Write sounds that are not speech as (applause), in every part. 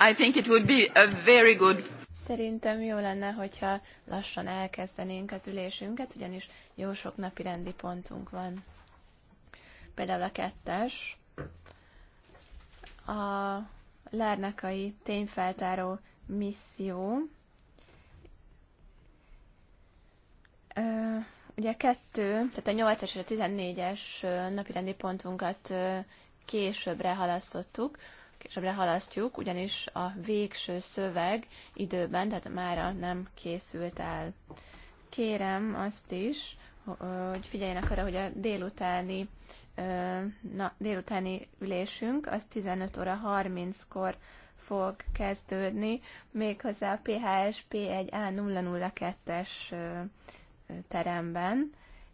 I think it would be a very good Szerintem jó lenne, hogyha lassan elkezdenénk az ülésünket, ugyanis jó sok napi rendi pontunk van. Például a kettes, a lárnakai tényfeltáró misszió. ugye kettő, tehát a 8 és a 14-es napirendi pontunkat későbbre halasztottuk, későbbre halasztjuk, ugyanis a végső szöveg időben, tehát mára nem készült el. Kérem azt is, hogy figyeljenek arra, hogy a délutáni, na, délutáni ülésünk az 15 óra 30-kor fog kezdődni, méghozzá a phsp 1 a 002 es teremben,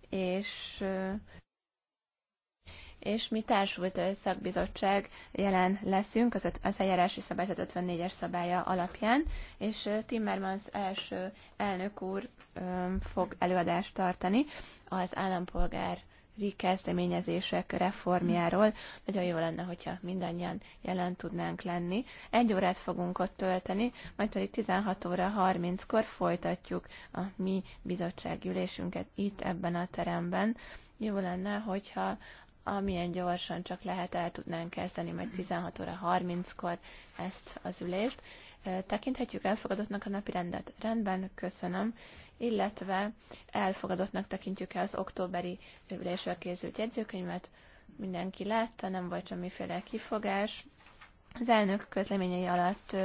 és és mi társult szakbizottság jelen leszünk az, az eljárási szabályzat 54-es szabálya alapján, és Timmermans első elnök úr fog előadást tartani az állampolgár kezdeményezések reformjáról. Nagyon jó lenne, hogyha mindannyian jelen tudnánk lenni. Egy órát fogunk ott tölteni, majd pedig 16 óra 30-kor folytatjuk a mi bizottsággyűlésünket itt ebben a teremben. Jó lenne, hogyha amilyen gyorsan csak lehet el tudnánk kezdeni majd 16 óra 30-kor ezt az ülést. Tekinthetjük elfogadottnak a napi rendet? Rendben, köszönöm. Illetve elfogadottnak tekintjük-e az októberi ülésről készült jegyzőkönyvet? Mindenki látta, nem volt semmiféle kifogás. Az elnök közleményei alatt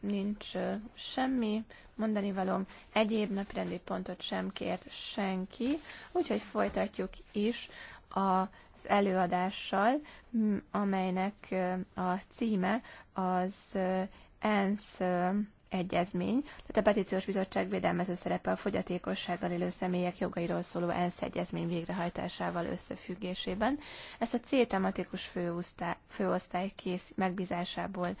nincs semmi mondani valóm. egyéb rendi pontot sem kért senki, úgyhogy folytatjuk is az előadással, mm, amelynek a címe az ENSZ egyezmény, tehát a Petíciós Bizottság védelmező szerepe a fogyatékossággal élő személyek jogairól szóló ENSZ egyezmény végrehajtásával összefüggésében. Ezt a C tematikus főosztály, főosztály kész, megbízásából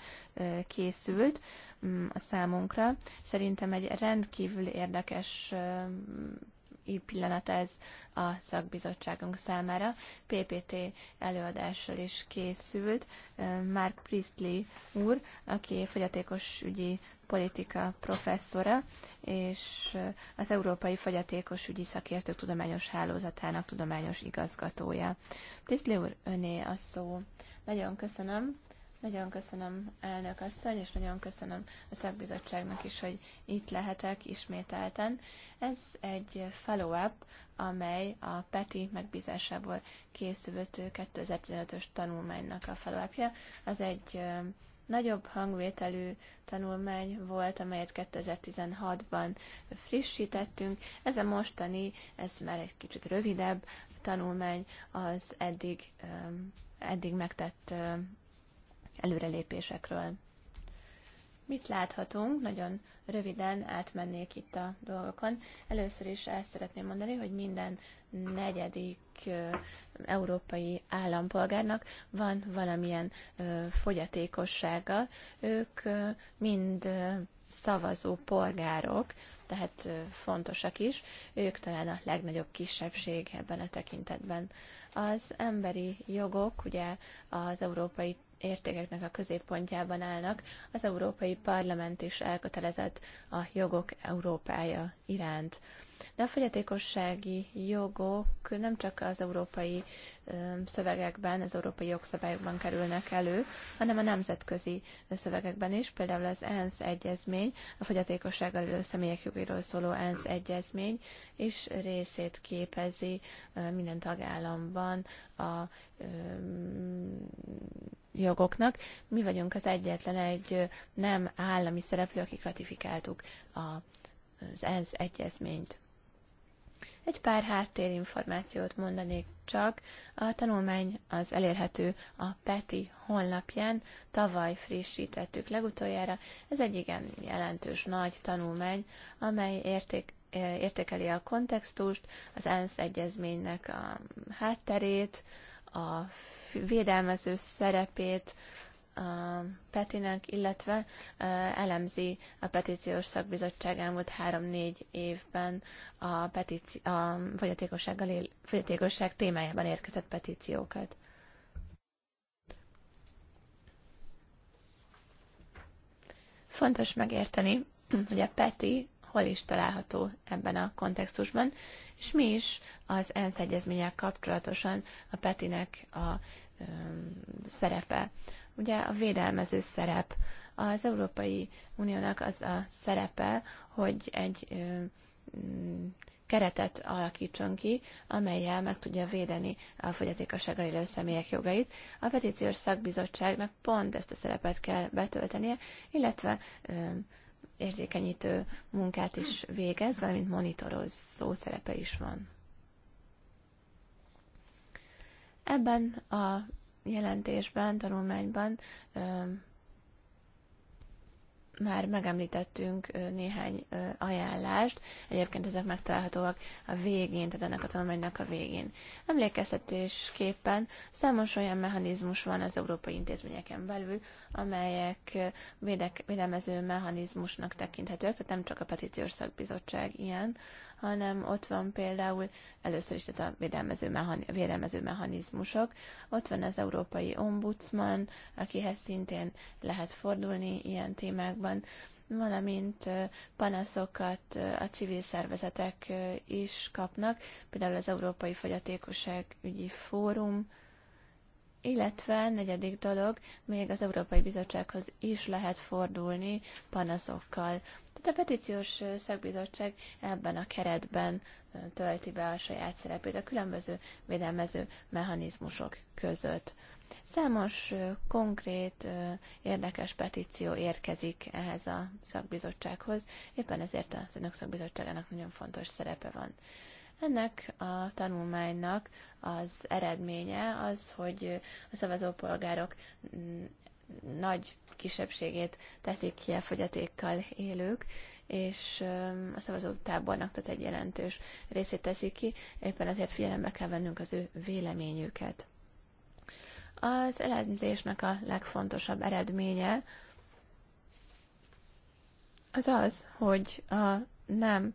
készült mm, a számunkra. Szerintem egy rendkívül érdekes pillanat ez a szakbizottságunk számára. PPT előadással is készült Mark Priestley úr, aki fogyatékos ügyi politika professzora, és az Európai Fogyatékos Ügyi Szakértők Tudományos Hálózatának tudományos igazgatója. Priestley úr, öné a szó. Nagyon köszönöm. Nagyon köszönöm elnök asszony, és nagyon köszönöm a szakbizottságnak is, hogy itt lehetek ismételten. Ez egy follow-up, amely a PETI megbízásából készült 2015-ös tanulmánynak a follow -upja. Az egy nagyobb hangvételű tanulmány volt, amelyet 2016-ban frissítettünk. Ez a mostani, ez már egy kicsit rövidebb tanulmány az eddig, eddig megtett előrelépésekről. Mit láthatunk? Nagyon röviden átmennék itt a dolgokon. Először is el szeretném mondani, hogy minden negyedik európai állampolgárnak van valamilyen fogyatékossága. Ők mind szavazó polgárok, tehát fontosak is, ők talán a legnagyobb kisebbség ebben a tekintetben. Az emberi jogok ugye az európai értékeknek a középpontjában állnak, az Európai Parlament is elkötelezett a jogok Európája iránt. De a fogyatékossági jogok nem csak az európai szövegekben, az európai jogszabályokban kerülnek elő, hanem a nemzetközi szövegekben is, például az ENSZ egyezmény, a fogyatékossággal élő személyek jogiról szóló ENSZ egyezmény is részét képezi minden tagállamban a jogoknak. Mi vagyunk az egyetlen egy nem állami szereplő, akik ratifikáltuk a, az ENSZ egyezményt. Egy pár háttérinformációt mondanék csak. A tanulmány az elérhető a PETI honlapján, tavaly frissítettük legutoljára. Ez egy igen jelentős nagy tanulmány, amely érték, eh, értékeli a kontextust, az ENSZ egyezménynek a hátterét, a védelmező szerepét, a Petinek, illetve elemzi a petíciós szakbizottság elmúlt három-négy évben a, petíci- a fogyatékossággal él- fogyatékosság témájában érkezett petíciókat. Fontos megérteni, hogy a PETI hol is található ebben a kontextusban, és mi is az ENSZ egyezmények kapcsolatosan a petinek a szerepe ugye a védelmező szerep. Az Európai Uniónak az a szerepe, hogy egy mm, keretet alakítson ki, amelyel meg tudja védeni a fogyatékossággal élő személyek jogait. A petíciós szakbizottságnak pont ezt a szerepet kell betöltenie, illetve ö, érzékenyítő munkát is végez, valamint monitorozó szerepe is van. Ebben a jelentésben, tanulmányban már megemlítettünk néhány ajánlást, egyébként ezek megtalálhatóak a végén, tehát ennek a tanulmánynak a végén. Emlékeztetésképpen számos olyan mechanizmus van az európai intézményeken belül, amelyek védek, védelmező mechanizmusnak tekinthetők, tehát nem csak a petíciós szakbizottság ilyen, hanem ott van például először is ez a védelmező, mechan, védelmező mechanizmusok, ott van az Európai Ombudsman, akihez szintén lehet fordulni ilyen témákban, valamint panaszokat a civil szervezetek is kapnak, például az Európai Ügyi Fórum, illetve negyedik dolog, még az Európai Bizottsághoz is lehet fordulni panaszokkal. Tehát a petíciós szakbizottság ebben a keretben tölti be a saját szerepét a különböző védelmező mechanizmusok között. Számos konkrét, érdekes petíció érkezik ehhez a szakbizottsághoz, éppen ezért a önök szakbizottságának nagyon fontos szerepe van. Ennek a tanulmánynak az eredménye az, hogy a szavazópolgárok mm, nagy kisebbségét teszik ki a fogyatékkal élők, és a szavazótábornak tehát egy jelentős részét teszik ki, éppen ezért figyelembe kell vennünk az ő véleményüket. Az elemzésnek a legfontosabb eredménye az az, hogy a nem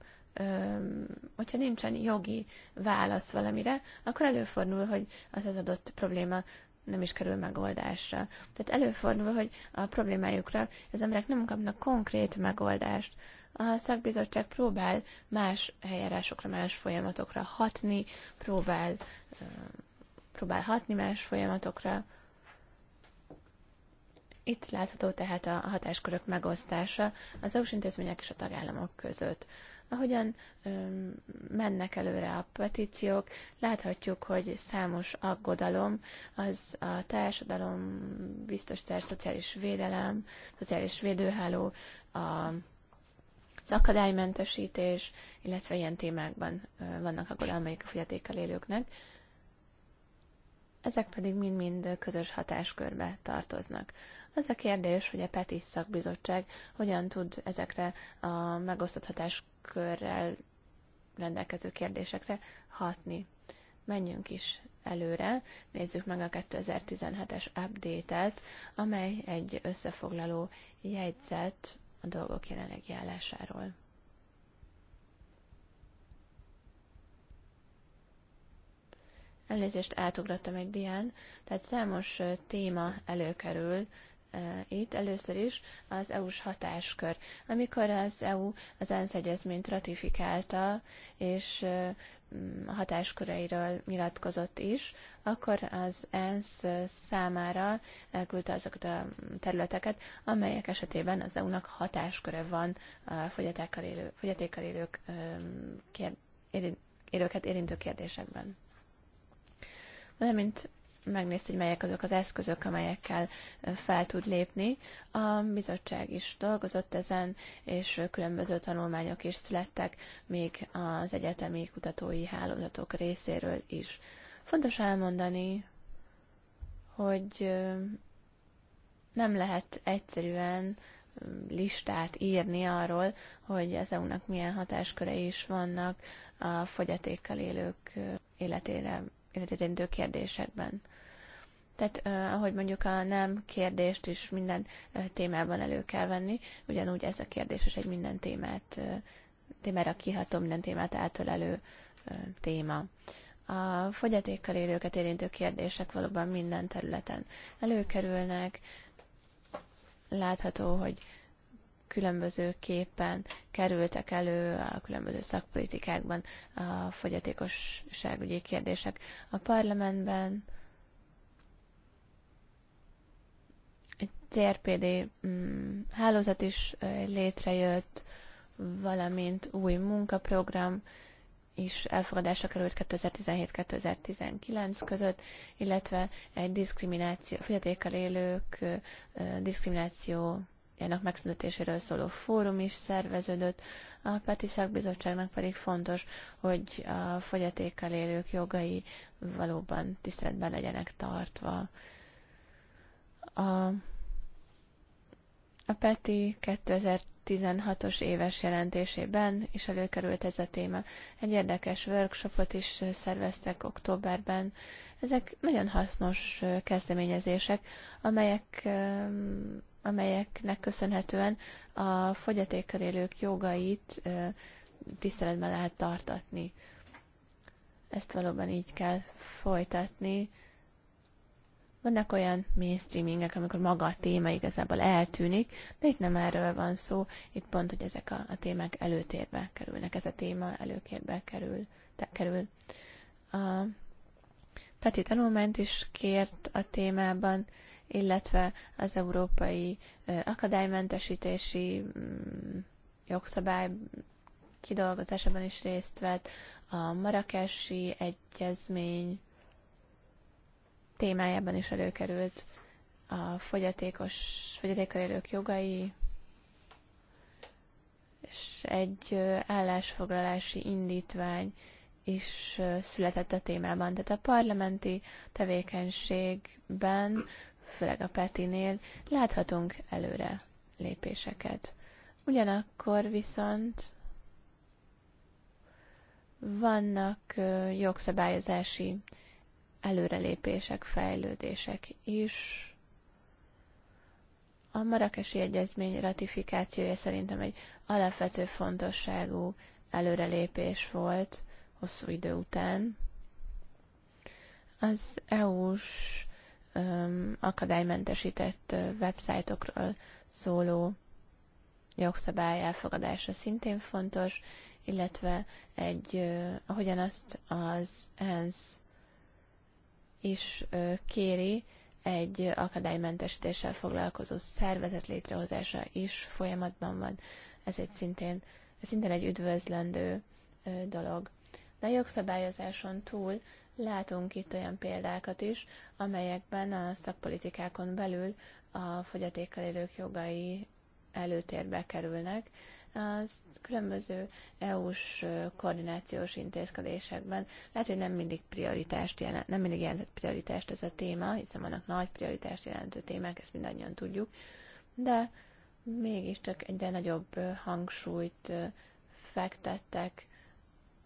hogyha nincsen jogi válasz valamire, akkor előfordul, hogy az az adott probléma nem is kerül megoldásra. Tehát előfordul, hogy a problémájukra az emberek nem kapnak konkrét megoldást. A szakbizottság próbál más helyárásokra, más folyamatokra hatni, próbál, próbál hatni más folyamatokra. Itt látható tehát a hatáskörök megosztása az EU-s intézmények és a tagállamok között. Ahogyan mennek előre a petíciók, láthatjuk, hogy számos aggodalom az a társadalom, biztosítás, szociális védelem, szociális védőháló, a az akadálymentesítés, illetve ilyen témákban vannak aggodalmaik a fogyatékkal élőknek. Ezek pedig mind-mind közös hatáskörbe tartoznak. Az a kérdés, hogy a PETI szakbizottság hogyan tud ezekre a körrel rendelkező kérdésekre hatni. Menjünk is előre, nézzük meg a 2017-es update-et, amely egy összefoglaló jegyzet a dolgok jelenlegi állásáról. Elnézést átugrottam egy dián, tehát számos téma előkerül Eh, itt először is az EU-s hatáskör. Amikor az EU az ENSZ egyezményt ratifikálta, és a eh, mm, hatásköreiről nyilatkozott is, akkor az ENSZ eh, számára elküldte azokat a területeket, amelyek esetében az EU-nak hatásköre van a fogyatékkal, élő, fogyatékkal élők, kér, élőket érintő kérdésekben. Valamint megnézte, hogy melyek azok az eszközök, amelyekkel fel tud lépni. A bizottság is dolgozott ezen, és különböző tanulmányok is születtek, még az egyetemi kutatói hálózatok részéről is. Fontos elmondani, hogy nem lehet egyszerűen listát írni arról, hogy az EU-nak milyen hatáskörei is vannak a fogyatékkal élők életére életérintő kérdésekben tehát ahogy mondjuk a nem kérdést is minden témában elő kell venni, ugyanúgy ez a kérdés is egy minden témát, témára kiható, minden témát átölelő téma. A fogyatékkal élőket érintő kérdések valóban minden területen előkerülnek. Látható, hogy különböző képen kerültek elő a különböző szakpolitikákban a fogyatékosságügyi kérdések a parlamentben, CRPD mm, hálózat is létrejött, valamint új munkaprogram is elfogadásra került 2017-2019 között, illetve egy diszkrimináció, fogyatékkal élők diszkriminációjának megszüntetéséről szóló fórum is szerveződött. A Peti Szakbizottságnak pedig fontos, hogy a fogyatékkal élők jogai valóban tiszteletben legyenek tartva. A a PETI 2016-os éves jelentésében is előkerült ez a téma. Egy érdekes workshopot is szerveztek októberben. Ezek nagyon hasznos kezdeményezések, amelyek amelyeknek köszönhetően a fogyatékkal élők jogait tiszteletben lehet tartatni. Ezt valóban így kell folytatni, vannak olyan mainstreamingek, amikor maga a téma igazából eltűnik, de itt nem erről van szó, itt pont, hogy ezek a, a témák előtérbe kerülnek, ez a téma előkérbe kerül. Te, kerül. A Peti tanulmányt is kért a témában, illetve az európai akadálymentesítési mm, jogszabály kidolgozásában is részt vett, a marakesi egyezmény témájában is előkerült a fogyatékos, fogyatékkal élők jogai, és egy állásfoglalási indítvány is született a témában. Tehát a parlamenti tevékenységben, főleg a Petinél láthatunk előre lépéseket. Ugyanakkor viszont vannak jogszabályozási előrelépések, fejlődések is. A marakesi egyezmény ratifikációja szerintem egy alapvető fontosságú előrelépés volt hosszú idő után. Az EU-s akadálymentesített websájtokról szóló jogszabály elfogadása szintén fontos, illetve egy, ahogyan azt az ENSZ is kéri egy akadálymentesítéssel foglalkozó szervezet létrehozása is folyamatban van. Ez egy szintén, ez szintén egy üdvözlendő dolog. De a jogszabályozáson túl látunk itt olyan példákat is, amelyekben a szakpolitikákon belül a fogyatékkal élők jogai előtérbe kerülnek, az különböző EU-s koordinációs intézkedésekben lehet, hogy nem mindig prioritást jelent, nem mindig jelent prioritást ez a téma, hiszen vannak nagy prioritást jelentő témák, ezt mindannyian tudjuk, de mégiscsak egyre nagyobb hangsúlyt fektettek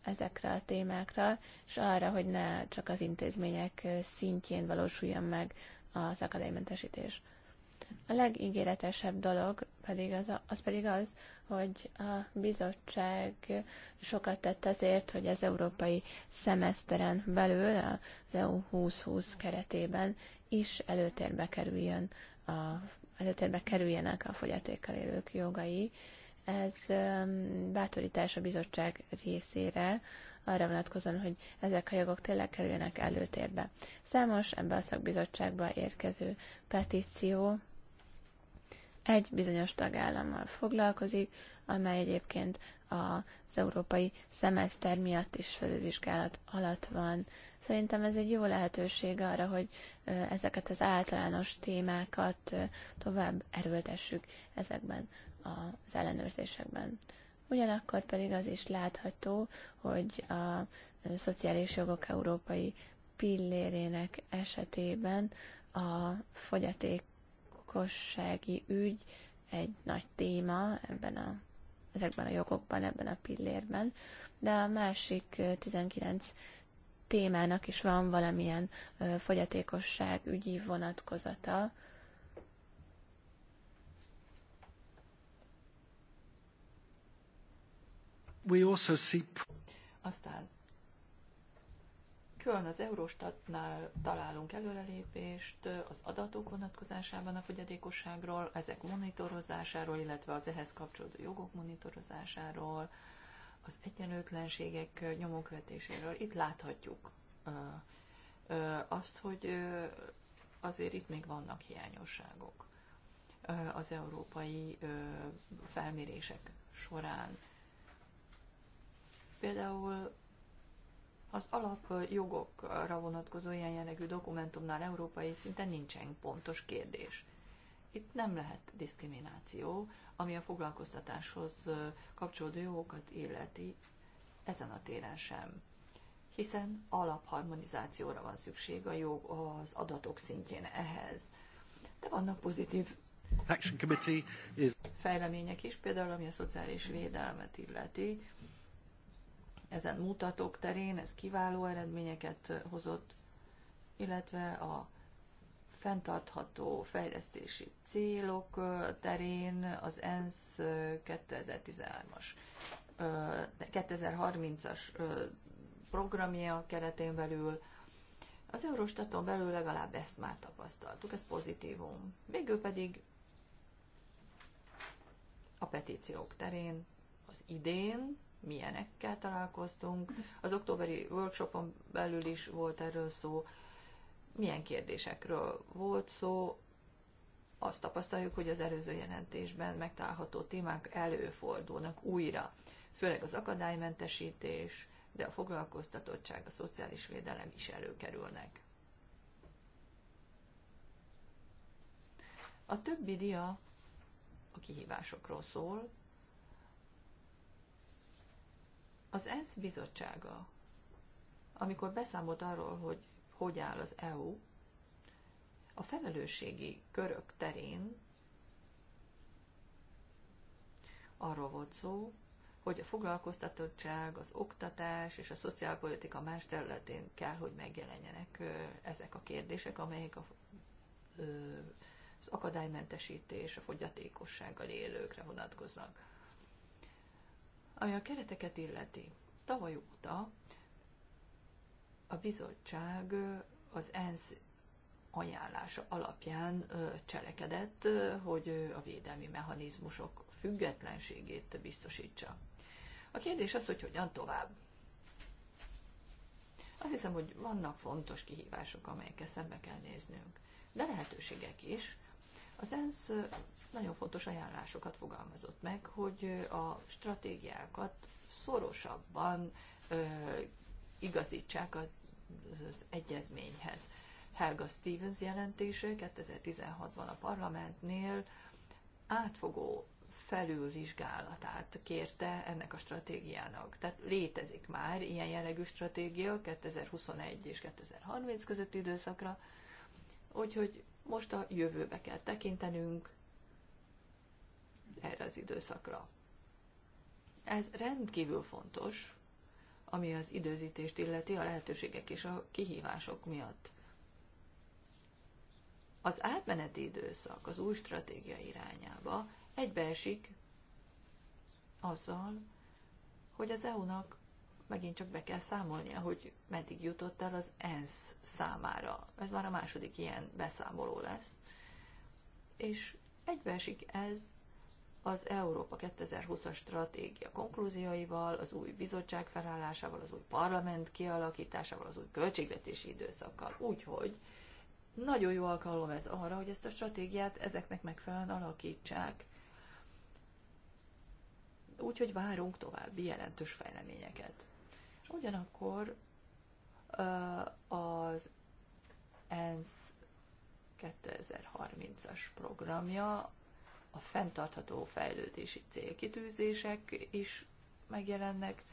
ezekre a témákra, és arra, hogy ne csak az intézmények szintjén valósuljon meg az akadálymentesítés. A legígéretesebb dolog pedig az, az pedig az, hogy a bizottság sokat tett azért, hogy az európai szemeszteren belül, az EU 2020 keretében is előtérbe kerüljön a, előtérbe kerüljenek a fogyatékkal élők jogai. Ez bátorítás a bizottság részére, arra vonatkozóan, hogy ezek a jogok tényleg kerüljenek előtérbe. Számos ebbe a szakbizottságba érkező petíció egy bizonyos tagállammal foglalkozik, amely egyébként az európai szemeszter miatt is felülvizsgálat alatt van. Szerintem ez egy jó lehetőség arra, hogy ezeket az általános témákat tovább erőltessük ezekben az ellenőrzésekben. Ugyanakkor pedig az is látható, hogy a szociális jogok európai pillérének esetében a fogyaték lakossági ügy egy nagy téma ebben a, ezekben a jogokban, ebben a pillérben, de a másik 19 témának is van valamilyen fogyatékosság ügyi vonatkozata, We also see... Aztán Külön az Eurostatnál találunk előrelépést az adatok vonatkozásában a fogyatékosságról, ezek monitorozásáról, illetve az ehhez kapcsolódó jogok monitorozásáról, az egyenlőtlenségek nyomonkövetéséről. Itt láthatjuk azt, hogy azért itt még vannak hiányosságok az európai felmérések során. Például az alapjogokra vonatkozó ilyen jellegű dokumentumnál európai szinten nincsen pontos kérdés. Itt nem lehet diszkrimináció, ami a foglalkoztatáshoz kapcsolódó jogokat illeti, ezen a téren sem. Hiszen alapharmonizációra van szükség a jog az adatok szintjén ehhez. De vannak pozitív Action Committee is... fejlemények is, például ami a szociális védelmet illeti ezen mutatók terén, ez kiváló eredményeket hozott, illetve a fenntartható fejlesztési célok terén az ENSZ 2013-as 2030-as programja keretén belül. Az Eurostaton belül legalább ezt már tapasztaltuk, ez pozitívum. Végül pedig a petíciók terén az idén milyenekkel találkoztunk. Az októberi workshopon belül is volt erről szó, milyen kérdésekről volt szó. Azt tapasztaljuk, hogy az előző jelentésben megtalálható témák előfordulnak újra, főleg az akadálymentesítés, de a foglalkoztatottság, a szociális védelem is előkerülnek. A többi dia a kihívásokról szól, Az ENSZ bizottsága, amikor beszámolt arról, hogy hogy áll az EU, a felelősségi körök terén arról volt szó, hogy a foglalkoztatottság, az oktatás és a szociálpolitika más területén kell, hogy megjelenjenek ezek a kérdések, amelyek a, az akadálymentesítés, a fogyatékossággal élőkre vonatkoznak. Ami a kereteket illeti, tavaly óta a bizottság az ENSZ ajánlása alapján cselekedett, hogy a védelmi mechanizmusok függetlenségét biztosítsa. A kérdés az, hogy hogyan tovább. Azt hiszem, hogy vannak fontos kihívások, amelyekkel szembe kell néznünk, de lehetőségek is, az ENSZ nagyon fontos ajánlásokat fogalmazott meg, hogy a stratégiákat szorosabban ö, igazítsák az egyezményhez. Helga Stevens jelentése 2016-ban a parlamentnél átfogó felülvizsgálatát kérte ennek a stratégiának. Tehát létezik már ilyen jellegű stratégia 2021 és 2030 közötti időszakra, úgyhogy most a jövőbe kell tekintenünk erre az időszakra. Ez rendkívül fontos, ami az időzítést illeti a lehetőségek és a kihívások miatt. Az átmeneti időszak az új stratégia irányába egybeesik azzal, hogy az EU-nak megint csak be kell számolnia, hogy meddig jutott el az ENSZ számára. Ez már a második ilyen beszámoló lesz. És egybeesik ez az Európa 2020-as stratégia konklúzióival, az új bizottság felállásával, az új parlament kialakításával, az új költségvetési időszakkal. Úgyhogy nagyon jó alkalom ez arra, hogy ezt a stratégiát ezeknek megfelelően alakítsák. Úgyhogy várunk további jelentős fejleményeket. Ugyanakkor az ENSZ 2030-as programja a fenntartható fejlődési célkitűzések is megjelennek,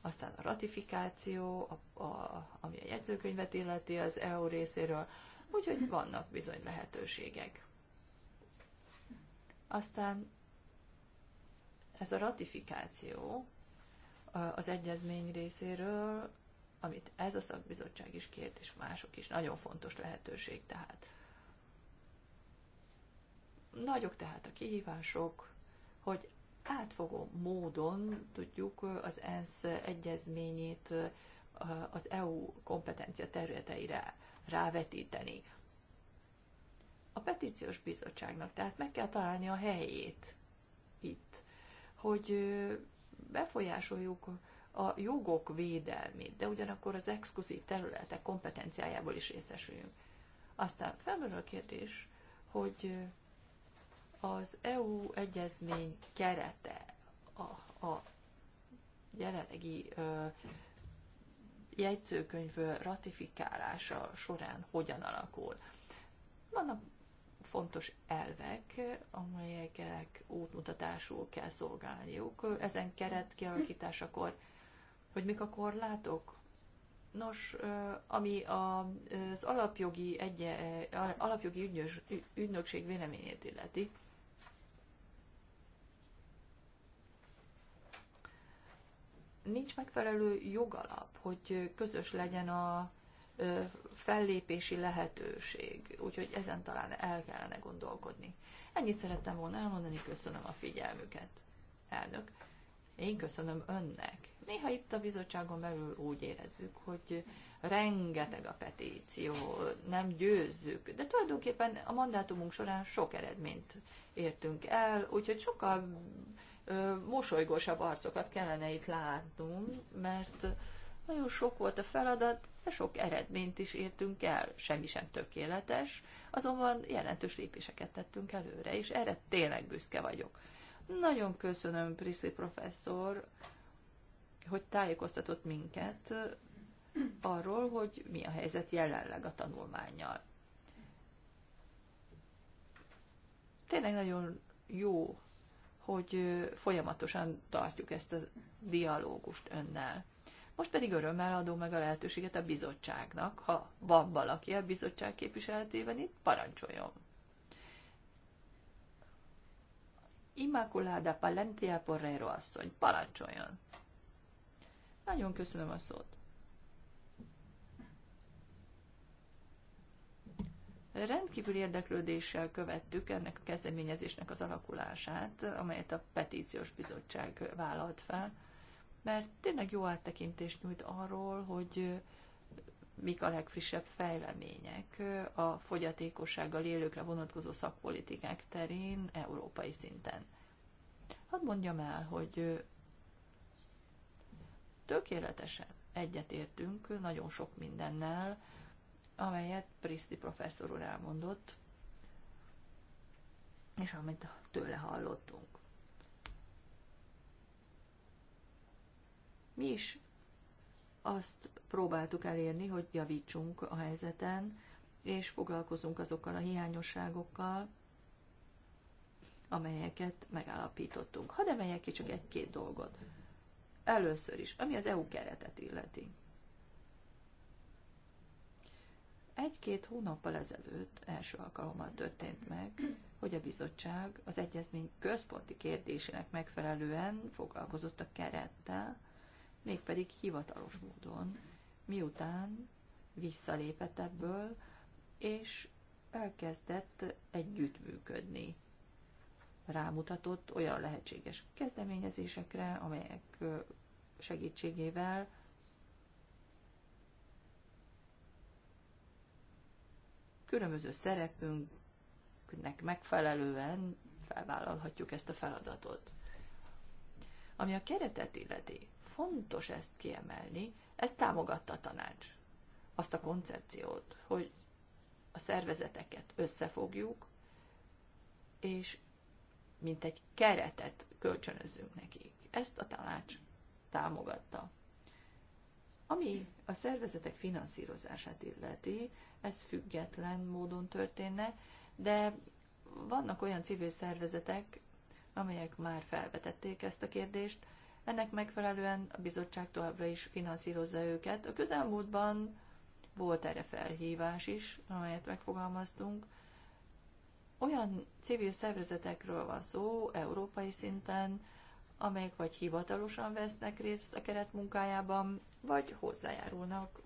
aztán a ratifikáció, a, a, ami a jegyzőkönyvet illeti az EU részéről, úgyhogy vannak bizony lehetőségek. Aztán ez a ratifikáció az egyezmény részéről, amit ez a szakbizottság is kért, és mások is. Nagyon fontos lehetőség tehát. Nagyok tehát a kihívások, hogy átfogó módon tudjuk az ENSZ egyezményét az EU kompetencia területeire rávetíteni. A petíciós bizottságnak tehát meg kell találni a helyét itt, hogy befolyásoljuk a jogok védelmét, de ugyanakkor az exkluzív területek kompetenciájából is részesüljünk. Aztán felmerül a kérdés, hogy az EU egyezmény kerete a, a jelenlegi ö, jegyzőkönyv ratifikálása során hogyan alakul. Vannak fontos elvek, amelyeknek útmutatásul kell szolgálniuk. Ezen keret kialakításakor, hogy mik a korlátok? Nos, ami az alapjogi, egye, alapjogi ügynös, ügynökség véleményét illeti, nincs megfelelő jogalap, hogy közös legyen a fellépési lehetőség. Úgyhogy ezen talán el kellene gondolkodni. Ennyit szerettem volna elmondani, köszönöm a figyelmüket. Elnök, én köszönöm önnek. Néha itt a bizottságon belül úgy érezzük, hogy rengeteg a petíció, nem győzzük, de tulajdonképpen a mandátumunk során sok eredményt értünk el, úgyhogy sokkal mosolygósabb arcokat kellene itt látnunk, mert nagyon sok volt a feladat, de sok eredményt is értünk el. Semmi sem tökéletes, azonban jelentős lépéseket tettünk előre, és erre tényleg büszke vagyok. Nagyon köszönöm, Priszi professzor, hogy tájékoztatott minket arról, hogy mi a helyzet jelenleg a tanulmányjal. Tényleg nagyon jó, hogy folyamatosan tartjuk ezt a dialógust önnel. Most pedig örömmel adom meg a lehetőséget a bizottságnak, ha van valaki a bizottság képviseletében itt, parancsoljon. Immaculada Palentia Porrero asszony, parancsoljon. Nagyon köszönöm a szót. Rendkívül érdeklődéssel követtük ennek a kezdeményezésnek az alakulását, amelyet a petíciós bizottság vállalt fel mert tényleg jó áttekintést nyújt arról, hogy mik a legfrissebb fejlemények a fogyatékossággal élőkre vonatkozó szakpolitikák terén európai szinten. Hadd mondjam el, hogy tökéletesen egyetértünk nagyon sok mindennel, amelyet Priszti professzor úr elmondott, és amit tőle hallottunk. Mi is azt próbáltuk elérni, hogy javítsunk a helyzeten, és foglalkozunk azokkal a hiányosságokkal, amelyeket megállapítottunk. Hadd emeljek ki csak egy-két dolgot. Először is, ami az EU keretet illeti. Egy-két hónappal ezelőtt első alkalommal történt meg, hogy a bizottság az egyezmény központi kérdésének megfelelően foglalkozott a kerettel, mégpedig hivatalos módon, miután visszalépett ebből, és elkezdett együttműködni. Rámutatott olyan lehetséges kezdeményezésekre, amelyek segítségével különböző szerepünknek megfelelően felvállalhatjuk ezt a feladatot. Ami a keretet illeti, fontos ezt kiemelni, ezt támogatta a tanács. Azt a koncepciót, hogy a szervezeteket összefogjuk, és mint egy keretet kölcsönözzünk nekik. Ezt a tanács támogatta. Ami a szervezetek finanszírozását illeti, ez független módon történne, de vannak olyan civil szervezetek, amelyek már felvetették ezt a kérdést, ennek megfelelően a bizottság továbbra is finanszírozza őket. A közelmúltban volt erre felhívás is, amelyet megfogalmaztunk. Olyan civil szervezetekről van szó, európai szinten, amelyek vagy hivatalosan vesznek részt a keret munkájában, vagy hozzájárulnak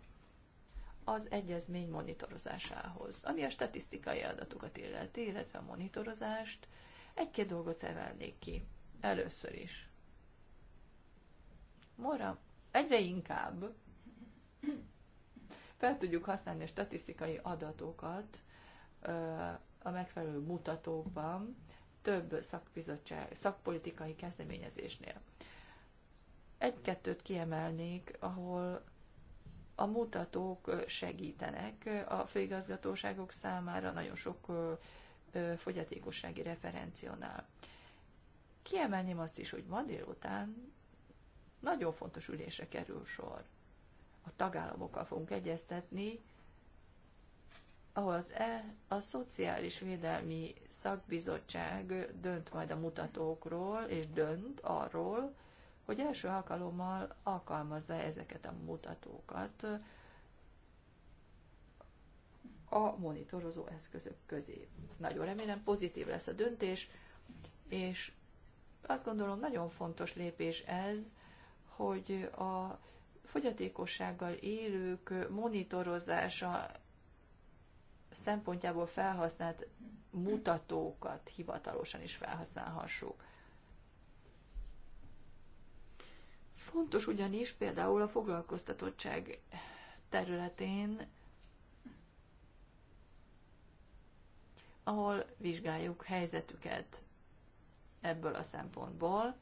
az egyezmény monitorozásához, ami a statisztikai adatokat illeti, illetve a monitorozást. Egy-két dolgot emelnék ki. Először is. Mora, egyre inkább fel tudjuk használni a statisztikai adatokat a megfelelő mutatókban, több szakpolitikai kezdeményezésnél. Egy-kettőt kiemelnék, ahol a mutatók segítenek a főigazgatóságok számára nagyon sok fogyatékossági referenciónál. Kiemelném azt is, hogy ma délután nagyon fontos ülésre kerül sor. A tagállamokkal fogunk egyeztetni, ahol az e, a Szociális Védelmi Szakbizottság dönt majd a mutatókról, és dönt arról, hogy első alkalommal alkalmazza ezeket a mutatókat a monitorozó eszközök közé. Nagyon remélem pozitív lesz a döntés, és azt gondolom nagyon fontos lépés ez, hogy a fogyatékossággal élők monitorozása szempontjából felhasznált mutatókat hivatalosan is felhasználhassuk. Fontos ugyanis például a foglalkoztatottság területén, ahol vizsgáljuk helyzetüket ebből a szempontból,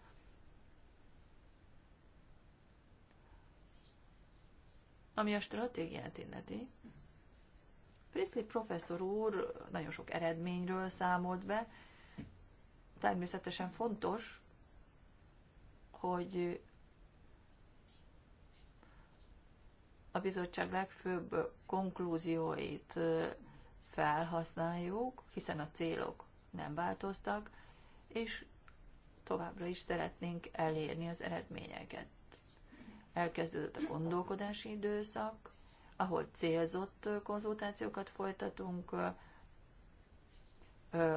Ami a stratégiát illeti, Priszli professzor úr nagyon sok eredményről számolt be. Természetesen fontos, hogy a bizottság legfőbb konklúzióit felhasználjuk, hiszen a célok nem változtak, és továbbra is szeretnénk elérni az eredményeket elkezdődött a gondolkodási időszak, ahol célzott konzultációkat folytatunk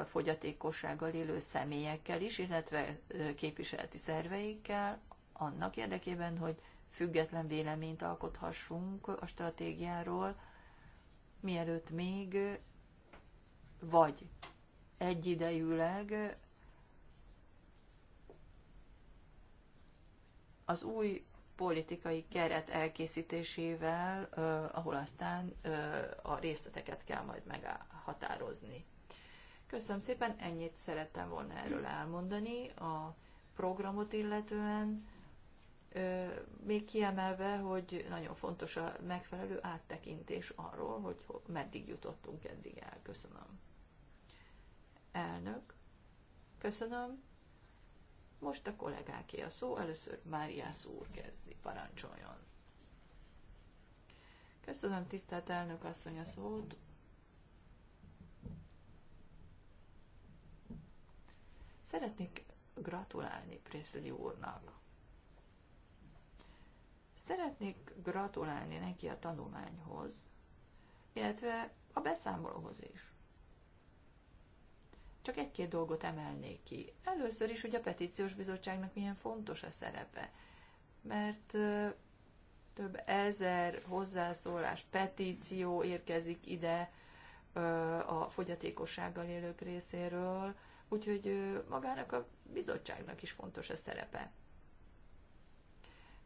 fogyatékossággal élő személyekkel is, illetve képviseleti szerveikkel, annak érdekében, hogy független véleményt alkothassunk a stratégiáról, mielőtt még vagy egyidejűleg az új politikai keret elkészítésével, ahol aztán a részleteket kell majd meghatározni. Köszönöm szépen, ennyit szerettem volna erről elmondani a programot illetően, még kiemelve, hogy nagyon fontos a megfelelő áttekintés arról, hogy meddig jutottunk eddig el. Köszönöm. Elnök, köszönöm. Most a kollégáké a szó, először Máriász úr kezdi, parancsoljon. Köszönöm, tisztelt elnök asszony a szót. Szeretnék gratulálni Prészli úrnak. Szeretnék gratulálni neki a tanulmányhoz, illetve a beszámolóhoz is. Csak egy-két dolgot emelnék ki. Először is, hogy a petíciós bizottságnak milyen fontos a szerepe, mert több ezer hozzászólás, petíció érkezik ide a fogyatékossággal élők részéről, úgyhogy magának a bizottságnak is fontos a szerepe.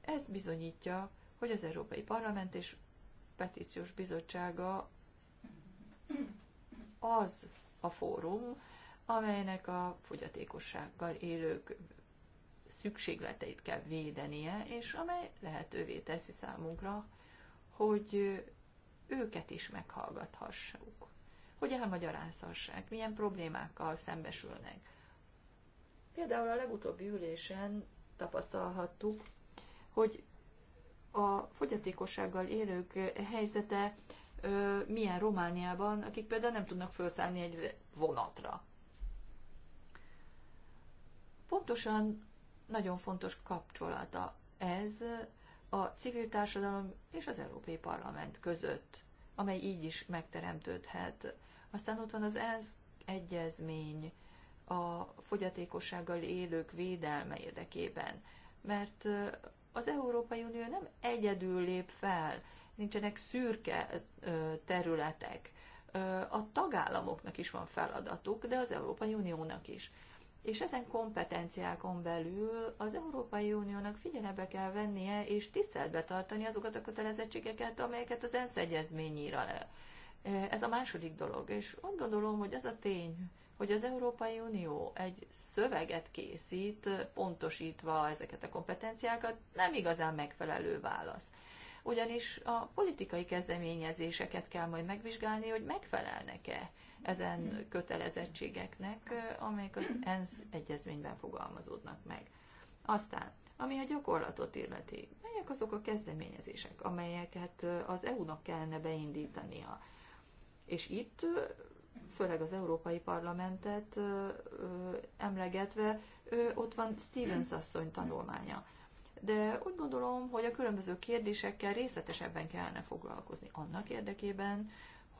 Ez bizonyítja, hogy az Európai Parlament és Petíciós Bizottsága az a fórum, amelynek a fogyatékossággal élők szükségleteit kell védenie, és amely lehetővé teszi számunkra, hogy őket is meghallgathassuk, hogy elmagyarázhassák, milyen problémákkal szembesülnek. Például a legutóbbi ülésen tapasztalhattuk, hogy a fogyatékossággal élők helyzete milyen Romániában, akik például nem tudnak felszállni egy vonatra. Pontosan nagyon fontos kapcsolata ez a civil társadalom és az Európai Parlament között, amely így is megteremtődhet. Aztán ott van az ENSZ egyezmény a fogyatékossággal élők védelme érdekében, mert az Európai Unió nem egyedül lép fel, nincsenek szürke területek. A tagállamoknak is van feladatuk, de az Európai Uniónak is és ezen kompetenciákon belül az Európai Uniónak figyelembe kell vennie és tiszteletbe tartani azokat a kötelezettségeket, amelyeket az ENSZ egyezmény ír le. Ez a második dolog, és úgy gondolom, hogy az a tény, hogy az Európai Unió egy szöveget készít, pontosítva ezeket a kompetenciákat, nem igazán megfelelő válasz. Ugyanis a politikai kezdeményezéseket kell majd megvizsgálni, hogy megfelelnek-e ezen kötelezettségeknek, amelyek az ENSZ egyezményben fogalmazódnak meg. Aztán, ami a gyakorlatot illeti, melyek azok a kezdeményezések, amelyeket az EU-nak kellene beindítania. És itt, főleg az Európai Parlamentet emlegetve, ott van Stevens asszony tanulmánya de úgy gondolom, hogy a különböző kérdésekkel részletesebben kellene foglalkozni annak érdekében,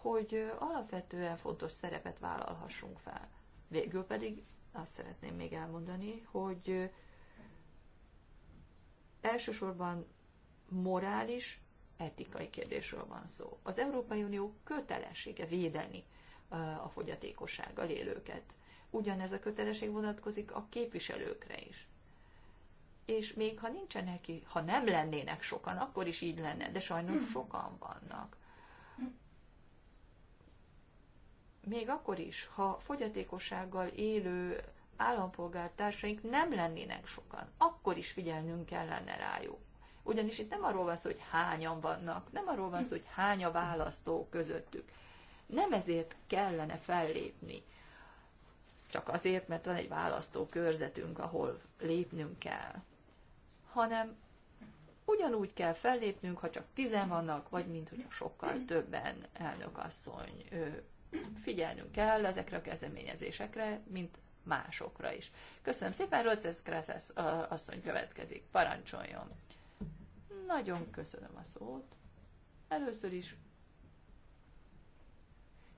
hogy alapvetően fontos szerepet vállalhassunk fel. Végül pedig azt szeretném még elmondani, hogy elsősorban morális, etikai kérdésről van szó. Az Európai Unió kötelessége védeni a fogyatékossággal élőket. Ugyanez a kötelesség vonatkozik a képviselőkre is. És még ha nincsenek, ha nem lennének sokan, akkor is így lenne, de sajnos hmm. sokan vannak. még akkor is, ha fogyatékossággal élő állampolgártársaink nem lennének sokan, akkor is figyelnünk kellene rájuk. Ugyanis itt nem arról van szó, hogy hányan vannak, nem arról van szó, hogy hány a választó közöttük. Nem ezért kellene fellépni, csak azért, mert van egy választó körzetünk, ahol lépnünk kell, hanem ugyanúgy kell fellépnünk, ha csak tizen vannak, vagy mint hogyha sokkal többen elnök asszony figyelnünk kell ezekre a kezdeményezésekre, mint másokra is. Köszönöm szépen, Rolces Kraszesz asszony következik. Parancsoljon! Nagyon köszönöm a szót. Először is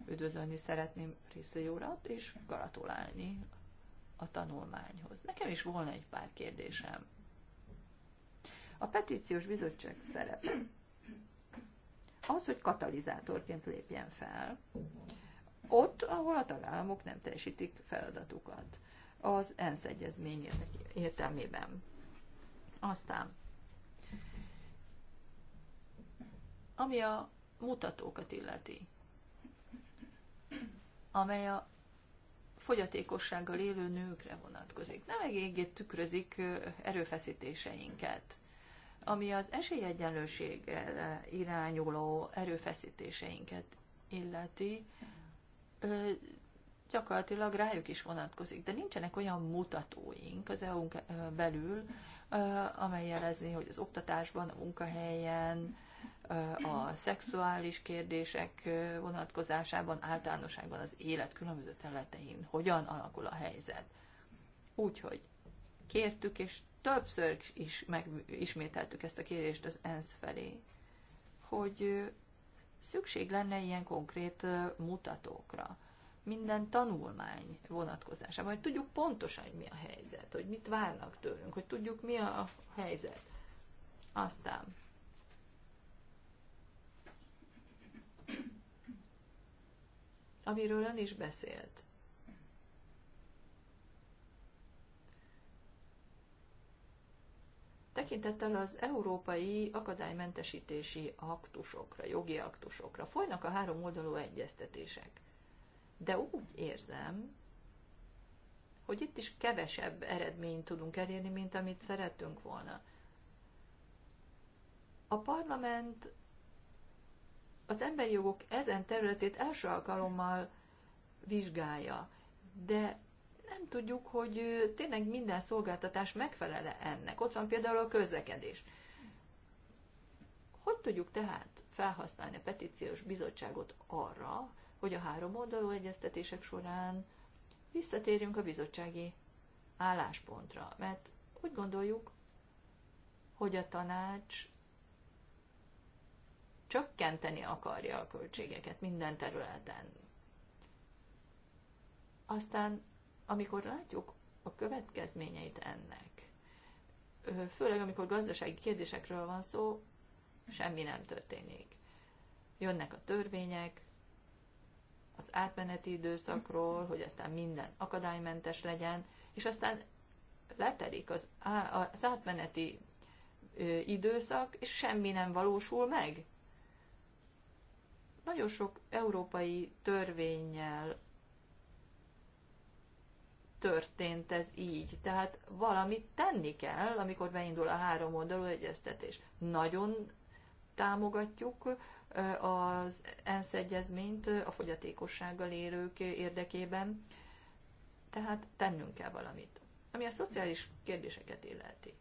üdvözölni szeretném Riszli urat, és gratulálni a tanulmányhoz. Nekem is volna egy pár kérdésem. A petíciós bizottság szerepe az, hogy katalizátorként lépjen fel, ott, ahol a tagállamok nem teljesítik feladatukat az ENSZ egyezmény értelmében. Aztán, ami a mutatókat illeti, amely a fogyatékossággal élő nőkre vonatkozik. Nem eléggé tükrözik erőfeszítéseinket ami az esélyegyenlőségre irányuló erőfeszítéseinket illeti, gyakorlatilag rájuk is vonatkozik, de nincsenek olyan mutatóink az eu belül, amely jelezni, hogy az oktatásban, a munkahelyen, a szexuális kérdések vonatkozásában, általánosságban az élet különböző területein hogyan alakul a helyzet. Úgyhogy kértük és többször is megismételtük ezt a kérést az ENSZ felé, hogy szükség lenne ilyen konkrét mutatókra minden tanulmány vonatkozásában, hogy tudjuk pontosan, hogy mi a helyzet, hogy mit várnak tőlünk, hogy tudjuk, mi a helyzet. Aztán amiről ön is beszélt. tekintettel az európai akadálymentesítési aktusokra, jogi aktusokra. Folynak a három oldalú egyeztetések. De úgy érzem, hogy itt is kevesebb eredményt tudunk elérni, mint amit szerettünk volna. A parlament az emberi jogok ezen területét első alkalommal vizsgálja, de nem tudjuk, hogy tényleg minden szolgáltatás megfelele ennek. Ott van például a közlekedés. Hogy tudjuk tehát felhasználni a petíciós bizottságot arra, hogy a három oldalú egyeztetések során visszatérjünk a bizottsági álláspontra, mert úgy gondoljuk, hogy a tanács csökkenteni akarja a költségeket minden területen. Aztán amikor látjuk a következményeit ennek, főleg amikor gazdasági kérdésekről van szó, semmi nem történik. Jönnek a törvények, az átmeneti időszakról, hogy aztán minden akadálymentes legyen, és aztán letelik az, á, az átmeneti ö, időszak, és semmi nem valósul meg. Nagyon sok európai törvényel történt ez így. Tehát valamit tenni kell, amikor beindul a három oldalú egyeztetés. Nagyon támogatjuk az ENSZ egyezményt a fogyatékossággal élők érdekében, tehát tennünk kell valamit. Ami a szociális kérdéseket illeti.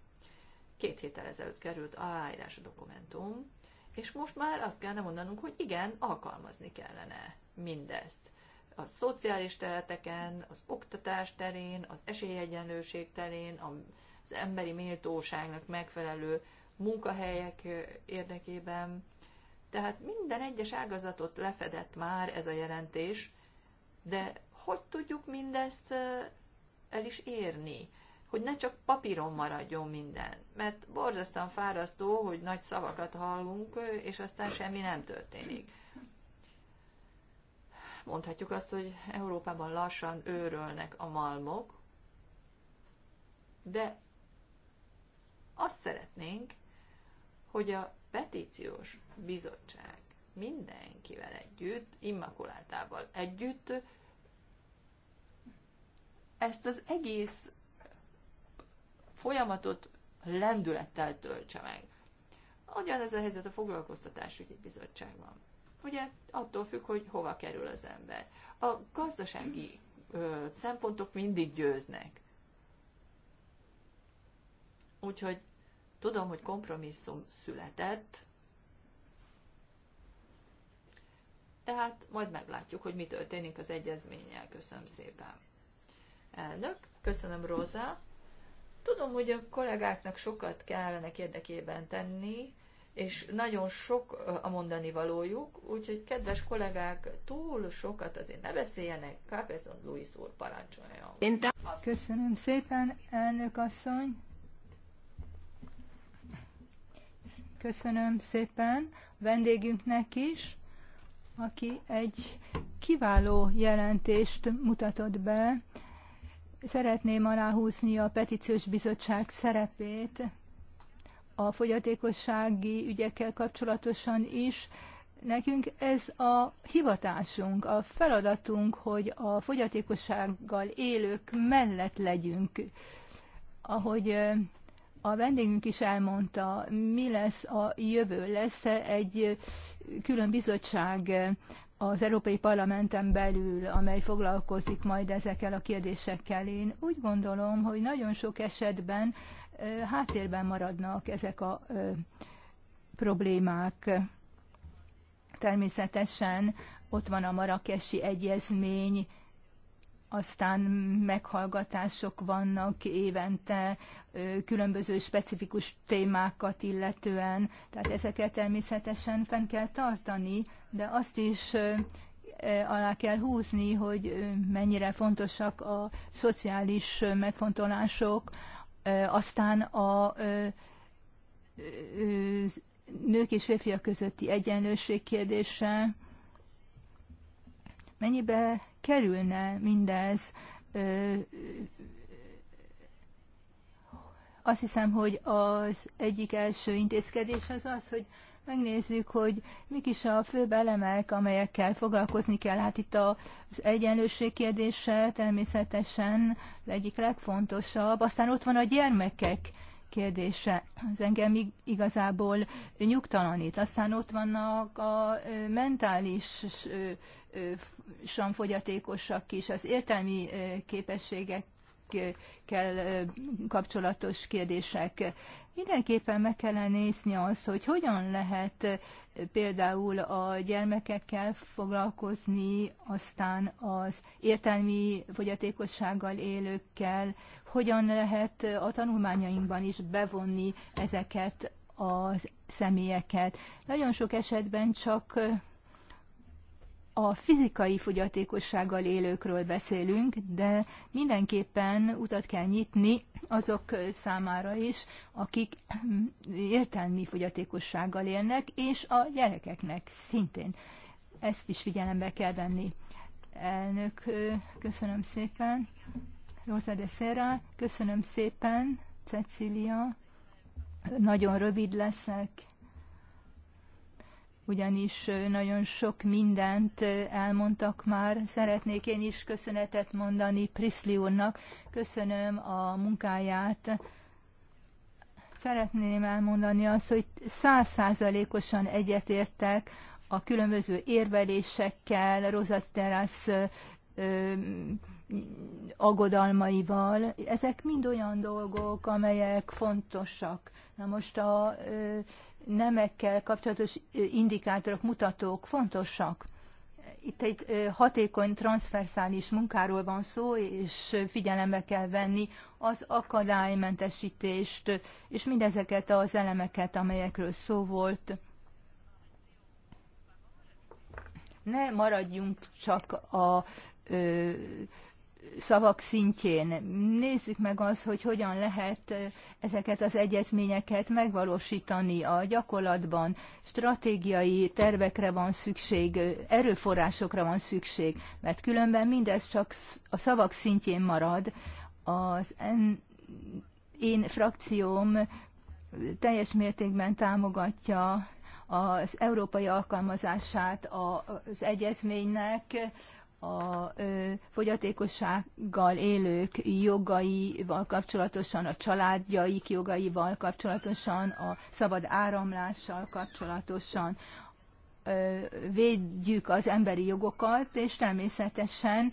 Két héttel ezelőtt került a állás dokumentum, és most már azt kellene mondanunk, hogy igen, alkalmazni kellene mindezt a szociális területeken, az oktatás terén, az esélyegyenlőség terén, az emberi méltóságnak megfelelő munkahelyek érdekében. Tehát minden egyes ágazatot lefedett már ez a jelentés, de hogy tudjuk mindezt el is érni? Hogy ne csak papíron maradjon minden. Mert borzasztóan fárasztó, hogy nagy szavakat hallunk, és aztán semmi nem történik mondhatjuk azt, hogy Európában lassan őrölnek a malmok, de azt szeretnénk, hogy a petíciós bizottság mindenkivel együtt, immakulátával együtt ezt az egész folyamatot lendülettel töltse meg. Ugyanez a helyzet a foglalkoztatásügyi bizottságban ugye attól függ, hogy hova kerül az ember. A gazdasági ö, szempontok mindig győznek. Úgyhogy tudom, hogy kompromisszum született, tehát majd meglátjuk, hogy mi történik az egyezménnyel. Köszönöm szépen. Elnök, köszönöm Róza. Tudom, hogy a kollégáknak sokat kellene érdekében tenni, és nagyon sok a mondani valójuk, úgyhogy kedves kollégák, túl sokat azért ne beszéljenek, Kápezon Luis úr parancsoljon. Köszönöm szépen, elnök asszony. Köszönöm szépen vendégünknek is, aki egy kiváló jelentést mutatott be. Szeretném aláhúzni a petíciós bizottság szerepét a fogyatékossági ügyekkel kapcsolatosan is. Nekünk ez a hivatásunk, a feladatunk, hogy a fogyatékossággal élők mellett legyünk. Ahogy a vendégünk is elmondta, mi lesz a jövő, lesz -e egy külön bizottság az Európai Parlamenten belül, amely foglalkozik majd ezekkel a kérdésekkel. Én úgy gondolom, hogy nagyon sok esetben háttérben maradnak ezek a problémák. Természetesen ott van a marakesi egyezmény, aztán meghallgatások vannak évente különböző specifikus témákat illetően, tehát ezeket természetesen fenn kell tartani, de azt is alá kell húzni, hogy mennyire fontosak a szociális megfontolások, aztán a nők és férfiak közötti egyenlőség kérdése, mennyibe kerülne mindez? Azt hiszem, hogy az egyik első intézkedés az az, hogy megnézzük, hogy mik is a főbb elemek, amelyekkel foglalkozni kell. Hát itt az egyenlőség kérdése természetesen az egyik legfontosabb. Aztán ott van a gyermekek kérdése. az engem igazából nyugtalanít. Aztán ott vannak a mentálisan fogyatékosak is, az értelmi képességek kell kapcsolatos kérdések. Mindenképpen meg kellene nézni az, hogy hogyan lehet például a gyermekekkel foglalkozni, aztán az értelmi fogyatékossággal élőkkel, hogyan lehet a tanulmányainkban is bevonni ezeket a személyeket. Nagyon sok esetben csak a fizikai fogyatékossággal élőkről beszélünk, de mindenképpen utat kell nyitni azok számára is, akik értelmi fogyatékossággal élnek, és a gyerekeknek szintén. Ezt is figyelembe kell venni. Elnök, köszönöm szépen. Rosa de Serra, köszönöm szépen. Cecília, nagyon rövid leszek ugyanis nagyon sok mindent elmondtak már. Szeretnék én is köszönetet mondani Priszli úrnak. Köszönöm a munkáját. Szeretném elmondani azt, hogy százszázalékosan egyetértek a különböző érvelésekkel, Rozaterász agodalmaival. Ezek mind olyan dolgok, amelyek fontosak. Na most a nemekkel kapcsolatos indikátorok, mutatók fontosak. Itt egy hatékony transzverszális munkáról van szó, és figyelembe kell venni az akadálymentesítést, és mindezeket az elemeket, amelyekről szó volt. Ne maradjunk csak a ö, szavak szintjén. Nézzük meg az, hogy hogyan lehet eh, ezeket az egyezményeket megvalósítani a gyakorlatban. Stratégiai tervekre van szükség, eh, erőforrásokra van szükség, mert különben mindez csak a szavak szintjén marad. Az en, én frakcióm teljes mértékben támogatja az európai alkalmazását az egyezménynek, a fogyatékossággal élők jogaival kapcsolatosan, a családjaik jogaival kapcsolatosan, a szabad áramlással kapcsolatosan védjük az emberi jogokat, és természetesen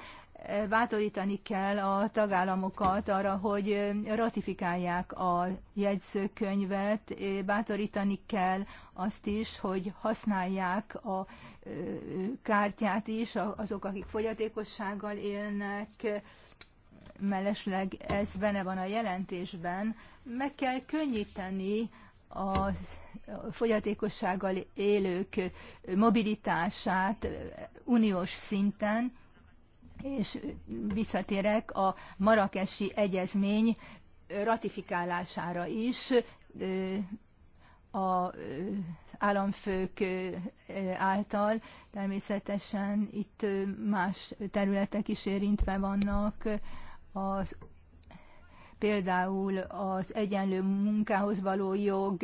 bátorítani kell a tagállamokat arra, hogy ratifikálják a jegyzőkönyvet, bátorítani kell azt is, hogy használják a kártyát is azok, akik fogyatékossággal élnek, mellesleg ez benne van a jelentésben, meg kell könnyíteni a fogyatékossággal élők mobilitását uniós szinten, és visszatérek a marakesi egyezmény ratifikálására is. A államfők által természetesen itt más területek is érintve vannak, az például az egyenlő munkához való jog,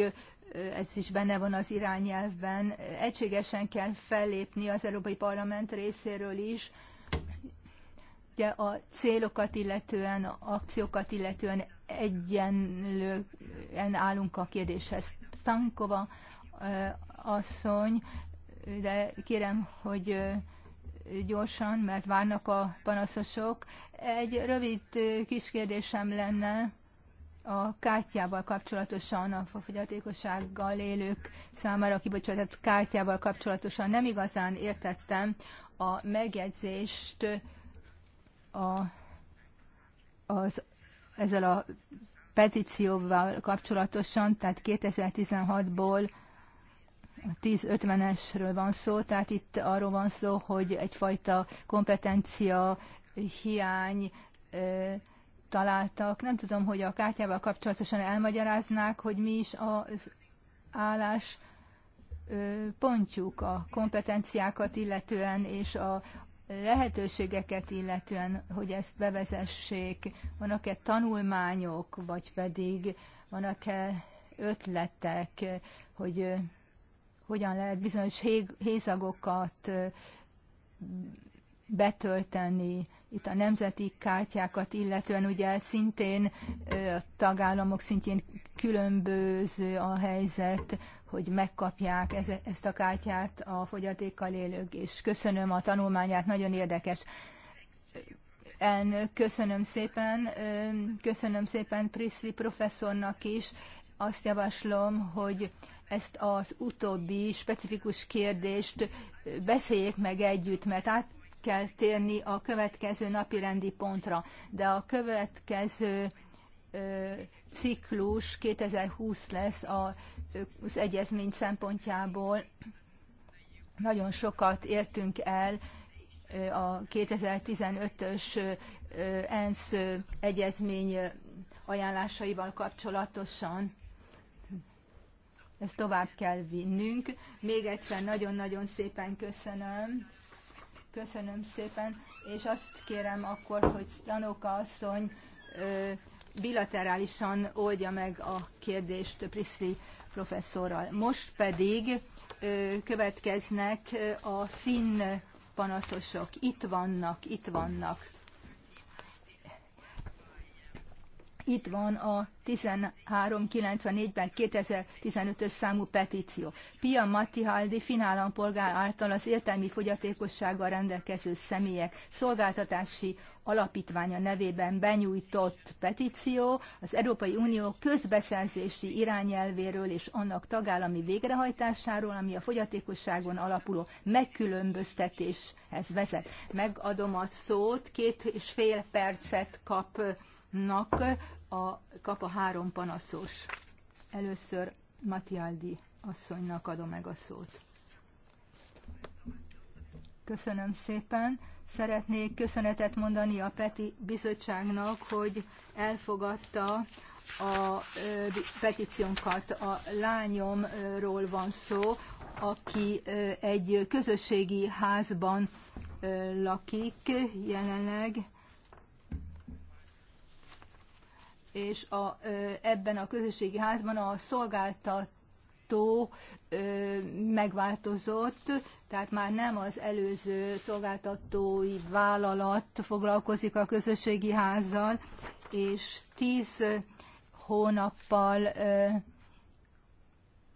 ez is benne van az irányelvben. Egységesen kell fellépni az Európai Parlament részéről is, ugye a célokat illetően, a akciókat illetően egyenlően állunk a kérdéshez. Stankova asszony, de kérem, hogy gyorsan, mert várnak a panaszosok. Egy rövid kis kérdésem lenne a kártyával kapcsolatosan, a fogyatékossággal élők számára kibocsátott kártyával kapcsolatosan. Nem igazán értettem a megjegyzést, a, az, ezzel a petícióval kapcsolatosan, tehát 2016-ból 10.50-esről van szó, tehát itt arról van szó, hogy egyfajta kompetencia hiány ö, találtak. Nem tudom, hogy a kártyával kapcsolatosan elmagyaráznák, hogy mi is az állás pontjuk a kompetenciákat illetően és a, lehetőségeket illetően, hogy ezt bevezessék? Vannak-e tanulmányok, vagy pedig vannak-e ötletek, hogy hogyan lehet bizonyos hézagokat betölteni, itt a nemzeti kártyákat illetően ugye szintén a tagállamok szintjén különböző a helyzet, hogy megkapják ezt a kártyát a fogyatékkal élők, és köszönöm a tanulmányát, nagyon érdekes. Elnök, köszönöm szépen, köszönöm szépen Priszli professzornak is. Azt javaslom, hogy ezt az utóbbi specifikus kérdést beszéljék meg együtt, mert át kell térni a következő napi rendi pontra, de a következő ö, ciklus 2020 lesz a az egyezmény szempontjából. Nagyon sokat értünk el a 2015-ös ENSZ egyezmény ajánlásaival kapcsolatosan. Ezt tovább kell vinnünk. Még egyszer nagyon-nagyon szépen köszönöm. Köszönöm szépen, és azt kérem akkor, hogy Stanoka asszony bilaterálisan oldja meg a kérdést Priszi professzorral. Most pedig következnek a finn panaszosok. Itt vannak, itt vannak. itt van a 1394-ben 2015-ös számú petíció. Pia Mattihaldi finállampolgár által az értelmi fogyatékossággal rendelkező személyek szolgáltatási alapítványa nevében benyújtott petíció az Európai Unió közbeszerzési irányelvéről és annak tagállami végrehajtásáról, ami a fogyatékosságon alapuló megkülönböztetéshez vezet. Megadom a szót, két és fél percet kap a, kap a három panaszos. Először Matialdi asszonynak adom meg a szót. Köszönöm szépen. Szeretnék köszönetet mondani a Peti Bizottságnak, hogy elfogadta a petíciónkat. A lányomról van szó, aki egy közösségi házban lakik jelenleg, és a, ebben a közösségi házban a szolgáltató megváltozott, tehát már nem az előző szolgáltatói vállalat foglalkozik a közösségi házzal, és tíz hónappal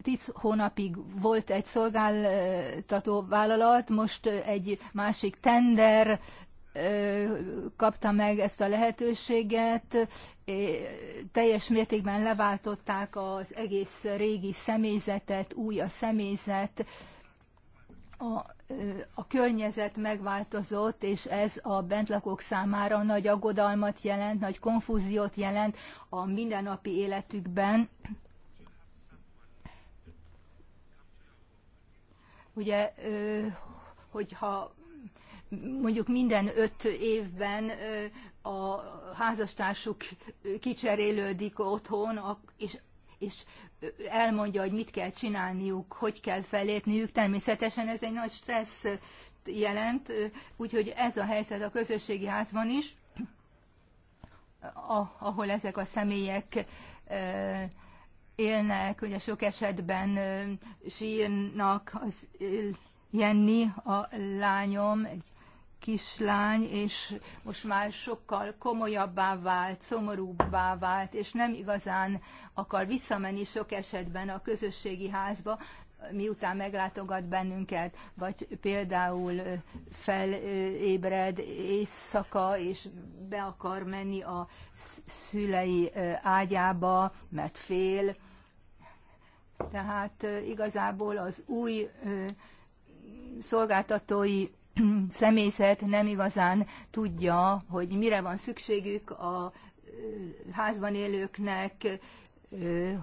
tíz hónapig volt egy szolgáltató vállalat, most egy másik tender kapta meg ezt a lehetőséget, teljes mértékben leváltották az egész régi személyzetet, új a személyzet, a, a környezet megváltozott, és ez a bentlakók számára nagy aggodalmat jelent, nagy konfúziót jelent a mindennapi életükben. Ugye, hogyha mondjuk minden öt évben a házastársuk kicserélődik otthon, és, és elmondja, hogy mit kell csinálniuk, hogy kell felépniük. Természetesen ez egy nagy stressz jelent, úgyhogy ez a helyzet a közösségi házban is, ahol ezek a személyek élnek, ugye sok esetben sírnak, az Jenny, a lányom, egy kislány, és most már sokkal komolyabbá vált, szomorúbbá vált, és nem igazán akar visszamenni sok esetben a közösségi házba, miután meglátogat bennünket, vagy például felébred éjszaka, és be akar menni a szülei ágyába, mert fél. Tehát igazából az új szolgáltatói (clears throat) személyzet nem igazán tudja, hogy mire van szükségük a házban élőknek,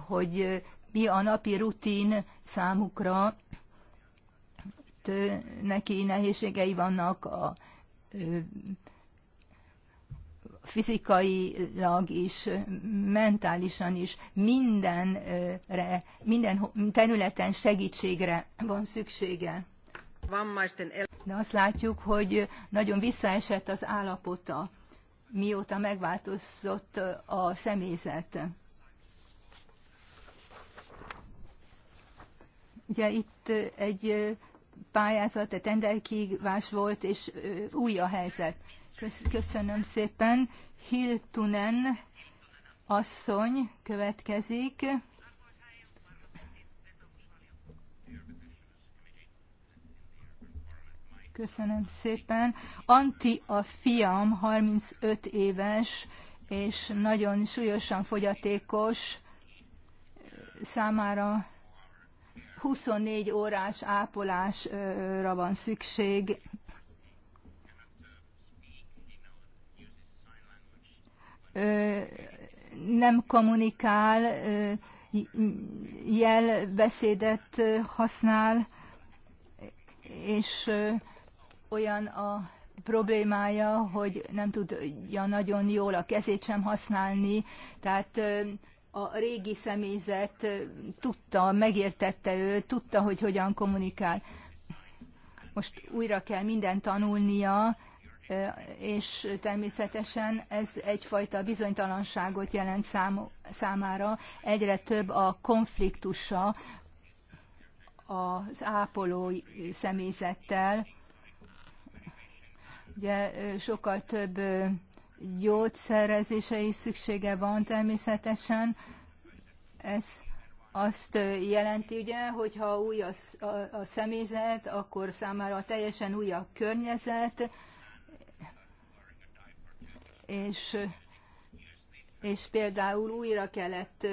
hogy mi a napi rutin számukra. Neki nehézségei vannak a fizikailag is, mentálisan is mindenre, minden területen segítségre van szüksége. De azt látjuk, hogy nagyon visszaesett az állapota, mióta megváltozott a személyzet. Ugye itt egy pályázat, egy tenderkívás volt, és új a helyzet. Köszönöm szépen. Hiltunen asszony következik. Köszönöm szépen. Anti a fiam, 35 éves, és nagyon súlyosan fogyatékos számára 24 órás ápolásra van szükség. Nem kommunikál, jelbeszédet használ, és olyan a problémája, hogy nem tudja nagyon jól a kezét sem használni, tehát a régi személyzet tudta, megértette ő, tudta, hogy hogyan kommunikál. Most újra kell mindent tanulnia, és természetesen ez egyfajta bizonytalanságot jelent szám, számára. Egyre több a konfliktusa az ápolói személyzettel, Ugye sokkal több gyógyszerezése is szüksége van természetesen. Ez azt jelenti ugye, hogy ha új a, a, a személyzet, akkor számára teljesen új a környezet, és és például újra kellett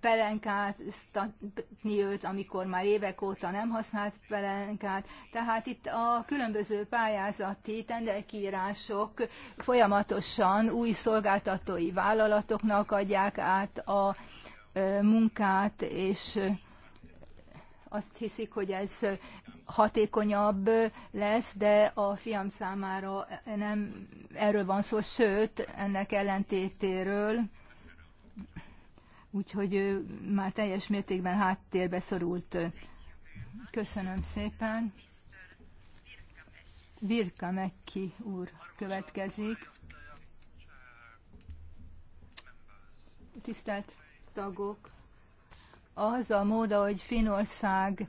pelenkáztatni őt, amikor már évek óta nem használt pelenkát. Tehát itt a különböző pályázati tenderkírások folyamatosan új szolgáltatói vállalatoknak adják át a munkát, és azt hiszik, hogy ez hatékonyabb lesz, de a fiam számára nem erről van szó, sőt, ennek ellentétéről, úgyhogy ő már teljes mértékben háttérbe szorult. Köszönöm szépen. Virka Mekki úr következik. Tisztelt tagok, az a mód, ahogy Finország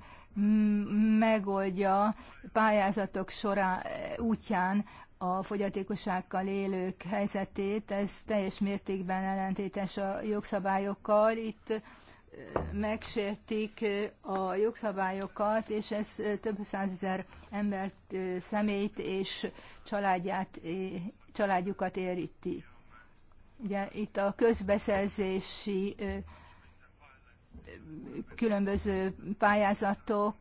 megoldja pályázatok során, útján a fogyatékossággal élők helyzetét, ez teljes mértékben ellentétes a jogszabályokkal. Itt megsértik a jogszabályokat, és ez több százezer embert, személyt és családját, családjukat érinti. Ugye itt a közbeszerzési különböző pályázatok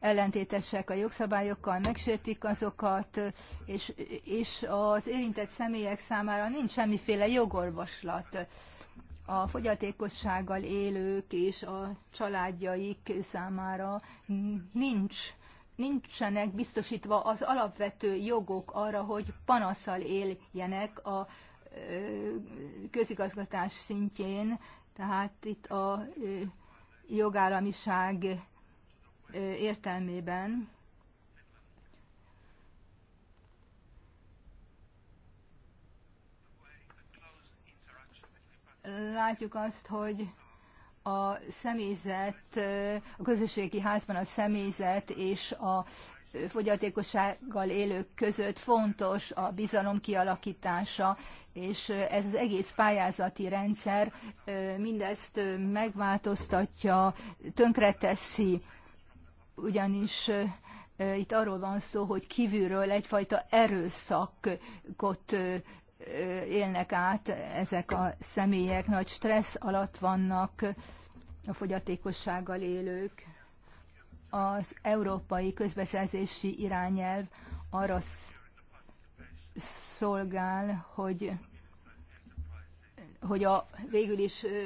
ellentétesek a jogszabályokkal, megsértik azokat, és, és az érintett személyek számára nincs semmiféle jogorvoslat. A fogyatékossággal élők és a családjaik számára nincs nincsenek biztosítva az alapvető jogok arra, hogy panaszal éljenek a közigazgatás szintjén tehát itt a jogállamiság értelmében látjuk azt, hogy a személyzet, a közösségi házban a személyzet és a fogyatékossággal élők között fontos a bizalom kialakítása, és ez az egész pályázati rendszer mindezt megváltoztatja, tönkreteszi, ugyanis itt arról van szó, hogy kívülről egyfajta erőszakot élnek át ezek a személyek, nagy stressz alatt vannak a fogyatékossággal élők az európai közbeszerzési irányelv arra szolgál, hogy, hogy a, végül is ö,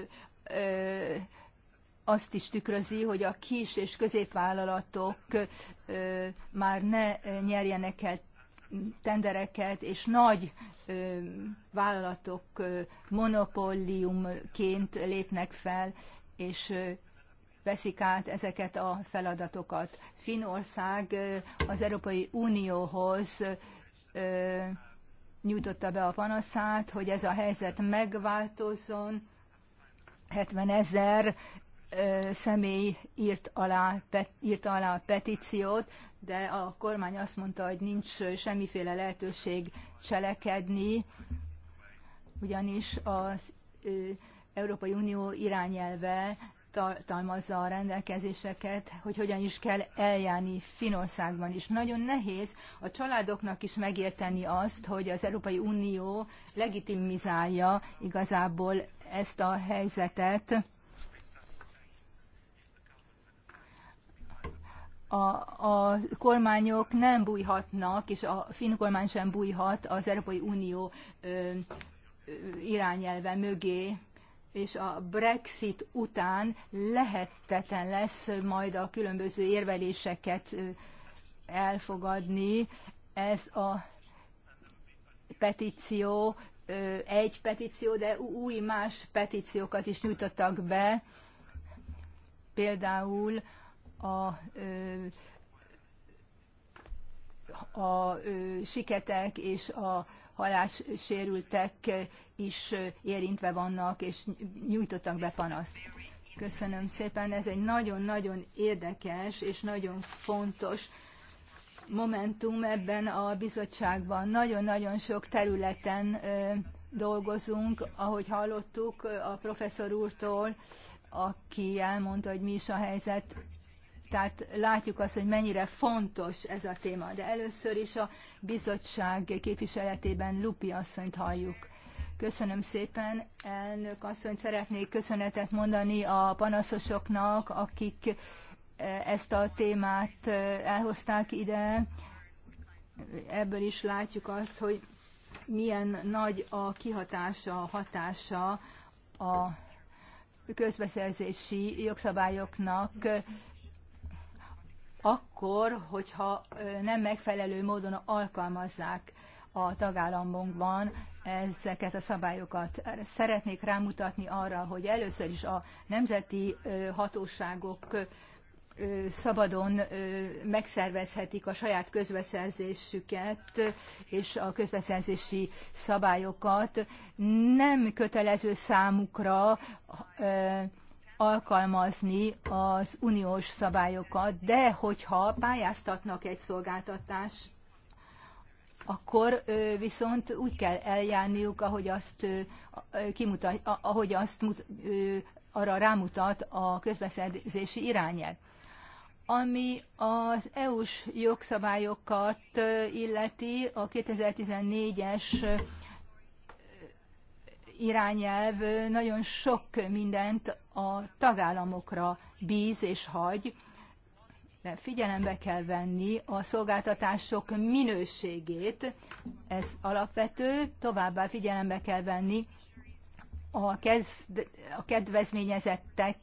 ö, azt is tükrözi, hogy a kis és középvállalatok ö, már ne nyerjenek el tendereket, és nagy ö, vállalatok ö, monopóliumként lépnek fel, és veszik át ezeket a feladatokat. Finország az Európai Unióhoz nyújtotta be a panaszát, hogy ez a helyzet megváltozzon. 70 ezer személy írt alá, írt alá a petíciót, de a kormány azt mondta, hogy nincs semmiféle lehetőség cselekedni, ugyanis az Európai Unió irányelve tartalmazza a rendelkezéseket, hogy hogyan is kell eljárni Finországban is. Nagyon nehéz a családoknak is megérteni azt, hogy az Európai Unió legitimizálja igazából ezt a helyzetet. a, a kormányok nem bújhatnak, és a finn kormány sem bújhat az Európai Unió ö, ö, irányelve mögé és a Brexit után lehetetlen lesz majd a különböző érveléseket elfogadni. Ez a petíció, egy petíció, de új más petíciókat is nyújtottak be, például a a a siketek és a halássérültek is érintve vannak, és nyújtottak be panaszt. Köszönöm szépen, ez egy nagyon-nagyon érdekes és nagyon fontos momentum ebben a bizottságban. Nagyon-nagyon sok területen dolgozunk, ahogy hallottuk a professzor úrtól, aki elmondta, hogy mi is a helyzet tehát látjuk azt, hogy mennyire fontos ez a téma. De először is a bizottság képviseletében Lupi asszonyt halljuk. Köszönöm szépen, elnök asszony, szeretnék köszönetet mondani a panaszosoknak, akik eh, ezt a témát eh, elhozták ide. Ebből is látjuk azt, hogy milyen nagy a kihatása, a hatása a közbeszerzési jogszabályoknak akkor, hogyha nem megfelelő módon alkalmazzák a tagállamokban ezeket a szabályokat. Szeretnék rámutatni arra, hogy először is a nemzeti hatóságok szabadon megszervezhetik a saját közbeszerzésüket és a közbeszerzési szabályokat. Nem kötelező számukra alkalmazni az uniós szabályokat, de hogyha pályáztatnak egy szolgáltatást, akkor viszont úgy kell eljárniuk, ahogy azt, kimutat, ahogy azt arra rámutat a közbeszerzési irányel. Ami az EU-s jogszabályokat illeti, a 2014-es irányelv nagyon sok mindent a tagállamokra bíz és hagy, de figyelembe kell venni a szolgáltatások minőségét, ez alapvető, továbbá figyelembe kell venni a, kezd, a kedvezményezettek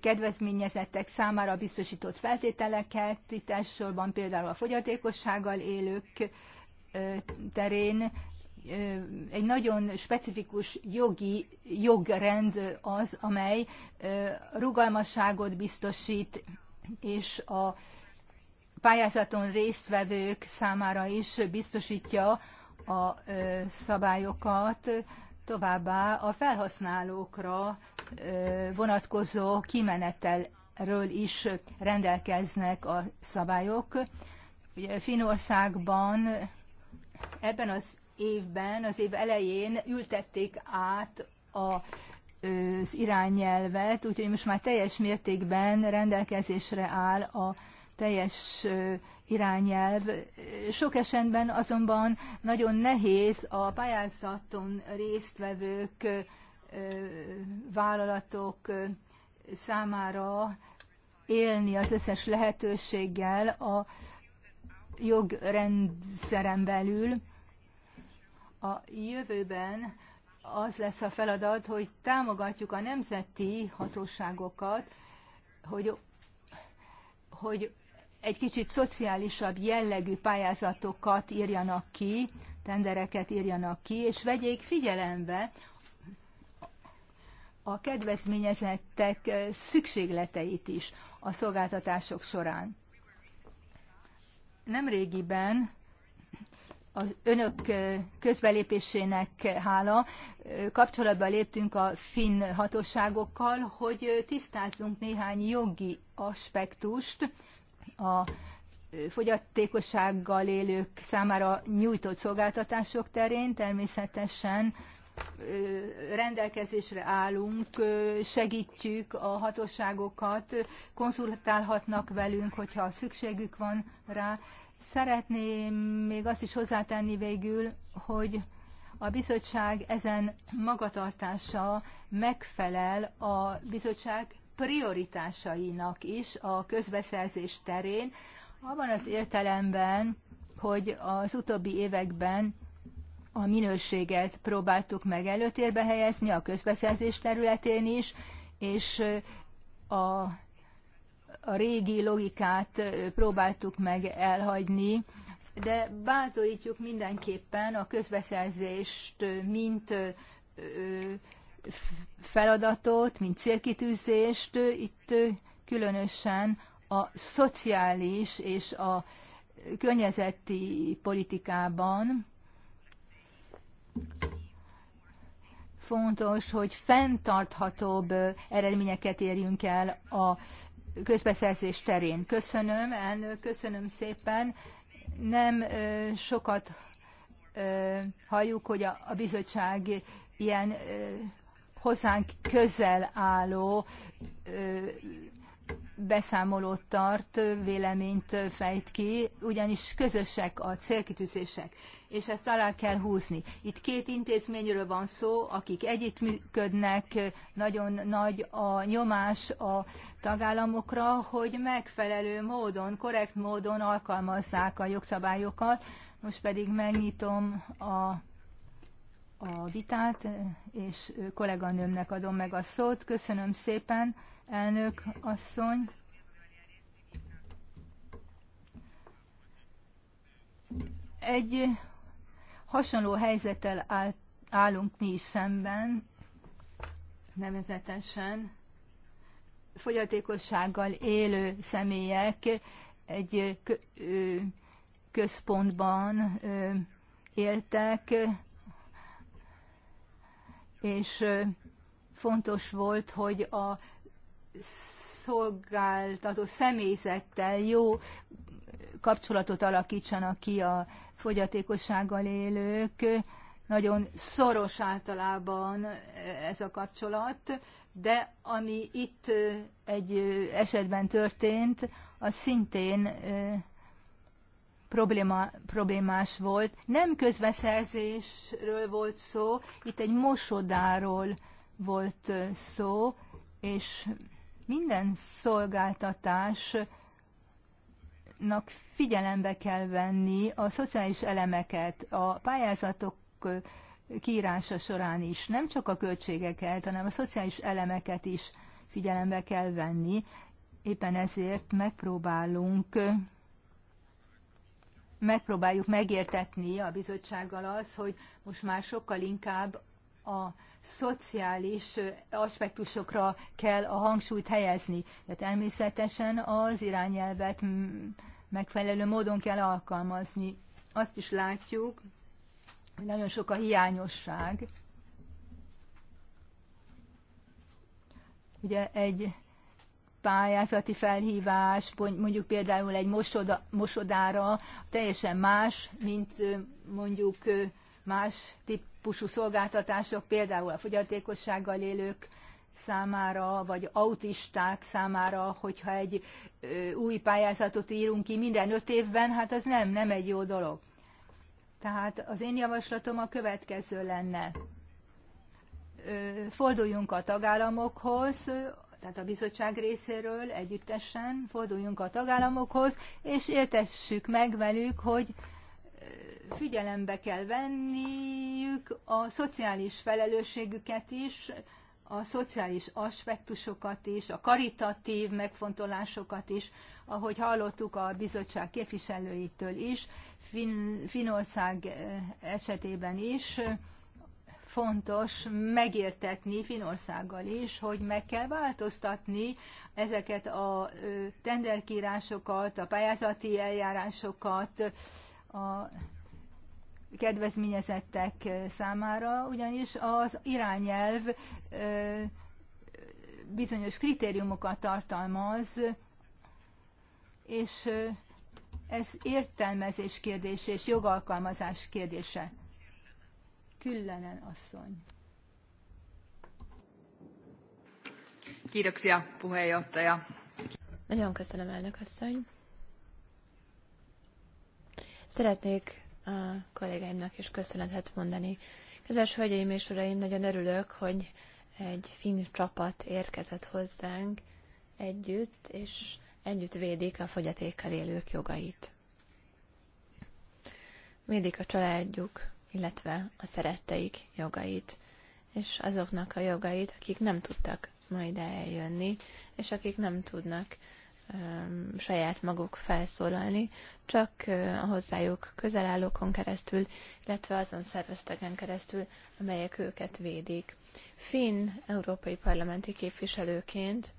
kedvezményezettek számára biztosított feltételeket, itt elsősorban például a fogyatékossággal élők terén egy nagyon specifikus jogi jogrend az, amely rugalmasságot biztosít, és a pályázaton résztvevők számára is biztosítja a szabályokat, továbbá a felhasználókra vonatkozó kimenetelről is rendelkeznek a szabályok. Ugye Finországban ebben az évben, az év elején ültették át a az irányelvet, úgyhogy most már teljes mértékben rendelkezésre áll a teljes irányelv. Sok esetben azonban nagyon nehéz a pályázaton résztvevők, vállalatok számára élni az összes lehetőséggel a jogrendszeren belül. A jövőben az lesz a feladat, hogy támogatjuk a nemzeti hatóságokat, hogy, hogy egy kicsit szociálisabb jellegű pályázatokat írjanak ki, tendereket írjanak ki, és vegyék figyelembe a kedvezményezettek szükségleteit is a szolgáltatások során. Nemrégiben az önök közbelépésének hála kapcsolatba léptünk a finn hatóságokkal, hogy tisztázzunk néhány jogi aspektust a fogyatékossággal élők számára nyújtott szolgáltatások terén természetesen rendelkezésre állunk, segítjük a hatóságokat, konzultálhatnak velünk, hogyha szükségük van rá. Szeretném még azt is hozzátenni végül, hogy a bizottság ezen magatartása megfelel a bizottság prioritásainak is a közbeszerzés terén, abban az értelemben, hogy az utóbbi években a minőséget próbáltuk meg előtérbe helyezni a közbeszerzés területén is, és a, a régi logikát próbáltuk meg elhagyni, de bátorítjuk mindenképpen a közbeszerzést, mint feladatot, mint célkitűzést, itt különösen a szociális és a környezeti politikában Fontos, hogy fenntarthatóbb eredményeket érjünk el a közbeszerzés terén. Köszönöm, elnök, köszönöm szépen. Nem ö, sokat ö, halljuk, hogy a, a bizottság ilyen ö, hozzánk közel álló ö, beszámolót tart, véleményt fejt ki, ugyanis közösek a célkitűzések, és ezt alá kell húzni. Itt két intézményről van szó, akik együttműködnek, nagyon nagy a nyomás a tagállamokra, hogy megfelelő módon, korrekt módon alkalmazzák a jogszabályokat. Most pedig megnyitom a a vitát, és kolléganőmnek adom meg a szót. Köszönöm szépen elnök asszony. Egy hasonló helyzettel állunk mi is szemben, nevezetesen fogyatékossággal élő személyek egy központban éltek, és fontos volt, hogy a szolgáltató személyzettel jó kapcsolatot alakítsanak ki a fogyatékossággal élők. Nagyon szoros általában ez a kapcsolat, de ami itt egy esetben történt, az szintén probléma, problémás volt. Nem közbeszerzésről volt szó, itt egy mosodáról volt szó, és minden szolgáltatásnak figyelembe kell venni a szociális elemeket, a pályázatok kiírása során is, nem csak a költségeket, hanem a szociális elemeket is figyelembe kell venni. Éppen ezért megpróbálunk megpróbáljuk megértetni a bizottsággal az, hogy most már sokkal inkább a szociális aspektusokra kell a hangsúlyt helyezni. De természetesen az irányelvet megfelelő módon kell alkalmazni. Azt is látjuk, hogy nagyon sok a hiányosság. Ugye egy pályázati felhívás, mondjuk például egy mosoda, mosodára teljesen más, mint mondjuk más típusú szolgáltatások, például a fogyatékossággal élők számára, vagy autisták számára, hogyha egy ö, új pályázatot írunk ki minden öt évben, hát az nem, nem egy jó dolog. Tehát az én javaslatom a következő lenne. Ö, forduljunk a tagállamokhoz, tehát a bizottság részéről együttesen forduljunk a tagállamokhoz, és értessük meg velük, hogy figyelembe kell venniük a szociális felelősségüket is, a szociális aspektusokat is, a karitatív megfontolásokat is, ahogy hallottuk a bizottság képviselőitől is, fin- Finország eh, esetében is fontos megértetni Finországgal is, hogy meg kell változtatni ezeket a eh, tenderkírásokat, a pályázati eljárásokat, a kedvezményezettek számára, ugyanis az irányelv bizonyos kritériumokat tartalmaz, és ez értelmezés kérdése és jogalkalmazás kérdése. Küllenen asszony. Kiitoksia, puheenjohtaja. Nagyon köszönöm, elnök asszony. Szeretnék a kollégáimnak is köszönetet mondani. Kedves hölgyeim és uraim, nagyon örülök, hogy egy finn csapat érkezett hozzánk együtt, és együtt védik a fogyatékkal élők jogait. Védik a családjuk, illetve a szeretteik jogait, és azoknak a jogait, akik nem tudtak majd eljönni, és akik nem tudnak Um, saját maguk felszólalni, csak uh, a hozzájuk közelállókon keresztül, illetve azon szervezeteken keresztül, amelyek őket védik. Finn európai parlamenti képviselőként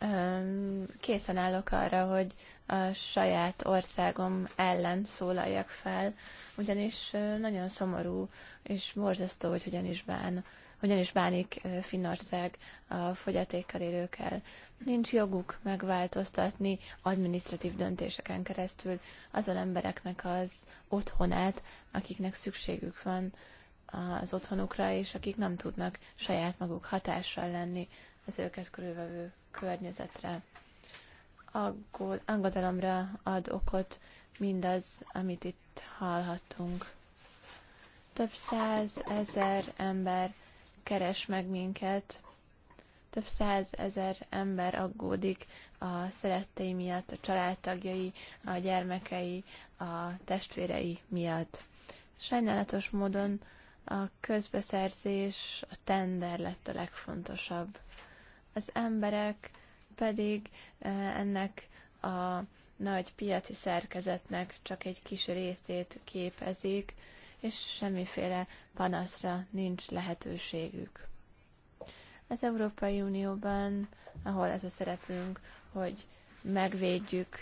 um, készen állok arra, hogy a saját országom ellen szólaljak fel, ugyanis uh, nagyon szomorú és borzasztó, hogy hogyan is bán hogyan is bánik Finnország a fogyatékkal élőkkel. Nincs joguk megváltoztatni administratív döntéseken keresztül azon embereknek az otthonát, akiknek szükségük van az otthonukra, és akik nem tudnak saját maguk hatással lenni az őket körülvevő környezetre. Aggód, aggodalomra ad okot mindaz, amit itt hallhattunk. Több száz ezer ember keres meg minket. Több százezer ember aggódik a szerettei miatt, a családtagjai, a gyermekei, a testvérei miatt. Sajnálatos módon a közbeszerzés, a tender lett a legfontosabb. Az emberek pedig e, ennek a nagy piaci szerkezetnek csak egy kis részét képezik, és semmiféle panaszra nincs lehetőségük. Az Európai Unióban, ahol ez a szerepünk, hogy megvédjük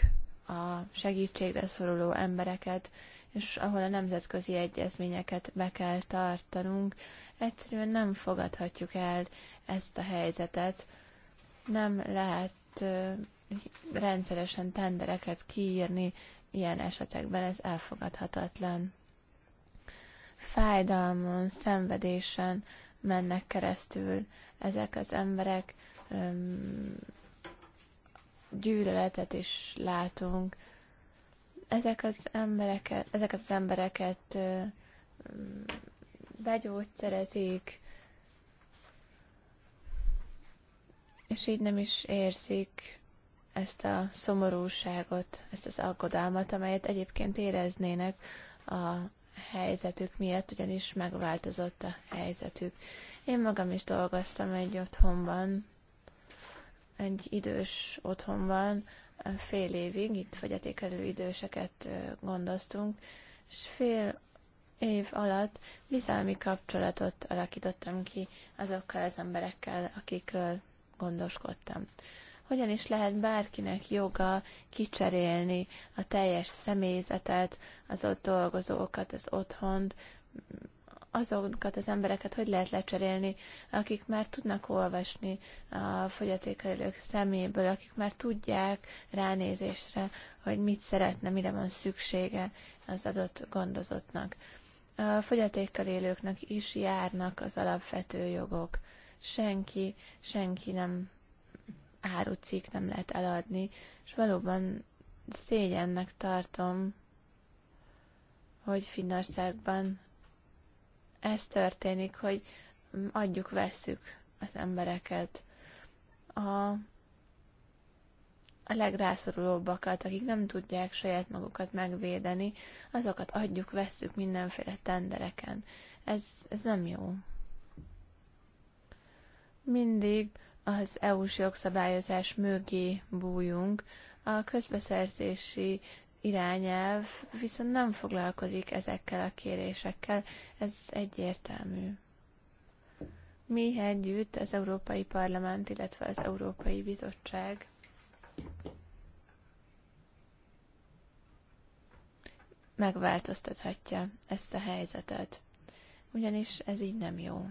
a segítségre szoruló embereket, és ahol a nemzetközi egyezményeket be kell tartanunk, egyszerűen nem fogadhatjuk el ezt a helyzetet. Nem lehet rendszeresen tendereket kiírni ilyen esetekben, ez elfogadhatatlan fájdalmon, szenvedésen mennek keresztül ezek az emberek, gyűlöletet is látunk. Ezek az embereket, ezeket az embereket begyógyszerezik, és így nem is érzik ezt a szomorúságot, ezt az aggodalmat, amelyet egyébként éreznének a helyzetük miatt, ugyanis megváltozott a helyzetük. Én magam is dolgoztam egy otthonban, egy idős otthonban, fél évig, itt fogyatékelő időseket gondoztunk, és fél év alatt bizalmi kapcsolatot alakítottam ki azokkal az emberekkel, akikről gondoskodtam hogyan is lehet bárkinek joga kicserélni a teljes személyzetet, az ott dolgozókat, az otthont, azokat az embereket hogy lehet lecserélni, akik már tudnak olvasni a fogyatékkal élők szeméből, akik már tudják ránézésre, hogy mit szeretne, mire van szüksége az adott gondozottnak. A fogyatékkal élőknek is járnak az alapvető jogok. Senki, senki nem árucik nem lehet eladni, és valóban szégyennek tartom, hogy Finnországban ez történik, hogy adjuk, veszük az embereket. A, a legrászorulóbbakat, akik nem tudják saját magukat megvédeni, azokat adjuk, veszük mindenféle tendereken. Ez, ez nem jó. Mindig az EU-s jogszabályozás mögé bújunk, a közbeszerzési irányelv viszont nem foglalkozik ezekkel a kérésekkel, ez egyértelmű. Mi együtt az Európai Parlament, illetve az Európai Bizottság megváltoztathatja ezt a helyzetet. Ugyanis ez így nem jó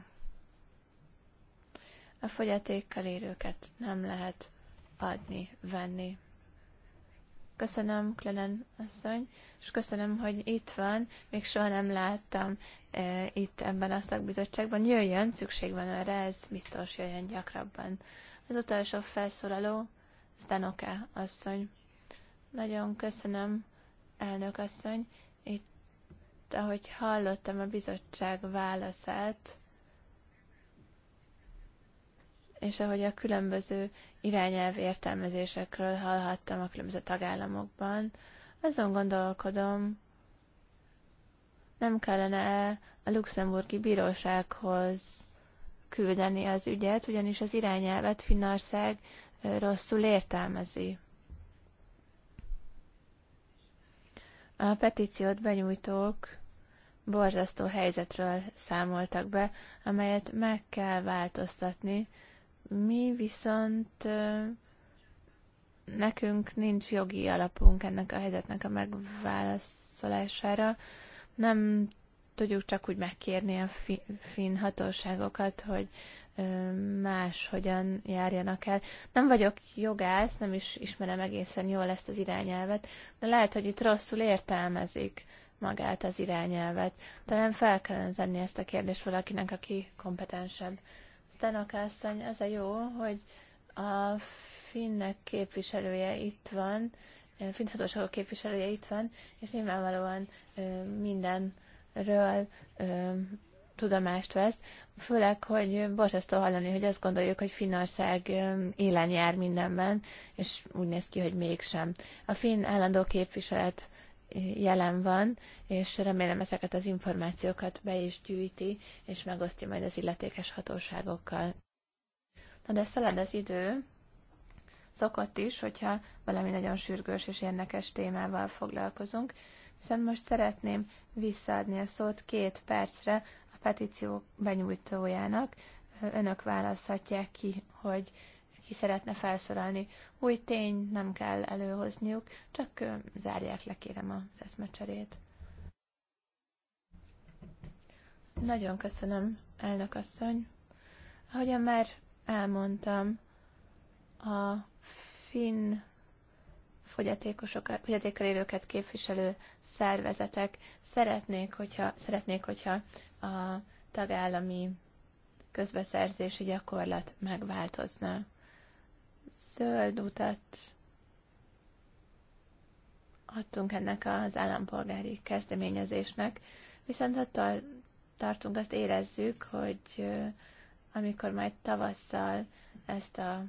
a fogyatékkal élőket nem lehet adni, venni. Köszönöm, Klenen asszony, és köszönöm, hogy itt van. Még soha nem láttam e, itt ebben a szakbizottságban. Jöjjön, szükség van erre, ez biztos jöjjön gyakrabban. Az utolsó felszólaló, Zdanoke asszony. Nagyon köszönöm, elnök asszony. Itt, ahogy hallottam a bizottság válaszát, és ahogy a különböző irányelv értelmezésekről hallhattam a különböző tagállamokban, azon gondolkodom, nem kellene a luxemburgi bírósághoz küldeni az ügyet, ugyanis az irányelvet Finnország rosszul értelmezi. A petíciót benyújtók borzasztó helyzetről számoltak be, amelyet meg kell változtatni, mi viszont nekünk nincs jogi alapunk ennek a helyzetnek a megválaszolására. Nem tudjuk csak úgy megkérni a finn hatóságokat, hogy más hogyan járjanak el. Nem vagyok jogász, nem is ismerem egészen jól ezt az irányelvet, de lehet, hogy itt rosszul értelmezik magát az irányelvet. Talán fel kellene tenni ezt a kérdést valakinek, aki kompetensebb Tanakászony, az a jó, hogy a finnek képviselője itt van, finn hatóságok képviselője itt van, és nyilvánvalóan mindenről tudomást vesz, főleg, hogy borzasztó hallani, hogy azt gondoljuk, hogy Finnország élen jár mindenben, és úgy néz ki, hogy mégsem. A finn állandó képviselet jelen van, és remélem ezeket az információkat be is gyűjti, és megosztja majd az illetékes hatóságokkal. Na de szalad az idő, szokott is, hogyha valami nagyon sürgős és érdekes témával foglalkozunk, hiszen most szeretném visszaadni a szót két percre a petíció benyújtójának. Önök választhatják ki, hogy ki szeretne felszorolni. Új tény nem kell előhozniuk, csak zárják le kérem az eszmecserét. Nagyon köszönöm, elnök asszony. Ahogyan már elmondtam, a finn fogyatékosokat, fogyatékkal élőket képviselő szervezetek szeretnék, hogyha, szeretnék, hogyha a tagállami közbeszerzési gyakorlat megváltozna zöld utat adtunk ennek az állampolgári kezdeményezésnek, viszont attól tartunk, azt érezzük, hogy amikor majd tavasszal ezt a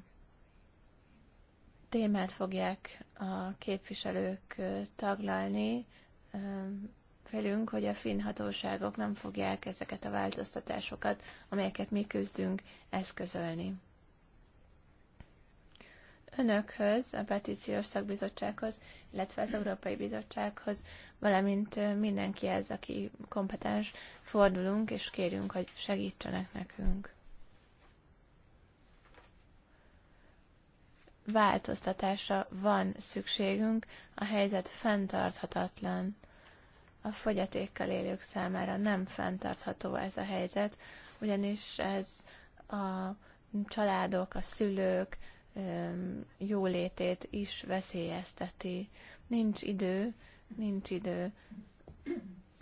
témát fogják a képviselők taglalni, velünk, hogy a finn hatóságok nem fogják ezeket a változtatásokat, amelyeket mi küzdünk, eszközölni önökhöz, a petíciós szakbizottsághoz, illetve az Európai Bizottsághoz, valamint mindenkihez, aki kompetens, fordulunk és kérünk, hogy segítsenek nekünk. Változtatásra van szükségünk, a helyzet fenntarthatatlan. A fogyatékkal élők számára nem fenntartható ez a helyzet, ugyanis ez a családok, a szülők, jólétét is veszélyezteti. Nincs idő, nincs idő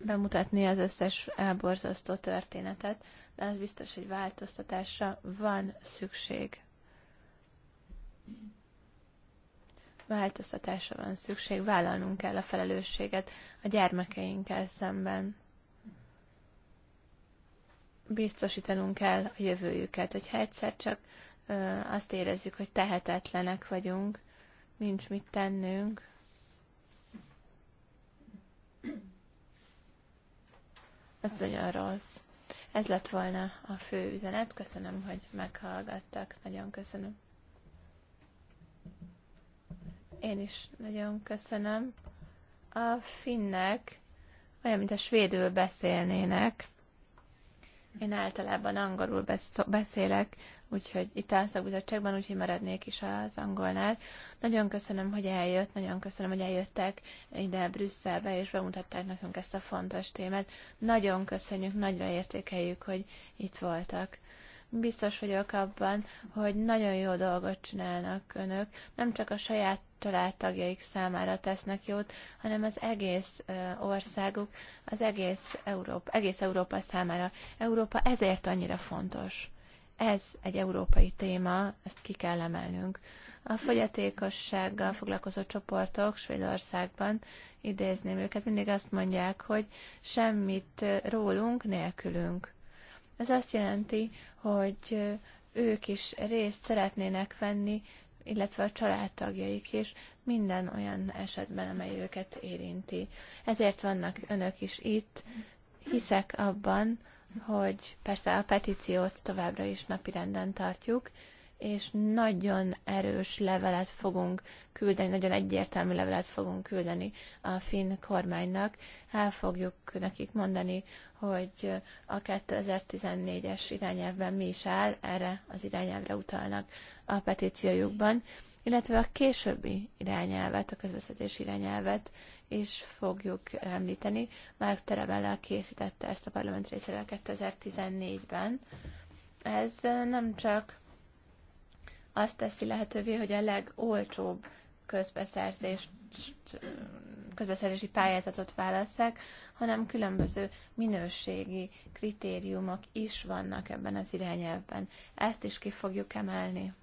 bemutatni az összes elborzasztó történetet, de az biztos, hogy változtatásra van szükség. Változtatásra van szükség, vállalnunk kell a felelősséget a gyermekeinkkel szemben. Biztosítanunk kell a jövőjüket, hogyha egyszer csak azt érezzük, hogy tehetetlenek vagyunk, nincs mit tennünk. Ez nagyon rossz. Ez lett volna a fő üzenet. Köszönöm, hogy meghallgattak. Nagyon köszönöm. Én is nagyon köszönöm. A finnek olyan, mint a svédül beszélnének. Én általában angolul beszélek, úgyhogy itt a szakbizottságban, úgyhogy maradnék is az angolnál. Nagyon köszönöm, hogy eljött, nagyon köszönöm, hogy eljöttek ide Brüsszelbe, és bemutatták nekünk ezt a fontos témát. Nagyon köszönjük, nagyra értékeljük, hogy itt voltak biztos vagyok abban, hogy nagyon jó dolgot csinálnak önök, nem csak a saját családtagjaik számára tesznek jót, hanem az egész országuk, az egész Európa, egész Európa számára. Európa ezért annyira fontos. Ez egy európai téma, ezt ki kell emelnünk. A fogyatékossággal foglalkozó csoportok Svédországban, idézném őket, mindig azt mondják, hogy semmit rólunk nélkülünk. Ez azt jelenti, hogy ők is részt szeretnének venni, illetve a családtagjaik is minden olyan esetben, amely őket érinti. Ezért vannak önök is itt. Hiszek abban, hogy persze a petíciót továbbra is napirenden tartjuk, és nagyon erős levelet fogunk küldeni, nagyon egyértelmű levelet fogunk küldeni a finn kormánynak. El fogjuk nekik mondani, hogy a 2014-es irányelvben mi is áll, erre az irányelvre utalnak a petíciójukban, illetve a későbbi irányelvet, a közvetítés irányelvet is fogjuk említeni. Már Terebella készítette ezt a parlament részéről 2014-ben. Ez nem csak azt teszi lehetővé, hogy a legolcsóbb közbeszerzést közbeszerzési pályázatot válasszák, hanem különböző minőségi kritériumok is vannak ebben az irányelvben. Ezt is ki fogjuk emelni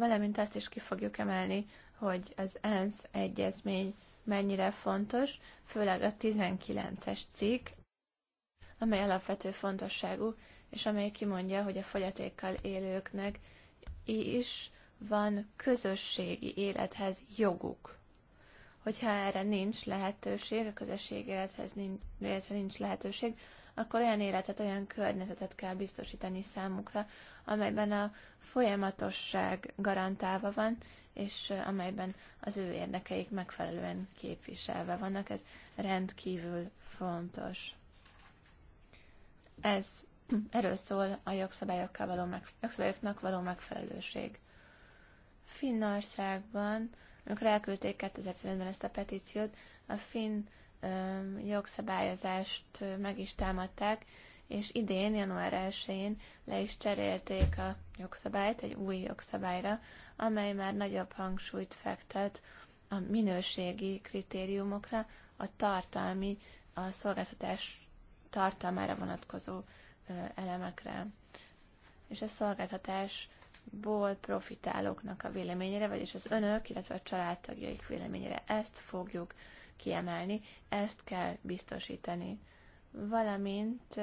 valamint azt is ki fogjuk emelni, hogy az ENSZ egyezmény mennyire fontos, főleg a 19-es cikk, amely alapvető fontosságú, és amely kimondja, hogy a fogyatékkal élőknek is van közösségi élethez joguk. Hogyha erre nincs lehetőség, a közösségi élethez nincs, nincs lehetőség, akkor olyan életet, olyan környezetet kell biztosítani számukra, amelyben a folyamatosság garantálva van, és amelyben az ő érdekeik megfelelően képviselve vannak. Ez rendkívül fontos. Ez (clears throat) erről szól a jogszabályokkal való meg, jogszabályoknak való megfelelőség. Finnországban, amikor elküldték 2009-ben ezt a petíciót, a finn jogszabályozást meg is támadták, és idén, január 1-én le is cserélték a jogszabályt egy új jogszabályra, amely már nagyobb hangsúlyt fektet a minőségi kritériumokra, a tartalmi, a szolgáltatás tartalmára vonatkozó elemekre. És a szolgáltatásból profitálóknak a véleményére, vagyis az önök, illetve a családtagjaik véleményére. Ezt fogjuk kiemelni, ezt kell biztosítani. Valamint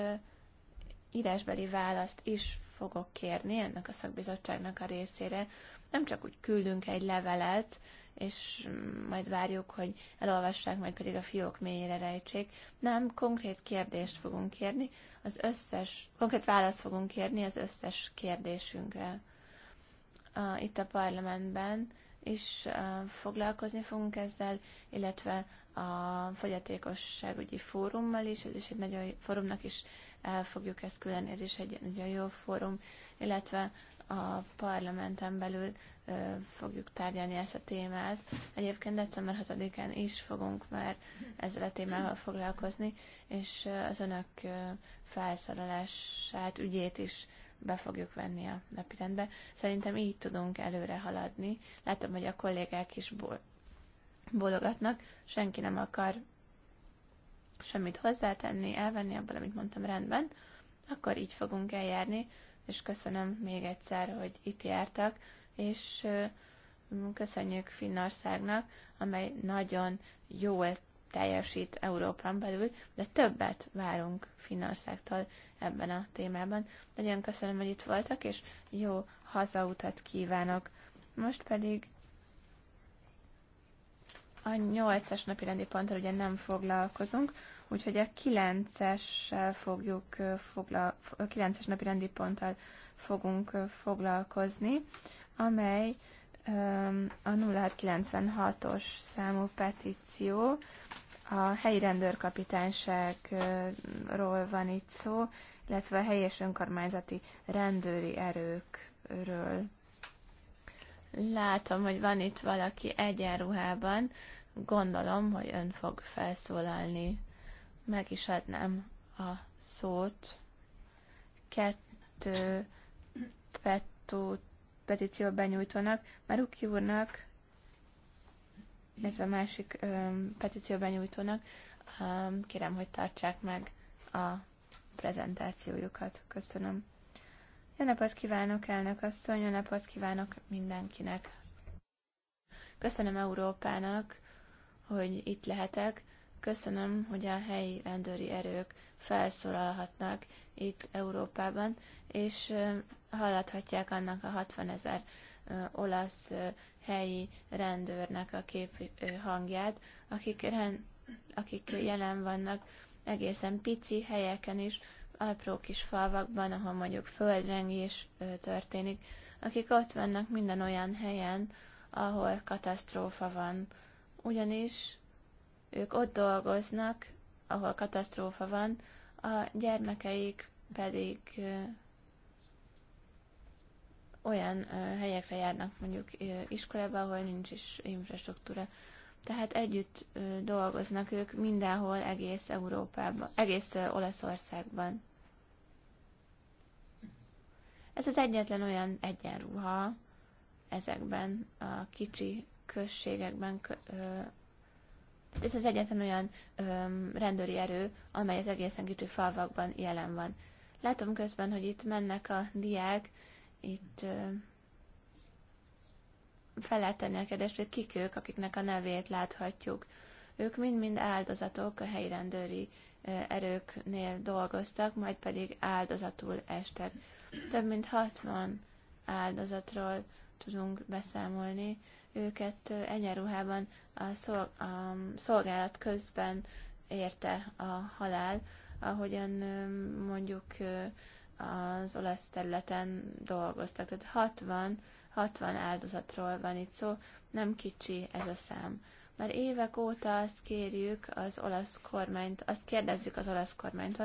írásbeli választ is fogok kérni ennek a szakbizottságnak a részére. Nem csak úgy küldünk egy levelet, és majd várjuk, hogy elolvassák, majd pedig a fiók mélyére rejtsék. Nem, konkrét kérdést fogunk kérni, az összes, konkrét választ fogunk kérni az összes kérdésünkre. A, itt a parlamentben is a, foglalkozni fogunk ezzel, illetve a fogyatékosságügyi fórummal is, ez is egy nagyon fórumnak is el fogjuk ezt küldeni, ez is egy nagyon jó fórum, illetve a parlamenten belül ö, fogjuk tárgyalni ezt a témát. Egyébként december 6-án is fogunk már ezzel a témával foglalkozni, és az önök felszorolását, ügyét is be fogjuk venni a napirendbe. Szerintem így tudunk előre haladni. Látom, hogy a kollégák is bologatnak, senki nem akar semmit hozzátenni, elvenni abból, amit mondtam rendben, akkor így fogunk eljárni, és köszönöm még egyszer, hogy itt jártak, és köszönjük Finnországnak, amely nagyon jól teljesít Európán belül, de többet várunk Finnországtól ebben a témában. Nagyon köszönöm, hogy itt voltak, és jó hazautat kívánok. Most pedig a 8-as napi rendi ponttal ugye nem foglalkozunk, úgyhogy a 9-essel fogjuk foglal, a 9-es napi rendi ponttal fogunk foglalkozni, amely a 0696-os számú petíció, a helyi rendőrkapitányságról van itt szó, illetve a helyi és önkormányzati rendőri erőkről. Látom, hogy van itt valaki egyenruhában, gondolom, hogy ön fog felszólalni. Meg is adnám a szót. Kettő petú, petíció benyújtónak, Maruki úrnak, illetve másik öm, petíció benyújtónak, öm, kérem, hogy tartsák meg a prezentációjukat. Köszönöm. Jó napot kívánok, elnök asszony, jó napot kívánok mindenkinek. Köszönöm Európának, hogy itt lehetek. Köszönöm, hogy a helyi rendőri erők felszólalhatnak itt Európában, és hallathatják annak a 60 ezer olasz helyi rendőrnek a kép hangját, akik, rend, akik jelen vannak egészen pici helyeken is, apró kis falvakban, ahol mondjuk földrengés történik, akik ott vannak minden olyan helyen, ahol katasztrófa van, ugyanis ők ott dolgoznak, ahol katasztrófa van, a gyermekeik pedig olyan helyekre járnak mondjuk iskolába, ahol nincs is infrastruktúra. Tehát együtt dolgoznak ők mindenhol, egész Európában, egész Olaszországban. Ez az egyetlen olyan egyenruha ezekben a kicsi községekben ez az egyetlen olyan öm, rendőri erő, amely az egészen kicsi falvakban jelen van. Látom közben, hogy itt mennek a diák, itt fel lehet tenni a kérdést, hogy kik ők, akiknek a nevét láthatjuk. Ők mind-mind áldozatok, a helyi rendőri ö, erőknél dolgoztak, majd pedig áldozatul estek. Több mint 60 áldozatról tudunk beszámolni, őket egyenruhában a, szol, a szolgálat közben érte a halál, ahogyan mondjuk az olasz területen dolgoztak. Tehát 60, 60 áldozatról van itt szó, nem kicsi ez a szám. Már évek óta azt kérjük az olasz kormányt, azt kérdezzük az olasz kormányt,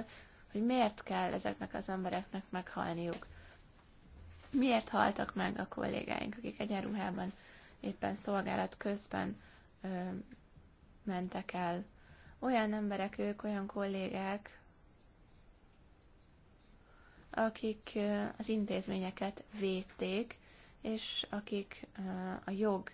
hogy miért kell ezeknek az embereknek meghalniuk. Miért haltak meg a kollégáink, akik egyenruhában éppen szolgálat közben ö, mentek el. Olyan emberek ők, olyan kollégák, akik az intézményeket védték, és akik a jog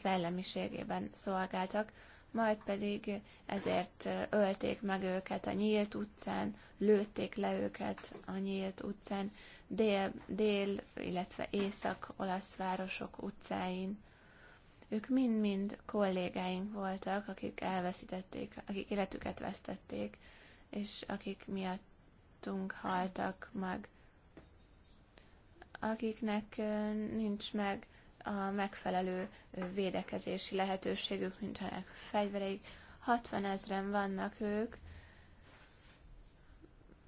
szellemiségében szolgáltak, majd pedig ezért ölték meg őket a nyílt utcán, lőtték le őket a nyílt utcán, dél, dél illetve észak olasz városok utcáin. Ők mind-mind kollégáink voltak, akik elveszítették, akik életüket vesztették, és akik miattunk haltak meg, akiknek nincs meg a megfelelő védekezési lehetőségük, nincsenek fegyvereik. 60 ezeren vannak ők,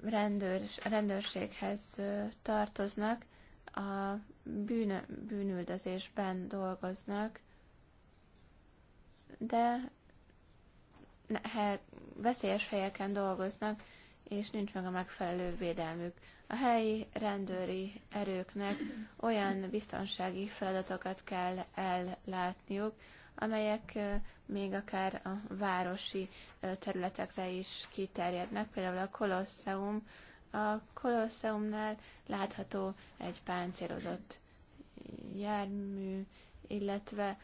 rendőr, a rendőrséghez tartoznak, a bűn, bűnüldözésben dolgoznak, de veszélyes helyeken dolgoznak, és nincs meg a megfelelő védelmük. A helyi rendőri erőknek olyan biztonsági feladatokat kell ellátniuk, amelyek még akár a városi területekre is kiterjednek, például a Kolosseum. A Kolosseumnál látható egy páncélozott jármű, illetve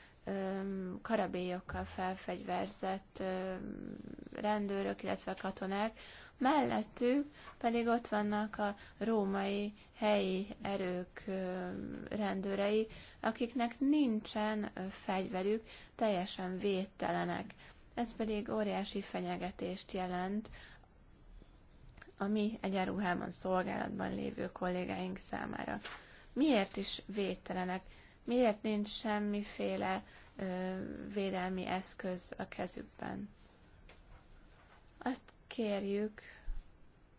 karabélyokkal felfegyverzett rendőrök, illetve katonák, mellettük pedig ott vannak a római helyi erők rendőrei, akiknek nincsen fegyverük, teljesen védtelenek. Ez pedig óriási fenyegetést jelent a mi egyenruhában szolgálatban lévő kollégáink számára. Miért is védtelenek? miért nincs semmiféle ö, védelmi eszköz a kezükben. Azt kérjük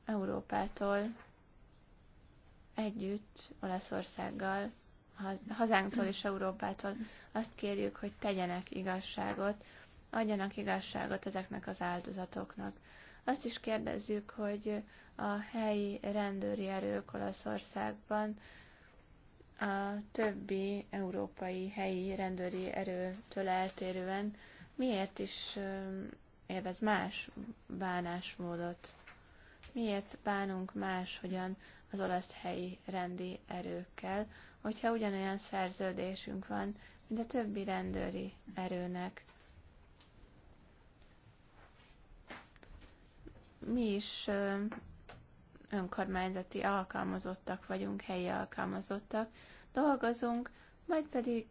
Európától együtt Olaszországgal, hazánktól és Európától azt kérjük, hogy tegyenek igazságot, adjanak igazságot ezeknek az áldozatoknak. Azt is kérdezzük, hogy a helyi rendőri erők Olaszországban a többi európai helyi rendőri erőtől eltérően miért is élvez más bánásmódot? Miért bánunk máshogyan az olasz helyi rendi erőkkel, hogyha ugyanolyan szerződésünk van, mint a többi rendőri erőnek? Mi is önkormányzati alkalmazottak vagyunk, helyi alkalmazottak, dolgozunk, majd pedig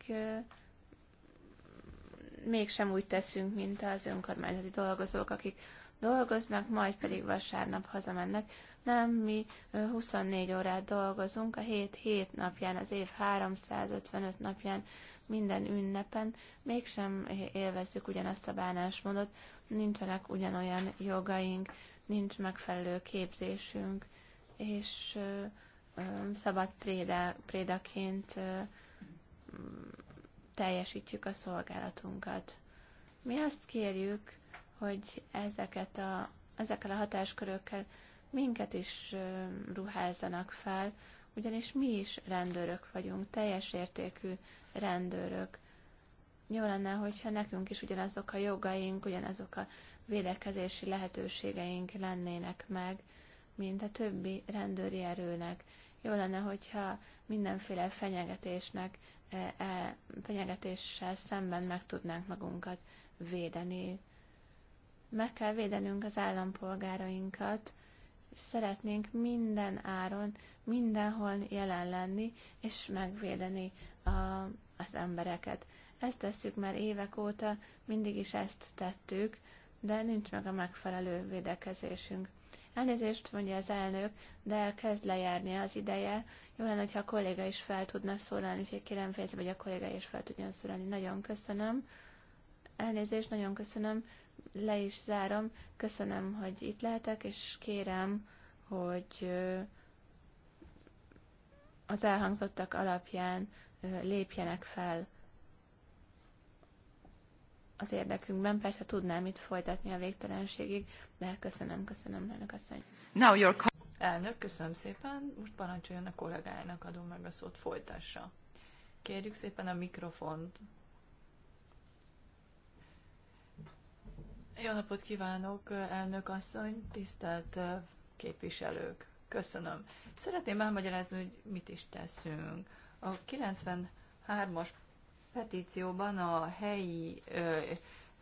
mégsem úgy teszünk, mint az önkormányzati dolgozók, akik dolgoznak, majd pedig vasárnap hazamennek. Nem, mi 24 órát dolgozunk, a hét 7 napján, az év 355 napján, minden ünnepen, mégsem élvezzük ugyanazt a bánásmódot, nincsenek ugyanolyan jogaink, nincs megfelelő képzésünk, és szabad préda, prédaként teljesítjük a szolgálatunkat. Mi azt kérjük, hogy ezeket a, ezekkel a hatáskörökkel minket is ruházzanak fel, ugyanis mi is rendőrök vagyunk, teljes értékű rendőrök. Jó lenne, hogyha nekünk is ugyanazok a jogaink, ugyanazok a védekezési lehetőségeink lennének meg, mint a többi rendőri erőnek. Jó lenne, hogyha mindenféle fenyegetésnek, e, e, fenyegetéssel szemben meg tudnánk magunkat védeni. Meg kell védenünk az állampolgárainkat, és szeretnénk minden áron, mindenhol jelen lenni, és megvédeni a, az embereket. Ezt tesszük már évek óta, mindig is ezt tettük, de nincs meg a megfelelő védekezésünk. Elnézést, mondja az elnök, de kezd lejárni az ideje. Jó lenne, hogyha a kolléga is fel tudna szólalni, úgyhogy kérem fejezze, hogy a kolléga is fel tudjon szólalni. Nagyon köszönöm. Elnézést, nagyon köszönöm. Le is zárom. Köszönöm, hogy itt lehetek, és kérem, hogy az elhangzottak alapján lépjenek fel az érdekünkben. Persze tudnám itt folytatni a végtelenségig, de köszönöm, köszönöm, elnök asszony. Now your... Elnök, köszönöm szépen. Most parancsoljon a kollégájának, adom meg a szót, folytassa. Kérjük szépen a mikrofont. Jó napot kívánok, elnök asszony, tisztelt képviselők. Köszönöm. Szeretném elmagyarázni, hogy mit is teszünk. A 93-as petícióban a helyi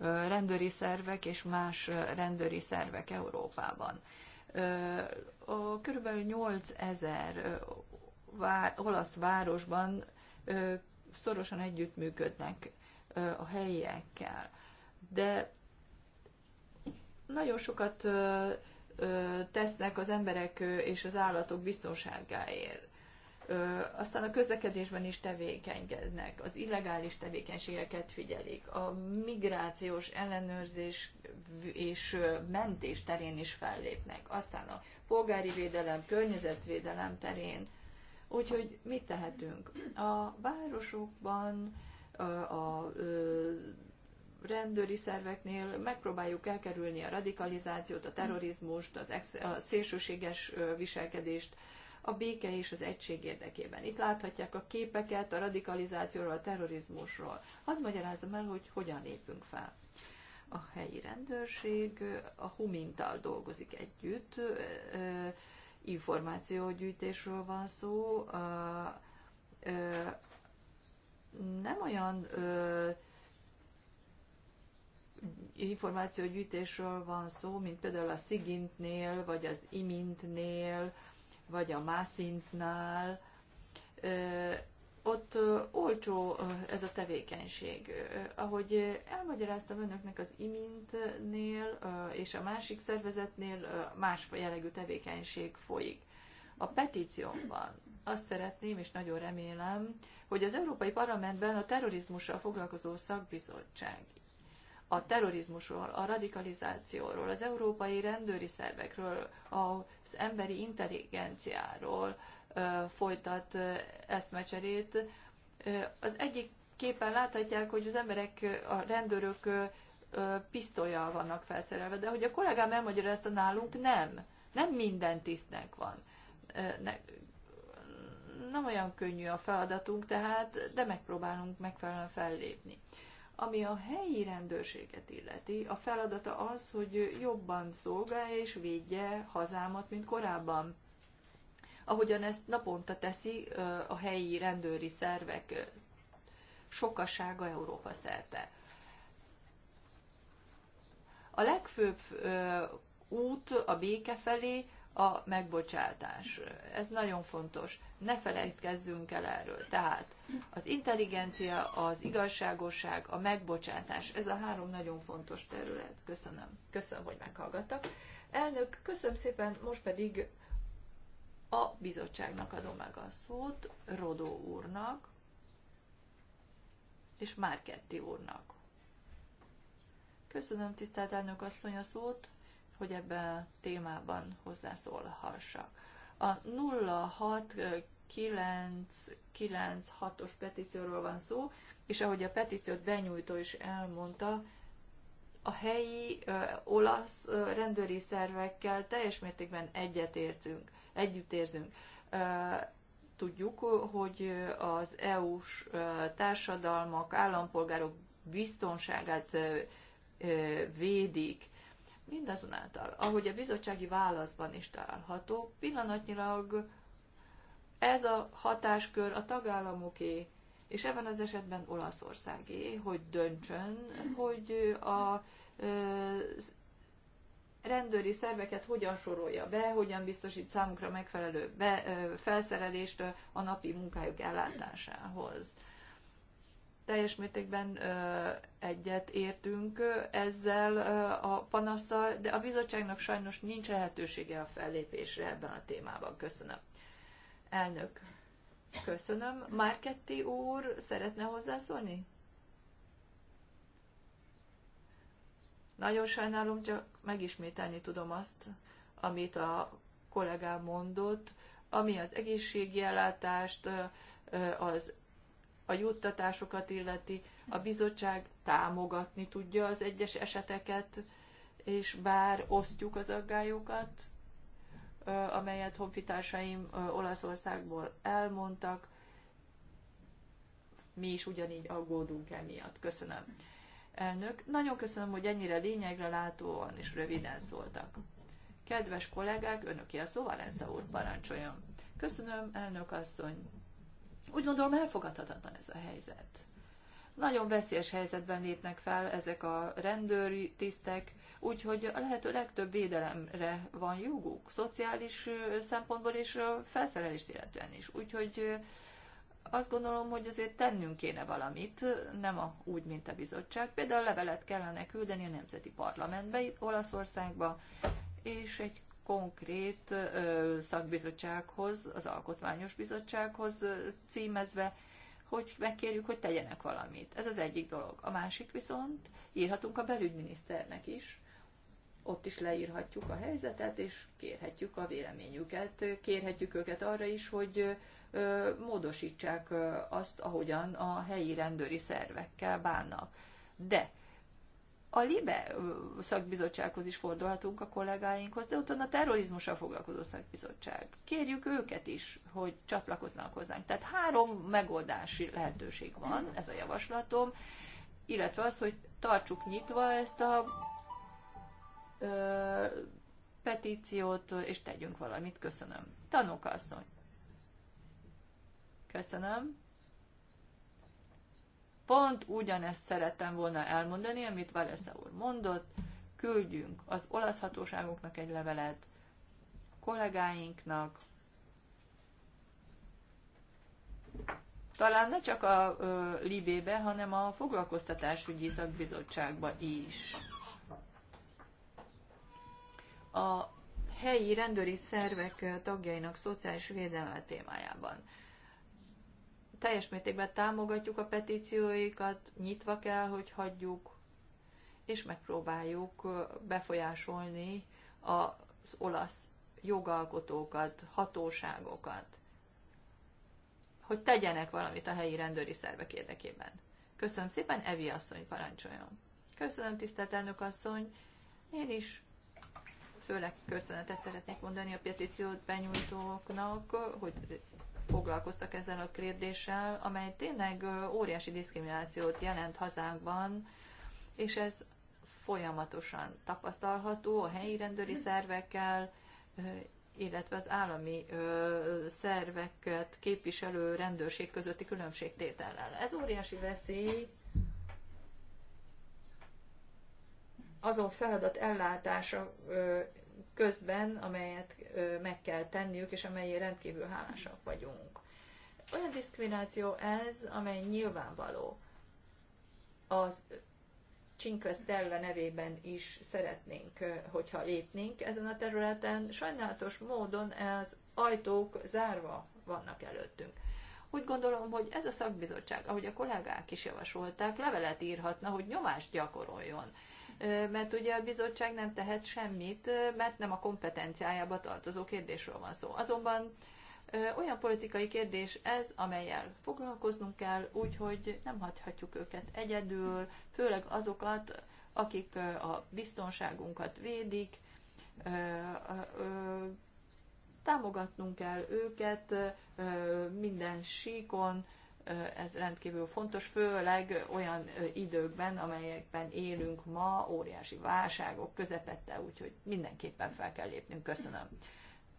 rendőri szervek és más rendőri szervek Európában. A Körülbelül 8000 olasz városban szorosan együttműködnek a helyiekkel. De nagyon sokat tesznek az emberek és az állatok biztonságáért aztán a közlekedésben is tevékenykednek, az illegális tevékenységeket figyelik, a migrációs ellenőrzés és mentés terén is fellépnek, aztán a polgári védelem, környezetvédelem terén. Úgyhogy mit tehetünk? A városokban, a rendőri szerveknél megpróbáljuk elkerülni a radikalizációt, a terrorizmust, az ex- a szélsőséges viselkedést, a béke és az egység érdekében. Itt láthatják a képeket a radikalizációról, a terrorizmusról. Hadd magyarázzam el, hogy hogyan lépünk fel. A helyi rendőrség a Humintal dolgozik együtt, információgyűjtésről van szó, nem olyan információgyűjtésről van szó, mint például a Szigintnél, vagy az Imintnél, vagy a mászintnál, ott olcsó ez a tevékenység. Ahogy elmagyaráztam önöknek az imintnél és a másik szervezetnél más jellegű tevékenység folyik. A petíciómban azt szeretném, és nagyon remélem, hogy az Európai Parlamentben a terrorizmussal foglalkozó szakbizottság a terrorizmusról, a radikalizációról, az európai rendőri szervekről, az emberi intelligenciáról folytat eszmecserét. Az egyik képen láthatják, hogy az emberek, a rendőrök pisztolyjal vannak felszerelve, de hogy a kollégám elmagyarázta nálunk, nem. Nem minden tisztnek van. Nem olyan könnyű a feladatunk, tehát, de megpróbálunk megfelelően fellépni. Ami a helyi rendőrséget illeti, a feladata az, hogy jobban szolgálja és védje hazámat, mint korábban. Ahogyan ezt naponta teszi a helyi rendőri szervek sokasága Európa szerte. A legfőbb út a béke felé a megbocsátás. Ez nagyon fontos. Ne felejtkezzünk el erről. Tehát az intelligencia, az igazságosság, a megbocsátás, ez a három nagyon fontos terület. Köszönöm. Köszönöm, hogy meghallgattak. Elnök, köszönöm szépen, most pedig a bizottságnak adom meg a szót, Rodó úrnak és Márketti úrnak. Köszönöm, tisztelt elnök asszony, a szót hogy ebben a témában hozzászólhassak. A 06996-os petícióról van szó, és ahogy a petíciót benyújtó is elmondta, a helyi ö, olasz ö, rendőri szervekkel teljes mértékben egyetértünk, együttérzünk. Ö, tudjuk, hogy az EU-s társadalmak, állampolgárok biztonságát védik. Mindazonáltal, ahogy a bizottsági válaszban is található, pillanatnyilag ez a hatáskör a tagállamoké, és ebben az esetben Olaszországé, hogy döntsön, hogy a rendőri szerveket hogyan sorolja be, hogyan biztosít számukra megfelelő be, felszerelést a napi munkájuk ellátásához teljes mértékben egyet értünk ezzel a panaszsal, de a bizottságnak sajnos nincs lehetősége a fellépésre ebben a témában. Köszönöm. Elnök, köszönöm. Márketti úr szeretne hozzászólni? Nagyon sajnálom, csak megismételni tudom azt, amit a kollégám mondott, ami az ellátást, az a juttatásokat illeti, a bizottság támogatni tudja az egyes eseteket, és bár osztjuk az aggályokat, amelyet honfitársaim Olaszországból elmondtak, mi is ugyanígy aggódunk emiatt. Köszönöm. Elnök, nagyon köszönöm, hogy ennyire lényegre látóan és röviden szóltak. Kedves kollégák, önöki a szóval, Valensza úr, parancsoljon. Köszönöm, elnök asszony. Úgy gondolom elfogadhatatlan ez a helyzet. Nagyon veszélyes helyzetben lépnek fel ezek a rendőri tisztek, úgyhogy a lehető legtöbb védelemre van joguk, szociális szempontból és felszerelést illetően is. Úgyhogy azt gondolom, hogy azért tennünk kéne valamit, nem a, úgy, mint a bizottság. Például a levelet kellene küldeni a Nemzeti Parlamentbe, Olaszországba, és egy konkrét szakbizottsághoz, az Alkotmányos Bizottsághoz címezve, hogy megkérjük, hogy tegyenek valamit. Ez az egyik dolog. A másik viszont írhatunk a belügyminiszternek is, ott is leírhatjuk a helyzetet, és kérhetjük a véleményüket, kérhetjük őket arra is, hogy módosítsák azt, ahogyan a helyi rendőri szervekkel bánnak. De a LIBE szakbizottsághoz is fordulhatunk a kollégáinkhoz, de ott a terrorizmusra foglalkozó szakbizottság. Kérjük őket is, hogy csatlakoznak hozzánk. Tehát három megoldási lehetőség van, ez a javaslatom, illetve az, hogy tartsuk nyitva ezt a ö, petíciót, és tegyünk valamit. Köszönöm. Tanúkasszony. Köszönöm pont ugyanezt szerettem volna elmondani, amit Valesza úr mondott, küldjünk az olasz hatóságoknak egy levelet, kollégáinknak, talán ne csak a ö, Libébe, hanem a foglalkoztatásügyi szakbizottságba is. A helyi rendőri szervek tagjainak szociális védelme témájában teljes mértékben támogatjuk a petícióikat, nyitva kell, hogy hagyjuk, és megpróbáljuk befolyásolni az olasz jogalkotókat, hatóságokat, hogy tegyenek valamit a helyi rendőri szervek érdekében. Köszönöm szépen, Evi asszony parancsoljon. Köszönöm, tisztelt elnök asszony. Én is főleg köszönetet szeretnék mondani a petíciót benyújtóknak, hogy foglalkoztak ezzel a kérdéssel, amely tényleg óriási diszkriminációt jelent hazánkban, és ez folyamatosan tapasztalható a helyi rendőri mhm. szervekkel, illetve az állami szerveket képviselő rendőrség közötti különbségtétellel. Ez óriási veszély azon feladat ellátása közben, amelyet meg kell tenniük, és amelyért rendkívül hálásak vagyunk. Olyan diszkrimináció ez, amely nyilvánvaló. Az Cinque Stella nevében is szeretnénk, hogyha lépnénk ezen a területen. Sajnálatos módon az ajtók zárva vannak előttünk. Úgy gondolom, hogy ez a szakbizottság, ahogy a kollégák is javasolták, levelet írhatna, hogy nyomást gyakoroljon mert ugye a bizottság nem tehet semmit, mert nem a kompetenciájába tartozó kérdésről van szó. Azonban olyan politikai kérdés ez, amelyel foglalkoznunk kell, úgyhogy nem hagyhatjuk őket egyedül, főleg azokat, akik a biztonságunkat védik, támogatnunk kell őket minden síkon, ez rendkívül fontos, főleg olyan időkben, amelyekben élünk ma, óriási válságok közepette, úgyhogy mindenképpen fel kell lépnünk. Köszönöm.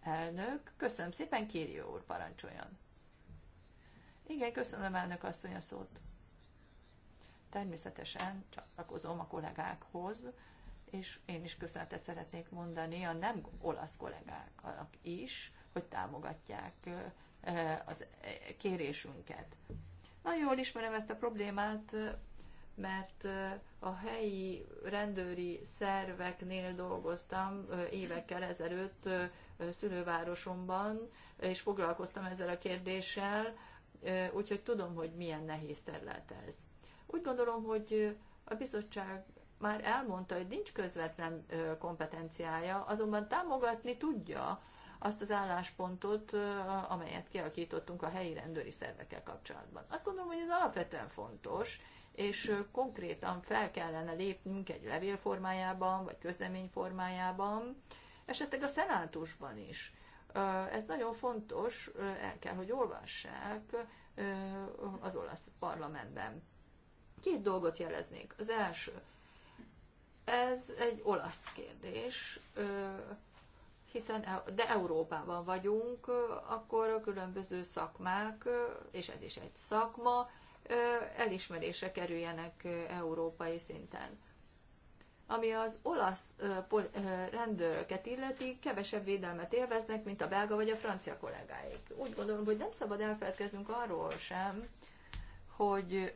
Elnök, köszönöm szépen, Kirió úr, parancsoljon. Igen, köszönöm elnök asszony a szót. Természetesen csatlakozom a kollégákhoz, és én is köszönetet szeretnék mondani a nem olasz kollégáknak is, hogy támogatják az kérésünket. Nagyon jól ismerem ezt a problémát, mert a helyi rendőri szerveknél dolgoztam évekkel ezelőtt szülővárosomban, és foglalkoztam ezzel a kérdéssel, úgyhogy tudom, hogy milyen nehéz terület ez. Úgy gondolom, hogy a bizottság már elmondta, hogy nincs közvetlen kompetenciája, azonban támogatni tudja azt az álláspontot, amelyet kialakítottunk a helyi rendőri szervekkel kapcsolatban. Azt gondolom, hogy ez alapvetően fontos, és konkrétan fel kellene lépnünk egy levél formájában, vagy közlemény formájában, esetleg a szenátusban is. Ez nagyon fontos, el kell, hogy olvassák az olasz parlamentben. Két dolgot jeleznék. Az első, ez egy olasz kérdés, hiszen e- de Európában vagyunk, akkor a különböző szakmák, és ez is egy szakma, elismerése kerüljenek európai szinten. Ami az olasz rendőröket illeti, kevesebb védelmet élveznek, mint a belga vagy a francia kollégáik. Úgy gondolom, hogy nem szabad elfeledkeznünk arról sem, hogy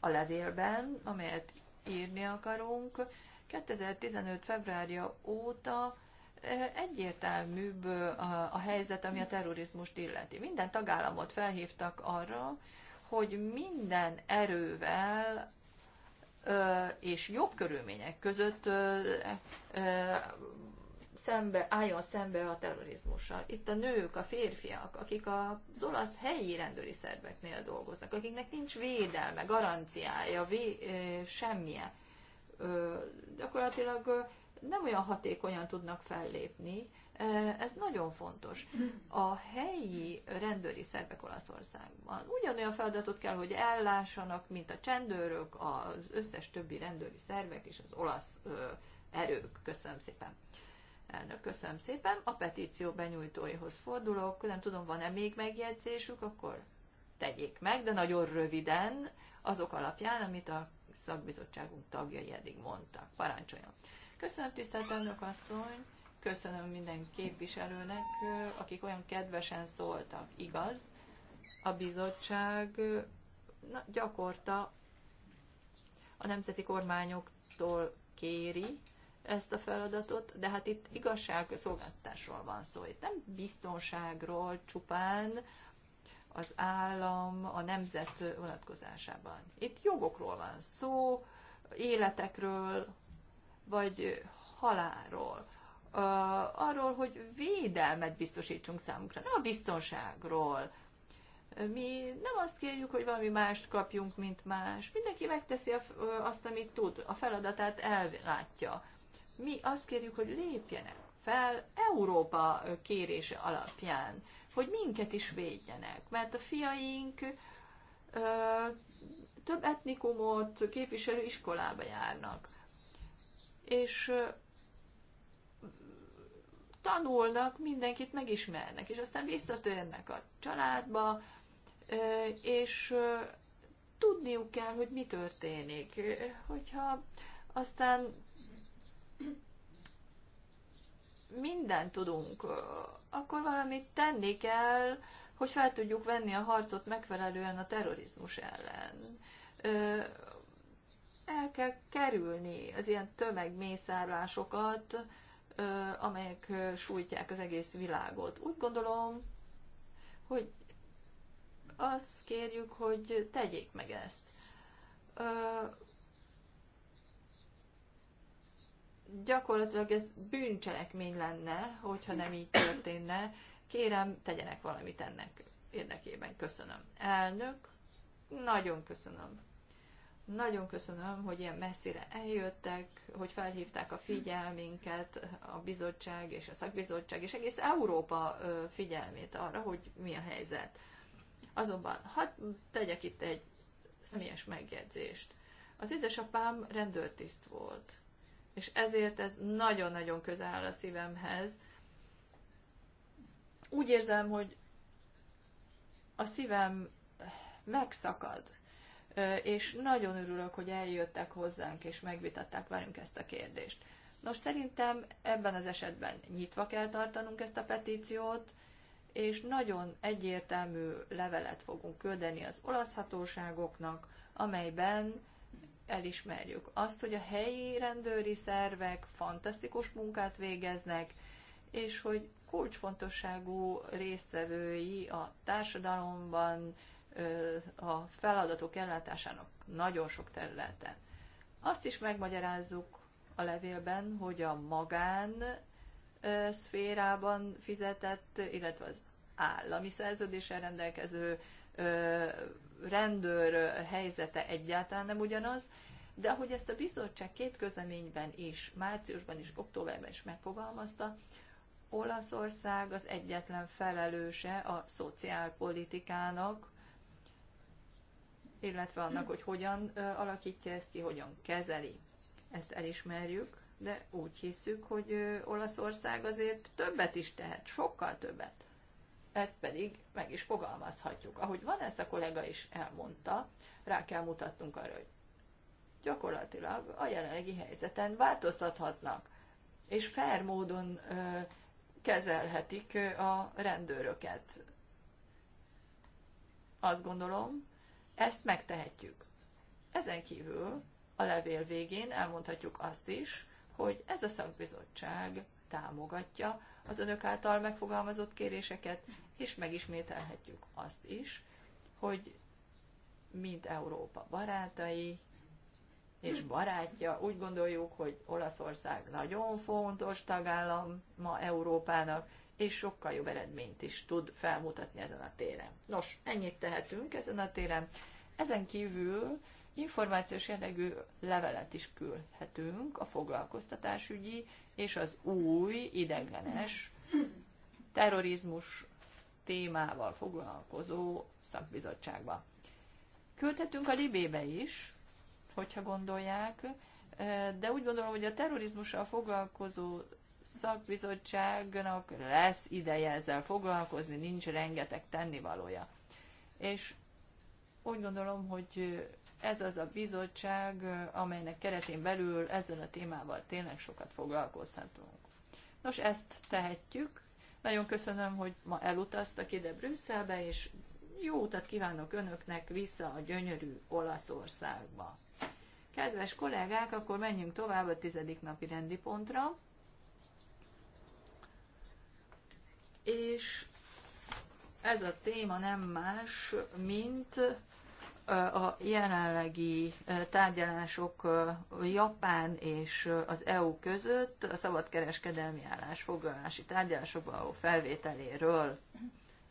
a levélben, amelyet írni akarunk, 2015. februárja óta egyértelműbb a helyzet, ami a terrorizmust illeti. Minden tagállamot felhívtak arra, hogy minden erővel és jobb körülmények között szembe, álljon szembe a terrorizmussal. Itt a nők, a férfiak, akik az olasz helyi rendőri szerveknél dolgoznak, akiknek nincs védelme, garanciája, vé, semmilyen gyakorlatilag nem olyan hatékonyan tudnak fellépni. Ez nagyon fontos. A helyi rendőri szervek Olaszországban ugyanolyan feladatot kell, hogy ellássanak, mint a csendőrök, az összes többi rendőri szervek és az olasz erők. Köszönöm szépen. Elnök, köszönöm szépen. A petíció benyújtóihoz fordulok. Nem tudom, van-e még megjegyzésük, akkor tegyék meg, de nagyon röviden, azok alapján, amit a szakbizottságunk tagjai eddig mondtak. Parancsoljon! Köszönöm, tisztelt elnök asszony! Köszönöm minden képviselőnek, akik olyan kedvesen szóltak. Igaz, a bizottság na, gyakorta a nemzeti kormányoktól kéri ezt a feladatot, de hát itt igazságszolgáltatásról van szó. Itt nem biztonságról csupán, az állam, a nemzet vonatkozásában. Itt jogokról van szó, életekről, vagy halálról. Arról, hogy védelmet biztosítsunk számukra, nem a biztonságról. Mi nem azt kérjük, hogy valami mást kapjunk, mint más. Mindenki megteszi azt, amit tud, a feladatát ellátja. Mi azt kérjük, hogy lépjenek fel Európa kérése alapján hogy minket is védjenek, mert a fiaink ö, több etnikumot képviselő iskolába járnak, és ö, tanulnak, mindenkit megismernek, és aztán visszatérnek a családba, ö, és ö, tudniuk kell, hogy mi történik, hogyha aztán mindent tudunk, akkor valamit tenni kell, hogy fel tudjuk venni a harcot megfelelően a terrorizmus ellen. El kell kerülni az ilyen tömegmészárlásokat, amelyek sújtják az egész világot. Úgy gondolom, hogy azt kérjük, hogy tegyék meg ezt gyakorlatilag ez bűncselekmény lenne, hogyha nem így történne. Kérem, tegyenek valamit ennek érdekében. Köszönöm. Elnök, nagyon köszönöm. Nagyon köszönöm, hogy ilyen messzire eljöttek, hogy felhívták a figyelmünket, a bizottság és a szakbizottság, és egész Európa figyelmét arra, hogy mi a helyzet. Azonban, hadd tegyek itt egy személyes megjegyzést. Az édesapám rendőrtiszt volt, és ezért ez nagyon-nagyon közel áll a szívemhez. Úgy érzem, hogy a szívem megszakad, és nagyon örülök, hogy eljöttek hozzánk, és megvitatták velünk ezt a kérdést. Nos, szerintem ebben az esetben nyitva kell tartanunk ezt a petíciót, és nagyon egyértelmű levelet fogunk küldeni az olasz hatóságoknak, amelyben elismerjük. Azt, hogy a helyi rendőri szervek fantasztikus munkát végeznek, és hogy kulcsfontosságú résztvevői a társadalomban, a feladatok ellátásának nagyon sok területen. Azt is megmagyarázzuk a levélben, hogy a magán szférában fizetett, illetve az állami szerződéssel rendelkező rendőr helyzete egyáltalán nem ugyanaz, de ahogy ezt a bizottság két közleményben is, márciusban is, októberben is megfogalmazta, Olaszország az egyetlen felelőse a szociálpolitikának, illetve annak, hogy hogyan alakítja ezt ki, hogyan kezeli. Ezt elismerjük, de úgy hiszük, hogy Olaszország azért többet is tehet, sokkal többet ezt pedig meg is fogalmazhatjuk. Ahogy van ezt a kollega is elmondta, rá kell mutatnunk arra, hogy gyakorlatilag a jelenlegi helyzeten változtathatnak, és fair módon ö, kezelhetik a rendőröket. Azt gondolom, ezt megtehetjük. Ezen kívül a levél végén elmondhatjuk azt is, hogy ez a szakbizottság támogatja az önök által megfogalmazott kéréseket, és megismételhetjük azt is, hogy mint Európa barátai és barátja, úgy gondoljuk, hogy Olaszország nagyon fontos tagállam ma Európának, és sokkal jobb eredményt is tud felmutatni ezen a téren. Nos, ennyit tehetünk ezen a téren. Ezen kívül információs jellegű levelet is küldhetünk a foglalkoztatásügyi és az új ideglenes terrorizmus témával foglalkozó szakbizottságba. Küldhetünk a Libébe is, hogyha gondolják, e, de úgy gondolom, hogy a terrorizmussal foglalkozó szakbizottságnak lesz ideje ezzel foglalkozni, nincs rengeteg tennivalója. És úgy gondolom, hogy ez az a bizottság, amelynek keretén belül ezzel a témával tényleg sokat foglalkozhatunk. Nos, ezt tehetjük. Nagyon köszönöm, hogy ma elutaztak ide Brüsszelbe, és jó utat kívánok Önöknek vissza a gyönyörű Olaszországba. Kedves kollégák, akkor menjünk tovább a tizedik napi rendi pontra. És ez a téma nem más, mint a jelenlegi tárgyalások Japán és az EU között a szabadkereskedelmi állásfoglalási tárgyalásokba való felvételéről.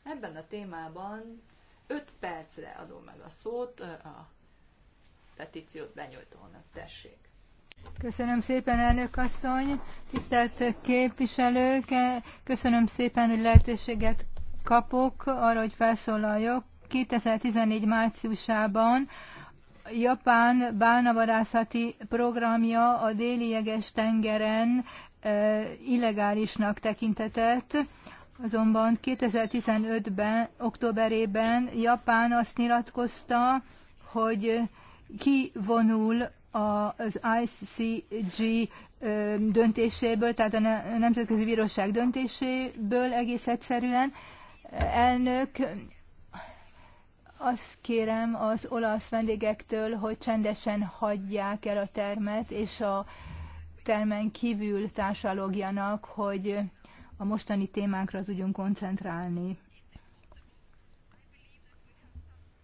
Ebben a témában 5 percre adom meg a szót a petíciót benyújtónak. Tessék! Köszönöm szépen, elnök asszony, tisztelt képviselők, e, köszönöm szépen, hogy lehetőséget kapok arra, hogy felszólaljak 2014 márciusában Japán bánavadászati programja a déli jeges tengeren illegálisnak tekintetett, azonban 2015-ben, októberében Japán azt nyilatkozta, hogy kivonul az ICG döntéséből, tehát a Nemzetközi Bíróság döntéséből egész egyszerűen. Elnök, azt kérem az olasz vendégektől, hogy csendesen hagyják el a termet, és a termen kívül társalogjanak, hogy a mostani témánkra tudjunk koncentrálni.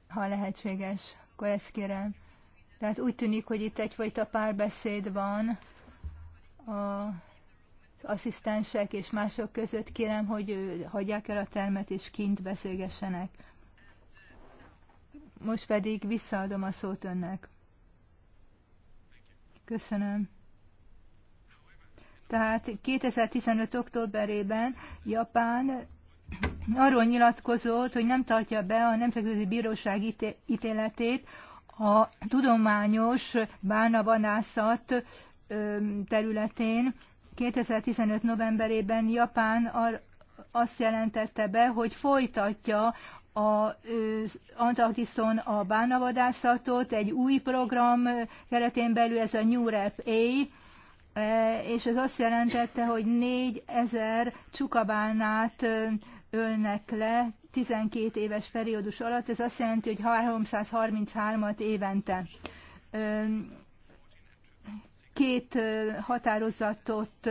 Ha lehetséges, akkor ezt kérem. Tehát úgy tűnik, hogy itt egyfajta párbeszéd van az asszisztensek és mások között. Kérem, hogy hagyják el a termet, és kint beszélgessenek. Most pedig visszaadom a szót önnek. Köszönöm. Tehát 2015. októberében Japán arról nyilatkozott, hogy nem tartja be a Nemzetközi Bíróság ítéletét a tudományos bánavanászat területén. 2015. novemberében Japán azt jelentette be, hogy folytatja a Antarktiszon a bánavadászatot, egy új program keretén belül ez a New Rep A, e, és ez azt jelentette, hogy 4000 csukabánát ölnek le 12 éves periódus alatt, ez azt jelenti, hogy 333-at évente. Két határozatot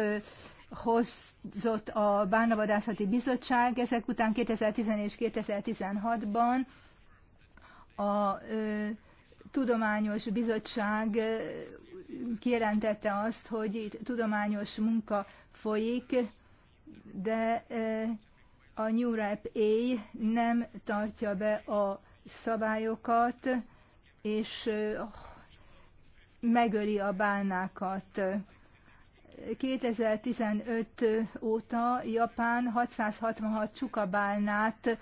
hozott a Bánavadászati Bizottság, ezek után 2010 és 2016-ban a ö, Tudományos Bizottság ö, kijelentette azt, hogy itt tudományos munka folyik, de ö, a New Rap A nem tartja be a szabályokat, és megöli a bálnákat. 2015 óta Japán 666 csukabálnát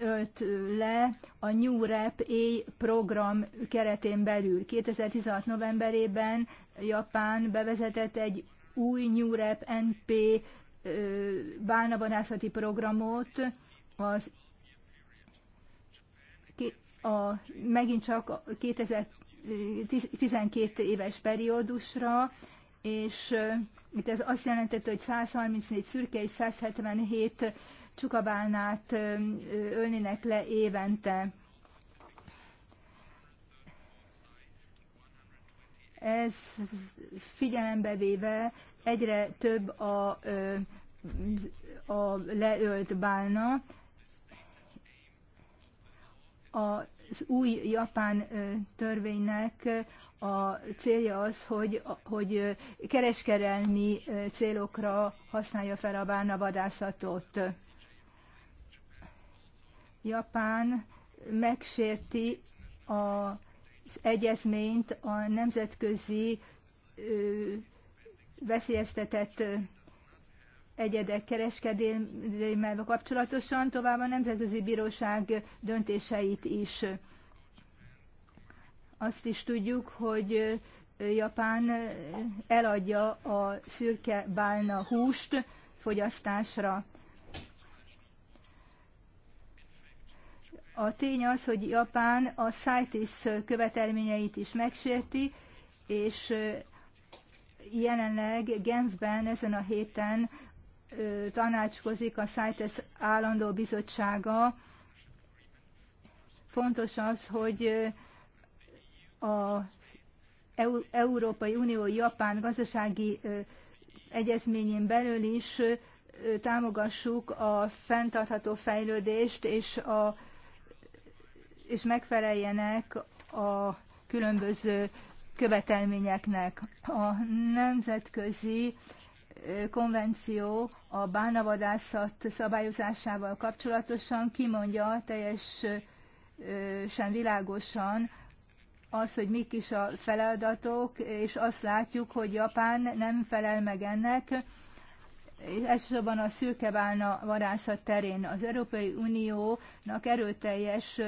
ölt le a New Rep A program keretén belül. 2016 novemberében Japán bevezetett egy új New Rep NP bálnavadászati programot, az a, megint csak 2012 éves periódusra és itt ez azt jelentette, hogy 134 szürke és 177 csukabálnát ölnének le évente. Ez figyelembe véve egyre több a, a leölt bálna, az új japán törvénynek a célja az, hogy, hogy kereskedelmi célokra használja fel a bálna vadászatot. Japán megsérti az egyezményt a nemzetközi veszélyeztetett egyedek kereskedelmével kapcsolatosan, tovább a Nemzetközi Bíróság döntéseit is. Azt is tudjuk, hogy Japán eladja a szürke bálna húst fogyasztásra. A tény az, hogy Japán a CITES követelményeit is megsérti, és jelenleg Genfben ezen a héten tanácskozik a CITES állandó bizottsága. Fontos az, hogy a Európai Unió-Japán gazdasági egyezményén belül is támogassuk a fenntartható fejlődést, és, a, és megfeleljenek a különböző követelményeknek. A nemzetközi konvenció a bánavadászat szabályozásával kapcsolatosan kimondja teljesen világosan az, hogy mik is a feladatok, és azt látjuk, hogy Japán nem felel meg ennek, és elsősorban a szürkeválna varászat terén. Az Európai Uniónak erőteljes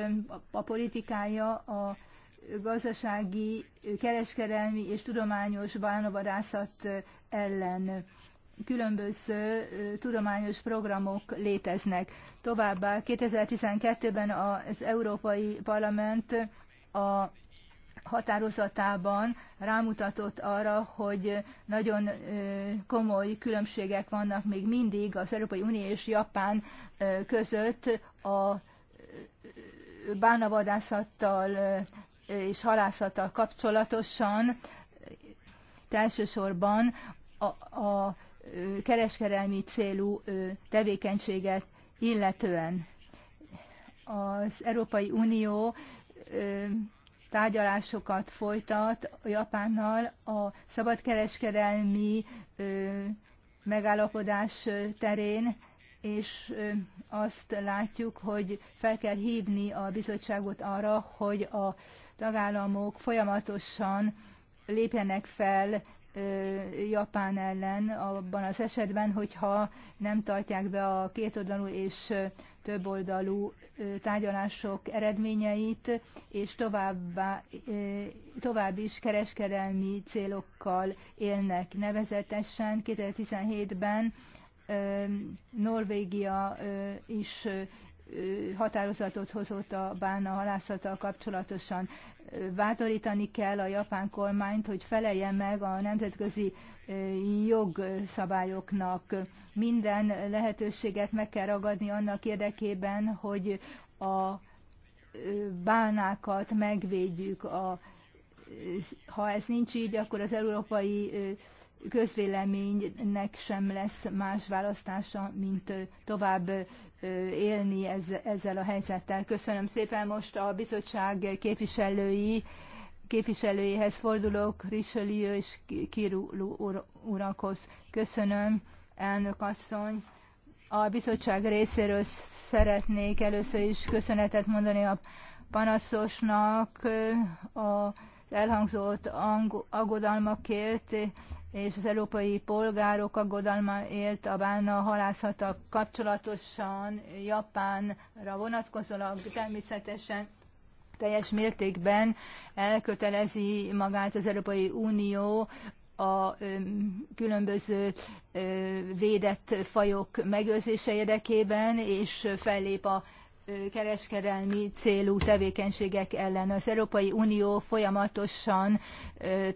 a politikája a gazdasági, kereskedelmi és tudományos bánavadászat ellen különböző tudományos programok léteznek. Továbbá 2012-ben az Európai Parlament a határozatában rámutatott arra, hogy nagyon komoly különbségek vannak még mindig az Európai Unió és Japán között a bánavadászattal és halászattal kapcsolatosan, elsősorban a, a kereskedelmi célú tevékenységet illetően. Az Európai Unió tárgyalásokat folytat a Japánnal a szabadkereskedelmi megállapodás terén, és azt látjuk, hogy fel kell hívni a bizottságot arra, hogy a tagállamok folyamatosan lépjenek fel Japán ellen abban az esetben, hogyha nem tartják be a kétoldalú és többoldalú tárgyalások eredményeit, és továbbá, tovább is kereskedelmi célokkal élnek. Nevezetesen 2017-ben Norvégia is határozatot hozott a bána halászattal kapcsolatosan. Vátorítani kell a japán kormányt, hogy felelje meg a nemzetközi jogszabályoknak. Minden lehetőséget meg kell ragadni annak érdekében, hogy a bálnákat megvédjük. A, ha ez nincs így, akkor az európai közvéleménynek sem lesz más választása, mint tovább élni ezzel a helyzettel. Köszönöm szépen. Most a bizottság képviselői képviselőjéhez fordulok, Richelieu és Kirulú ur- urakhoz. Köszönöm, elnök asszony. A bizottság részéről szeretnék először is köszönetet mondani a panaszosnak, a elhangzott aggodalmakért, és az európai polgárok aggodalmáért a bána halászata kapcsolatosan Japánra vonatkozólag természetesen teljes mértékben elkötelezi magát az Európai Unió a különböző védett fajok megőrzése érdekében, és fellép a kereskedelmi célú tevékenységek ellen. Az Európai Unió folyamatosan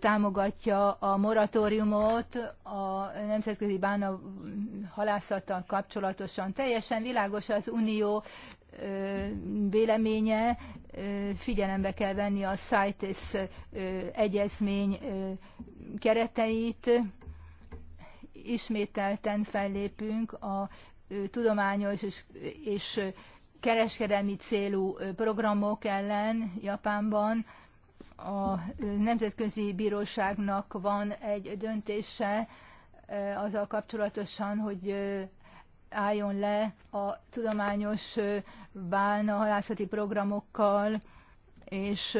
támogatja a moratóriumot a nemzetközi bána halászattal kapcsolatosan. Teljesen világos az Unió véleménye, figyelembe kell venni a CITES egyezmény kereteit. Ismételten fellépünk a tudományos és, és kereskedelmi célú programok ellen Japánban. A Nemzetközi Bíróságnak van egy döntése azzal kapcsolatosan, hogy álljon le a tudományos bálnahalászati programokkal, és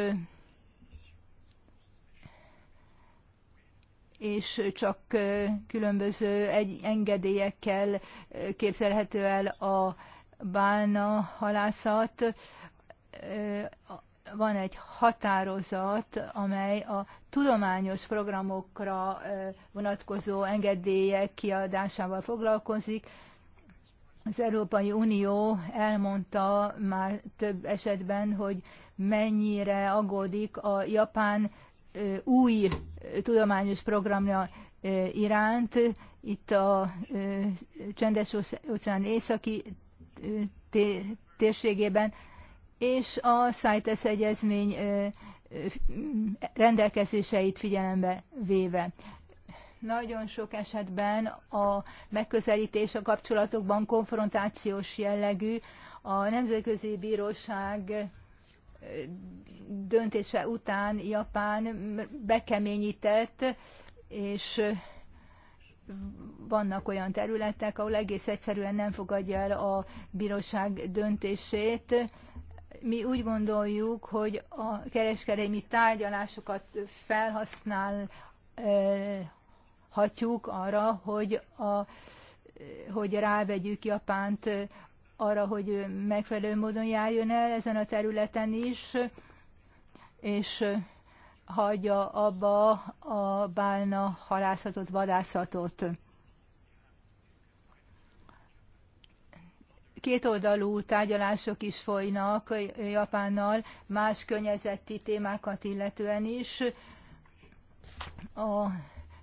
és csak különböző egy engedélyekkel képzelhető el a bálna halászat, van egy határozat, amely a tudományos programokra vonatkozó engedélyek kiadásával foglalkozik. Az Európai Unió elmondta már több esetben, hogy mennyire aggódik a japán új tudományos programja iránt. Itt a csendes óceán északi térségében, és a CITES egyezmény rendelkezéseit figyelembe véve. Nagyon sok esetben a megközelítés a kapcsolatokban konfrontációs jellegű, a Nemzetközi Bíróság döntése után Japán bekeményített, és vannak olyan területek, ahol egész egyszerűen nem fogadja el a bíróság döntését. Mi úgy gondoljuk, hogy a kereskedelmi tárgyalásokat felhasználhatjuk arra, hogy, a, hogy rávegyük Japánt arra, hogy megfelelő módon járjon el ezen a területen is, és hagyja abba a bálna halászatot, vadászatot. kétoldalú tárgyalások is folynak Japánnal, más környezeti témákat illetően is. A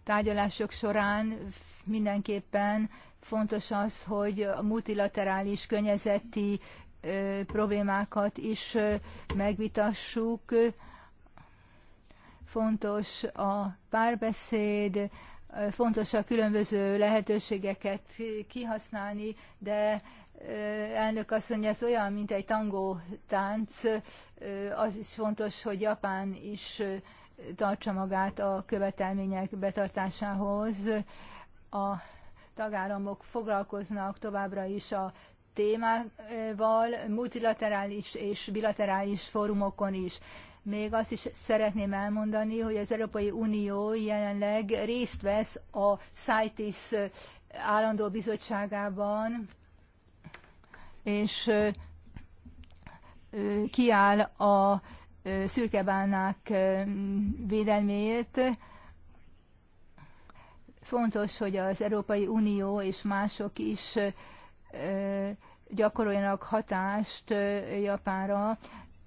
tárgyalások során mindenképpen fontos az, hogy a multilaterális környezeti problémákat is megvitassuk fontos a párbeszéd, fontos a különböző lehetőségeket kihasználni, de elnök azt mondja, ez olyan, mint egy tangó tánc, az is fontos, hogy Japán is tartsa magát a követelmények betartásához. A tagállamok foglalkoznak továbbra is a témával, multilaterális és bilaterális fórumokon is. Még azt is szeretném elmondani, hogy az Európai Unió jelenleg részt vesz a CITES állandó bizottságában, és kiáll a szürkebánák védelméért. Fontos, hogy az Európai Unió és mások is gyakoroljanak hatást Japánra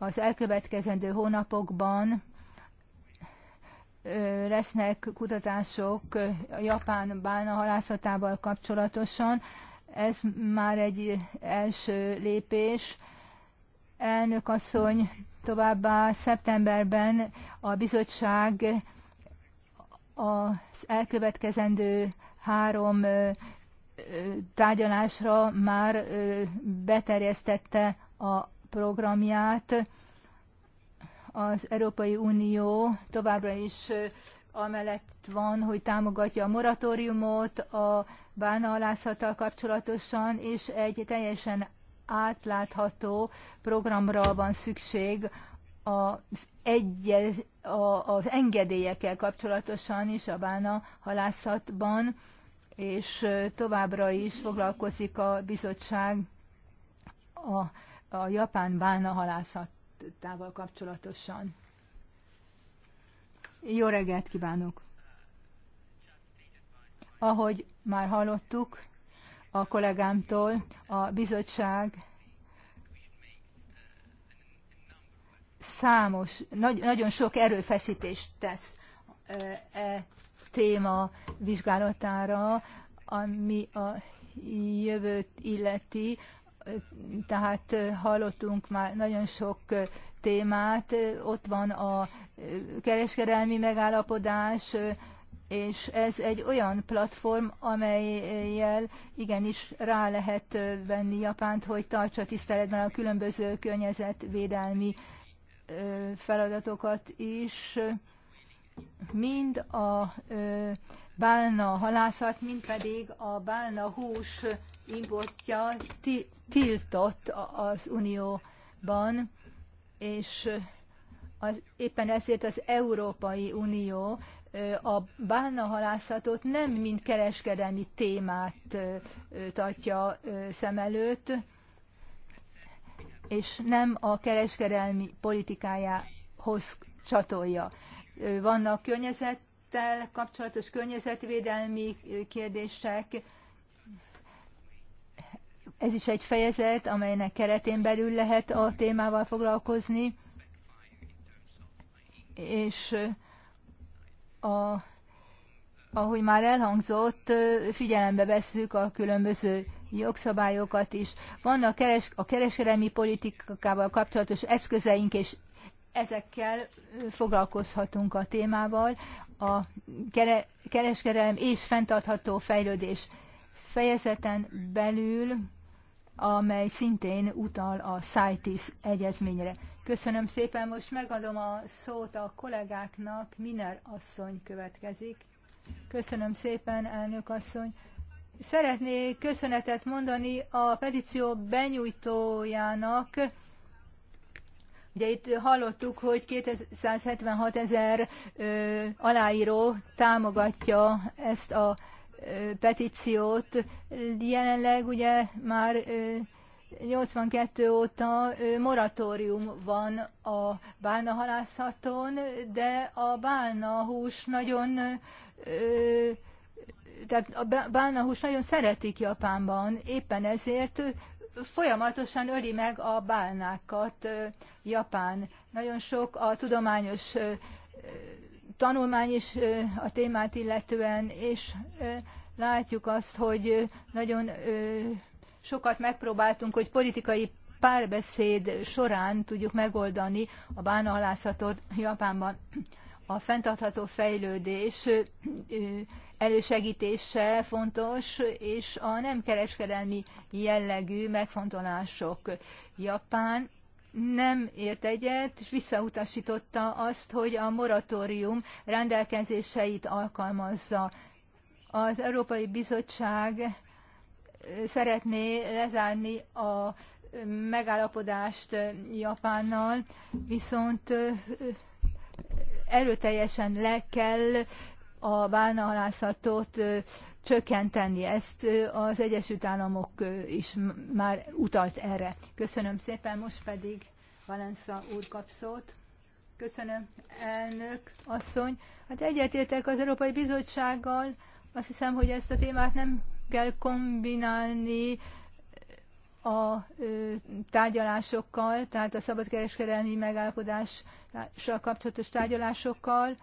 az elkövetkezendő hónapokban lesznek kutatások a japán bálna halászatával kapcsolatosan. Ez már egy első lépés. Elnök asszony, továbbá szeptemberben a bizottság az elkövetkezendő három tárgyalásra már beterjesztette a programját. Az Európai Unió továbbra is amellett van, hogy támogatja a moratóriumot a bánalászattal kapcsolatosan, és egy teljesen átlátható programra van szükség az, egyez, a, az engedélyekkel kapcsolatosan is a bána halászatban, és továbbra is foglalkozik a bizottság a a japán bána halászattával kapcsolatosan. Jó reggelt kívánok! Ahogy már hallottuk a kollégámtól, a bizottság számos, nagy, nagyon sok erőfeszítést tesz e téma vizsgálatára, ami a jövőt illeti, tehát hallottunk már nagyon sok témát, ott van a kereskedelmi megállapodás, és ez egy olyan platform, amelyel igenis rá lehet venni Japánt, hogy tartsa tiszteletben a különböző környezetvédelmi feladatokat is, mind a bálna halászat, mind pedig a bálna hús importja tiltott az Unióban, és az, éppen ezért az Európai Unió a bánahalászatot nem mint kereskedelmi témát tartja szem előtt, és nem a kereskedelmi politikájához csatolja. Vannak környezettel kapcsolatos környezetvédelmi kérdések, ez is egy fejezet, amelynek keretén belül lehet a témával foglalkozni, és a, ahogy már elhangzott, figyelembe vesszük a különböző jogszabályokat is. Vannak keres, a kereskedelmi politikával kapcsolatos eszközeink, és ezekkel foglalkozhatunk a témával. A kereskedelem és fenntartható fejlődés fejezeten belül amely szintén utal a CITES egyezményre. Köszönöm szépen, most megadom a szót a kollégáknak, Miner asszony következik. Köszönöm szépen, elnök asszony. Szeretnék köszönetet mondani a petíció benyújtójának. Ugye itt hallottuk, hogy 276 ezer aláíró támogatja ezt a petíciót. Jelenleg ugye már 82 óta moratórium van a bálnahalászaton, de a bálnahús nagyon tehát a bálnahús nagyon szeretik Japánban, éppen ezért folyamatosan öli meg a bálnákat Japán. Nagyon sok a tudományos tanulmány is a témát illetően, és látjuk azt, hogy nagyon sokat megpróbáltunk, hogy politikai párbeszéd során tudjuk megoldani a bánahalászatot Japánban. A fenntartható fejlődés elősegítése fontos, és a nem kereskedelmi jellegű megfontolások. Japán nem ért egyet, és visszautasította azt, hogy a moratórium rendelkezéseit alkalmazza. Az Európai Bizottság szeretné lezárni a megállapodást Japánnal, viszont erőteljesen le kell a bánalászatot csökkenteni. Ezt az Egyesült Államok is már utalt erre. Köszönöm szépen, most pedig Valensza úr kap szót. Köszönöm, elnök asszony. Hát egyetértek az Európai Bizottsággal. Azt hiszem, hogy ezt a témát nem kell kombinálni a tárgyalásokkal, tehát a szabadkereskedelmi megállapodással kapcsolatos tárgyalásokkal.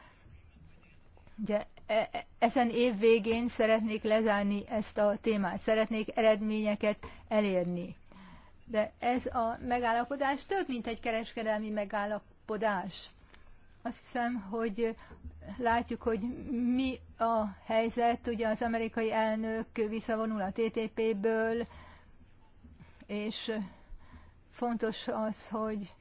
Ugye e, e, ezen év végén szeretnék lezárni ezt a témát, szeretnék eredményeket elérni. De ez a megállapodás több, mint egy kereskedelmi megállapodás. Azt hiszem, hogy látjuk, hogy mi a helyzet. Ugye az amerikai elnök visszavonul a TTP-ből, és fontos az, hogy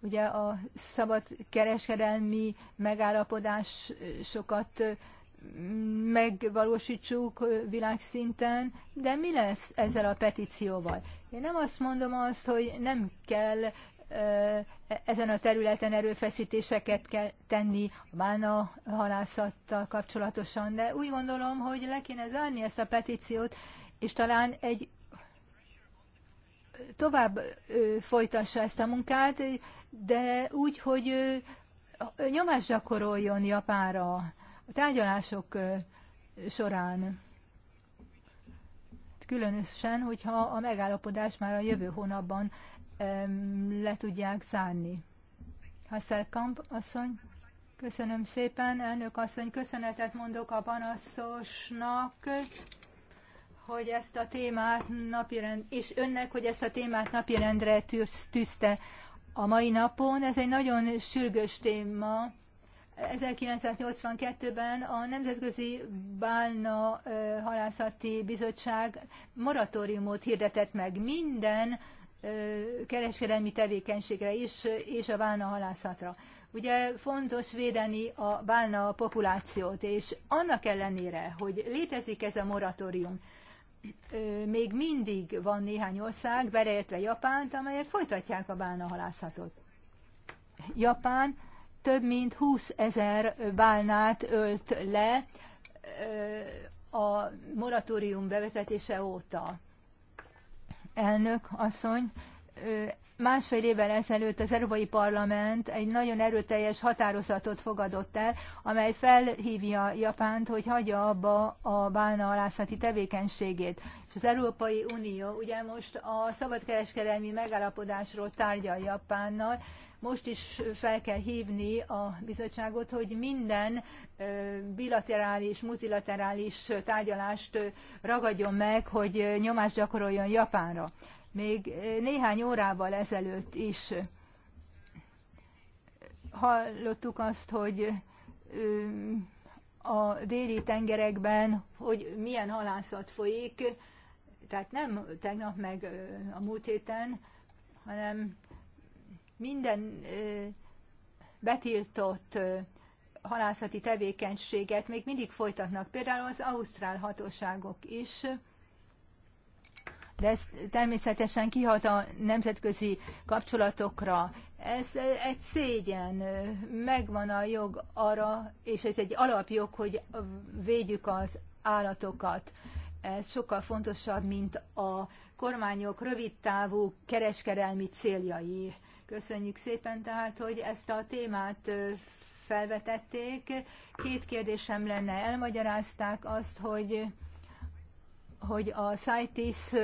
Ugye a szabad kereskedelmi megállapodásokat megvalósítsuk világszinten, de mi lesz ezzel a petícióval? Én nem azt mondom azt, hogy nem kell ezen a területen erőfeszítéseket kell tenni a bána halászattal kapcsolatosan, de úgy gondolom, hogy le kéne zárni ezt a petíciót, és talán egy tovább folytassa ezt a munkát, de úgy, hogy nyomás gyakoroljon Japánra a tárgyalások során. Különösen, hogyha a megállapodás már a jövő hónapban le tudják zárni. Hasselkamp asszony, köszönöm szépen. Elnök asszony, köszönetet mondok a panaszosnak, hogy ezt a témát napirend, és önnek, hogy ezt a témát napirendre tűzte a mai napon. Ez egy nagyon sürgős téma. 1982-ben a Nemzetközi Bálna Halászati Bizottság moratóriumot hirdetett meg minden kereskedelmi tevékenységre is, és a bálna halászatra. Ugye fontos védeni a bálna populációt, és annak ellenére, hogy létezik ez a moratórium, még mindig van néhány ország, beleértve Japánt, amelyek folytatják a bálnahalászatot. Japán több mint 20 ezer bálnát ölt le a moratórium bevezetése óta. Elnök asszony, Másfél évvel ezelőtt az Európai Parlament egy nagyon erőteljes határozatot fogadott el, amely felhívja Japánt, hogy hagyja abba a bánalászati tevékenységét. És az Európai Unió ugye most a szabadkereskedelmi megállapodásról tárgyal Japánnal, most is fel kell hívni a bizottságot, hogy minden bilaterális, multilaterális tárgyalást ragadjon meg, hogy nyomást gyakoroljon Japánra még eh, néhány órával ezelőtt is hallottuk azt, hogy a déli tengerekben, hogy milyen halászat folyik, tehát nem tegnap meg a múlt héten, hanem minden betiltott halászati tevékenységet még mindig folytatnak, például az ausztrál hatóságok is, de ez természetesen kihat a nemzetközi kapcsolatokra. Ez egy szégyen, megvan a jog arra, és ez egy alapjog, hogy védjük az állatokat. Ez sokkal fontosabb, mint a kormányok rövidtávú kereskedelmi céljai. Köszönjük szépen tehát, hogy ezt a témát felvetették. Két kérdésem lenne. Elmagyarázták azt, hogy hogy a CITES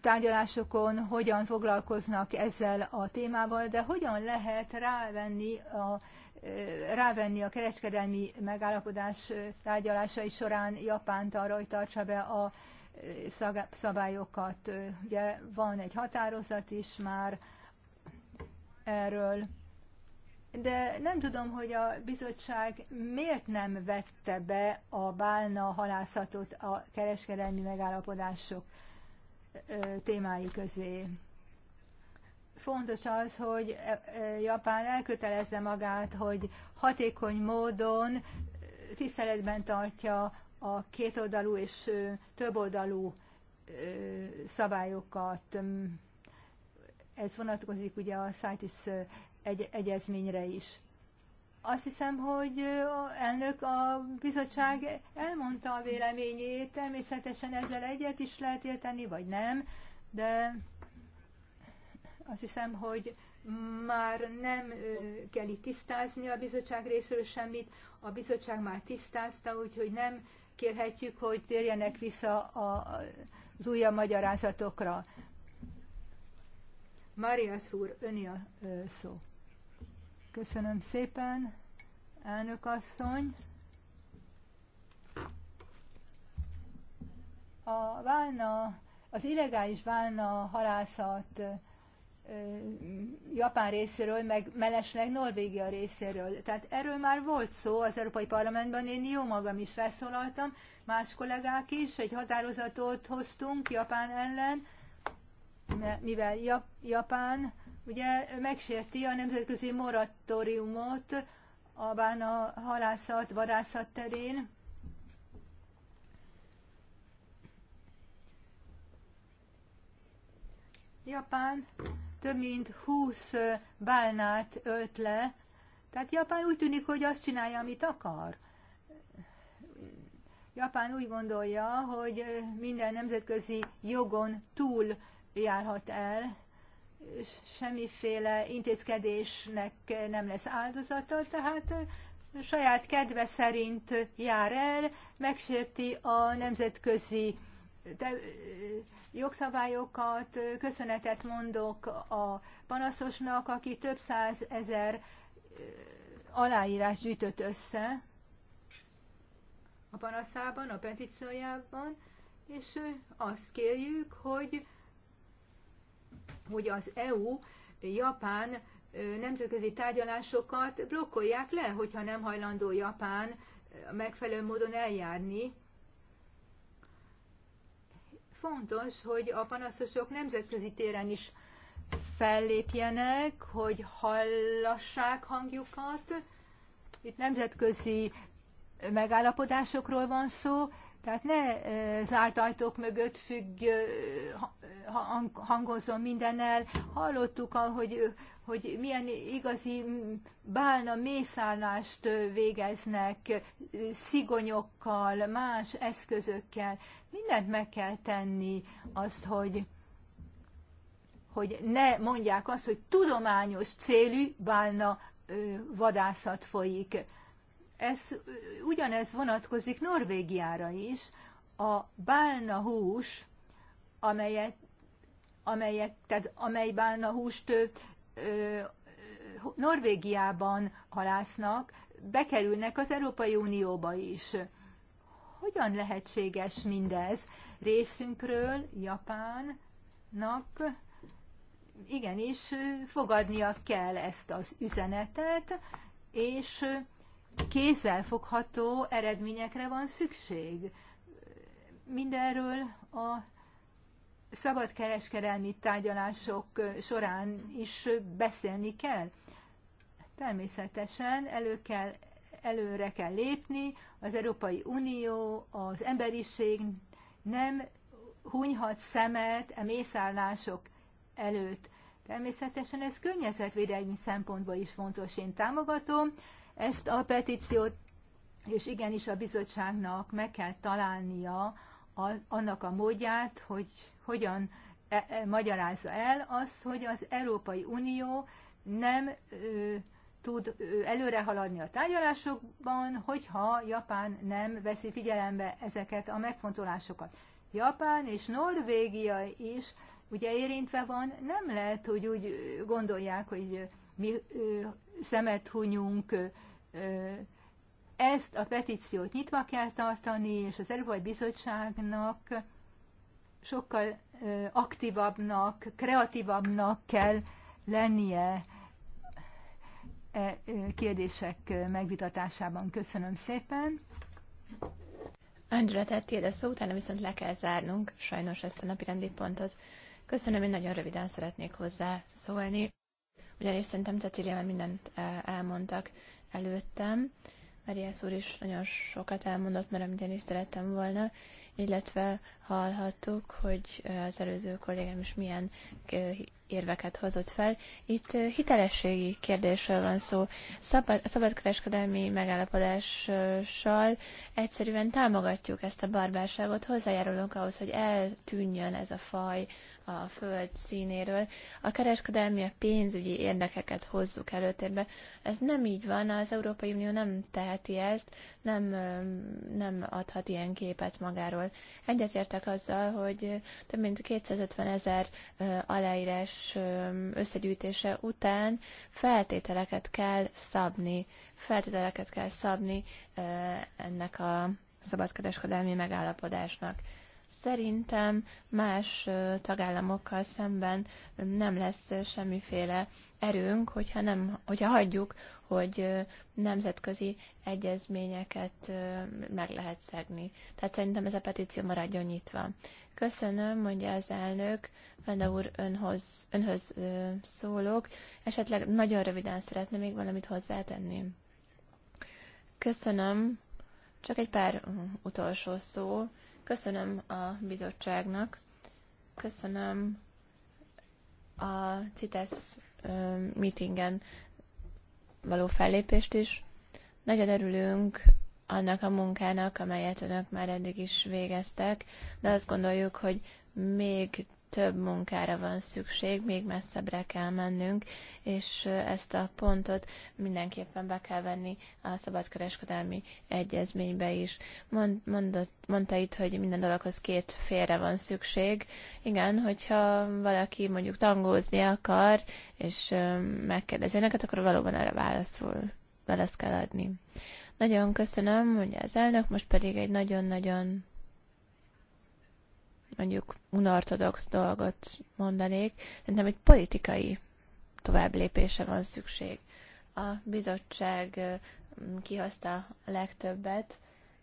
tárgyalásokon hogyan foglalkoznak ezzel a témával, de hogyan lehet rávenni a rávenni a kereskedelmi megállapodás tárgyalásai során Japánt arra, hogy tartsa be a szabályokat. Ugye van egy határozat is már erről de nem tudom, hogy a bizottság miért nem vette be a bálna halászatot a kereskedelmi megállapodások témái közé. Fontos az, hogy e, e, Japán elkötelezze magát, hogy hatékony módon tiszteletben tartja a kétoldalú és többoldalú szabályokat. Ez vonatkozik ugye a CITES egy egyezményre is. Azt hiszem, hogy a elnök a bizottság elmondta a véleményét, természetesen ezzel egyet is lehet érteni, vagy nem, de azt hiszem, hogy már nem kell itt tisztázni a bizottság részéről semmit, a bizottság már tisztázta, úgyhogy nem kérhetjük, hogy térjenek vissza a, az újabb magyarázatokra. Maria Szúr, öni a szó. Köszönöm szépen, elnök asszony. A válna, az illegális válna halászat Japán részéről, meg mellesleg Norvégia részéről. Tehát erről már volt szó az Európai Parlamentben, én jó magam is felszólaltam, más kollégák is, egy határozatot hoztunk Japán ellen, mivel Japán ugye megsérti a nemzetközi moratóriumot a bána halászat, vadászat terén. Japán több mint 20 bálnát ölt le, tehát Japán úgy tűnik, hogy azt csinálja, amit akar. Japán úgy gondolja, hogy minden nemzetközi jogon túl járhat el, semmiféle intézkedésnek nem lesz áldozata, tehát saját kedve szerint jár el, megsérti a nemzetközi de, jogszabályokat, köszönetet mondok a panaszosnak, aki több száz ezer aláírás gyűjtött össze a panaszában, a petíciójában, és azt kérjük, hogy hogy az EU, Japán nemzetközi tárgyalásokat blokkolják le, hogyha nem hajlandó Japán megfelelő módon eljárni. Fontos, hogy a panaszosok nemzetközi téren is fellépjenek, hogy hallassák hangjukat. Itt nemzetközi megállapodásokról van szó, tehát ne zárt ajtók mögött függ, hangozom minden el. Hallottuk, hogy, hogy milyen igazi bálna mészállást végeznek szigonyokkal, más eszközökkel. Mindent meg kell tenni azt, hogy hogy ne mondják azt, hogy tudományos célű bálna vadászat folyik ez, ugyanez vonatkozik Norvégiára is. A bálna hús, amelyet, amelyek, tehát amely bálna húst ö, ö, Norvégiában halásznak, bekerülnek az Európai Unióba is. Hogyan lehetséges mindez? Részünkről Japánnak igenis fogadnia kell ezt az üzenetet, és kézzelfogható eredményekre van szükség. Mindenről a szabadkereskedelmi tárgyalások során is beszélni kell. Természetesen elő kell, előre kell lépni, az Európai Unió, az emberiség nem hunyhat szemet a mészállások előtt. Természetesen ez környezetvédelmi szempontból is fontos. Én támogatom ezt a petíciót, és igenis a bizottságnak meg kell találnia a, annak a módját, hogy hogyan e, e, magyarázza el azt, hogy az Európai Unió nem ö, tud előre haladni a tárgyalásokban, hogyha Japán nem veszi figyelembe ezeket a megfontolásokat. Japán és Norvégia is ugye érintve van, nem lehet, hogy úgy gondolják, hogy mi ö, szemet hunyunk ezt a petíciót nyitva kell tartani, és az Európai Bizottságnak sokkal aktívabbnak, kreatívabbnak kell lennie e kérdések megvitatásában. Köszönöm szépen. Andrea, tehát a szó, utána viszont le kell zárnunk sajnos ezt a napi rendi pontot. Köszönöm, én nagyon röviden szeretnék hozzá szólni, ugyanis szerintem Cecília már mindent e, elmondtak előttem. Mariász úr is nagyon sokat elmondott, mert amit én is szerettem volna, illetve hallhattuk, hogy az előző kollégám is milyen érveket hozott fel. Itt hitelességi kérdésről van szó. Szabad, a szabadkereskedelmi megállapodással egyszerűen támogatjuk ezt a barbárságot, hozzájárulunk ahhoz, hogy eltűnjön ez a faj a föld színéről. A kereskedelmi, a pénzügyi érdekeket hozzuk előtérbe. Ez nem így van, az Európai Unió nem teheti ezt, nem, nem adhat ilyen képet magáról. Egyetértek azzal, hogy több mint 250 ezer aláírás összegyűjtése után feltételeket kell szabni. Feltételeket kell szabni ennek a szabadkereskedelmi megállapodásnak. Szerintem más tagállamokkal szemben nem lesz semmiféle erőnk, hogyha, nem, hogyha hagyjuk, hogy nemzetközi egyezményeket meg lehet szegni. Tehát szerintem ez a petíció maradjon nyitva. Köszönöm, mondja az elnök. Vanda úr, önhoz, önhöz szólok. Esetleg nagyon röviden szeretne még valamit hozzátenni. Köszönöm. Csak egy pár utolsó szó. Köszönöm a bizottságnak, köszönöm a CITES meetingen való fellépést is. Nagyon örülünk annak a munkának, amelyet önök már eddig is végeztek, de azt gondoljuk, hogy még több munkára van szükség, még messzebbre kell mennünk, és ezt a pontot mindenképpen be kell venni a szabadkereskedelmi egyezménybe is. Mond, mondott, mondta itt, hogy minden dologhoz két félre van szükség. Igen, hogyha valaki mondjuk tangózni akar, és megkérdezi neked, akkor valóban erre válaszol, választ kell adni. Nagyon köszönöm, mondja az elnök, most pedig egy nagyon-nagyon mondjuk unortodox dolgot mondanék, szerintem egy politikai tovább lépése van szükség. A bizottság kihozta a legtöbbet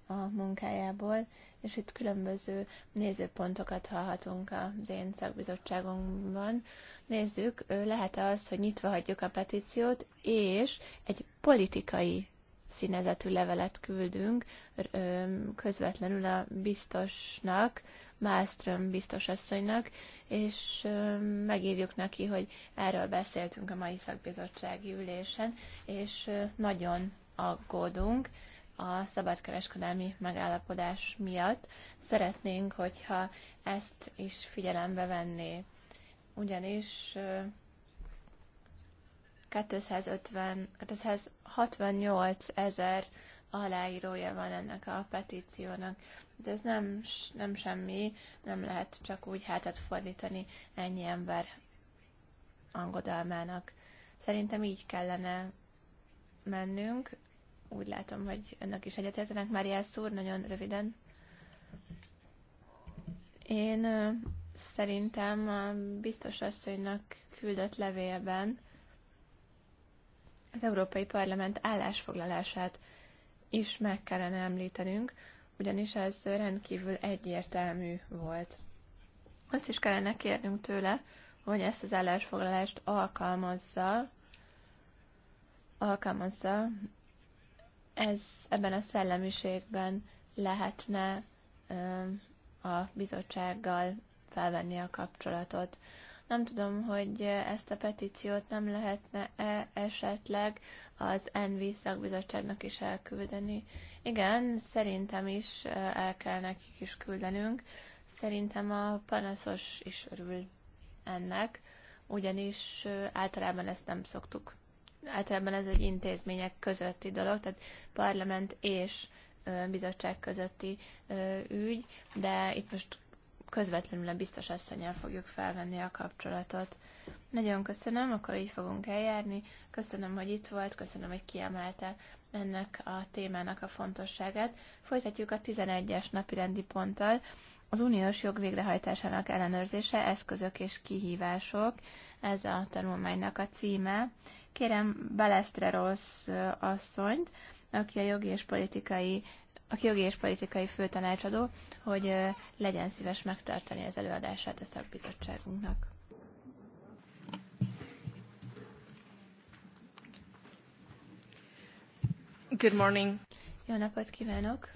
a munkájából, és itt különböző nézőpontokat hallhatunk az én szakbizottságunkban. Nézzük, lehet -e az, hogy nyitva hagyjuk a petíciót, és egy politikai színezetű levelet küldünk közvetlenül a biztosnak, Malmström biztos asszonynak, és megírjuk neki, hogy erről beszéltünk a mai szakbizottsági ülésen, és nagyon aggódunk a szabadkereskedelmi megállapodás miatt. Szeretnénk, hogyha ezt is figyelembe venné. Ugyanis 250, 268 ezer aláírója van ennek a petíciónak. De ez nem, nem semmi, nem lehet csak úgy hátat fordítani ennyi ember angodalmának. Szerintem így kellene mennünk. Úgy látom, hogy önök is egyetértenek. Mária Szúr, nagyon röviden. Én szerintem a biztos asszonynak küldött levélben az Európai Parlament állásfoglalását is meg kellene említenünk, ugyanis ez rendkívül egyértelmű volt. Azt is kellene kérnünk tőle, hogy ezt az állásfoglalást alkalmazza, alkalmazza, ez ebben a szellemiségben lehetne ö, a bizottsággal felvenni a kapcsolatot. Nem tudom, hogy ezt a petíciót nem lehetne -e esetleg az ENVI szakbizottságnak is elküldeni. Igen, szerintem is el kell nekik is küldenünk. Szerintem a panaszos is örül ennek, ugyanis általában ezt nem szoktuk. Általában ez egy intézmények közötti dolog, tehát parlament és bizottság közötti ügy, de itt most közvetlenül a biztos asszonyjal fogjuk felvenni a kapcsolatot. Nagyon köszönöm, akkor így fogunk eljárni. Köszönöm, hogy itt volt, köszönöm, hogy kiemelte ennek a témának a fontosságát. Folytatjuk a 11-es napirendi ponttal. Az uniós jog végrehajtásának ellenőrzése, eszközök és kihívások, ez a tanulmánynak a címe. Kérem Balestre Rossz asszonyt, aki a jogi és politikai aki jogi és politikai főtanácsadó, hogy legyen szíves megtartani az előadását a szakbizottságunknak. Good morning. Jó napot kívánok!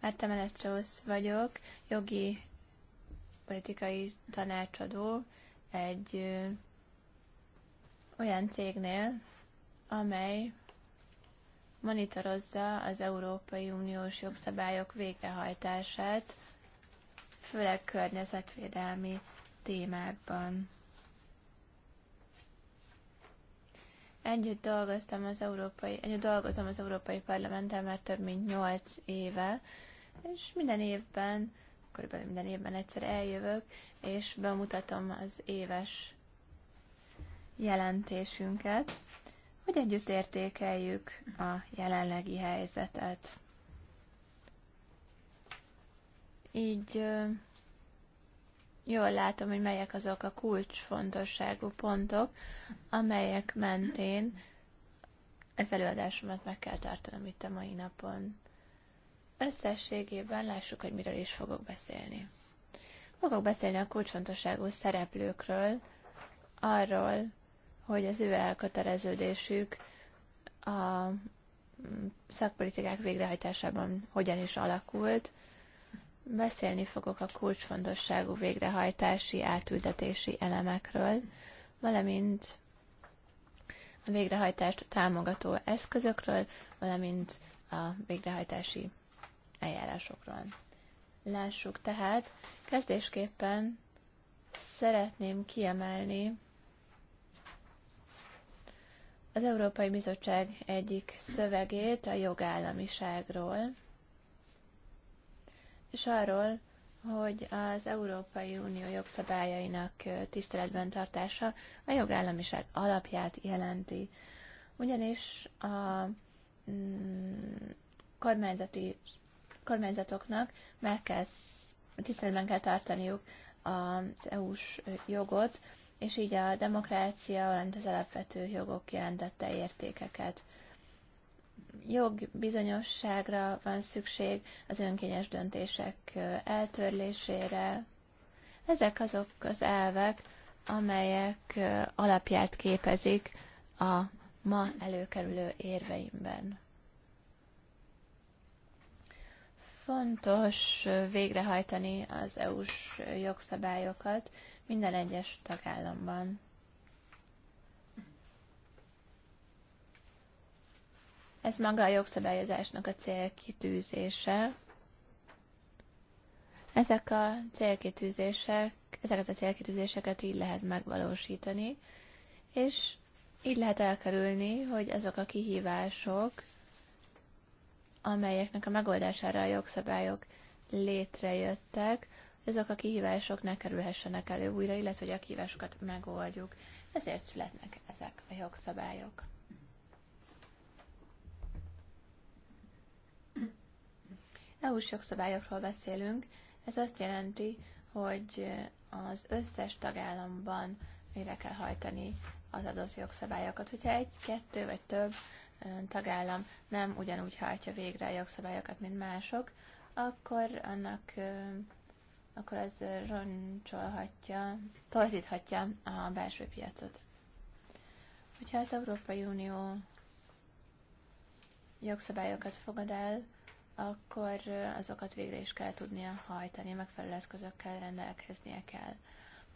Márta Melestrausz vagyok, jogi politikai tanácsadó egy ö, olyan cégnél, amely monitorozza az Európai Uniós jogszabályok végrehajtását, főleg környezetvédelmi témákban. Együtt dolgoztam az Európai, együtt dolgozom az Európai Parlamenttel már több mint 8 éve, és minden évben, körülbelül minden évben egyszer eljövök, és bemutatom az éves jelentésünket hogy együtt értékeljük a jelenlegi helyzetet. Így jól látom, hogy melyek azok a kulcsfontosságú pontok, amelyek mentén ez előadásomat meg kell tartanom itt a mai napon. Összességében lássuk, hogy miről is fogok beszélni. Fogok beszélni a kulcsfontosságú szereplőkről, arról, hogy az ő elköteleződésük a szakpolitikák végrehajtásában hogyan is alakult. Beszélni fogok a kulcsfontosságú végrehajtási, átültetési elemekről, valamint a végrehajtást támogató eszközökről, valamint a végrehajtási eljárásokról. Lássuk tehát, kezdésképpen szeretném kiemelni az Európai Bizottság egyik szövegét a jogállamiságról, és arról, hogy az Európai Unió jogszabályainak tiszteletben tartása a jogállamiság alapját jelenti. Ugyanis a mm, kormányzati, kormányzatoknak meg kell, tiszteletben kell tartaniuk az EU-s jogot, és így a demokrácia, valamint az alapvető jogok jelentette értékeket. Jog bizonyosságra van szükség, az önkényes döntések eltörlésére. Ezek azok az elvek, amelyek alapját képezik a ma előkerülő érveimben. Fontos végrehajtani az EU-s jogszabályokat, minden egyes tagállamban. Ez maga a jogszabályozásnak a célkitűzése. Ezek a célkitűzések, ezeket a célkitűzéseket így lehet megvalósítani, és így lehet elkerülni, hogy azok a kihívások, amelyeknek a megoldására a jogszabályok létrejöttek, ezek a kihívások ne kerülhessenek elő újra, illetve hogy a kihívásokat megoldjuk. Ezért születnek ezek a jogszabályok. EU-s jogszabályokról beszélünk, ez azt jelenti, hogy az összes tagállamban mire kell hajtani az adott jogszabályokat. Hogyha egy, kettő vagy több tagállam nem ugyanúgy hajtja végre a jogszabályokat, mint mások, akkor annak akkor az roncsolhatja, torzíthatja a belső piacot. Hogyha az Európai Unió jogszabályokat fogad el, akkor azokat végre is kell tudnia hajtani, megfelelő eszközökkel rendelkeznie kell.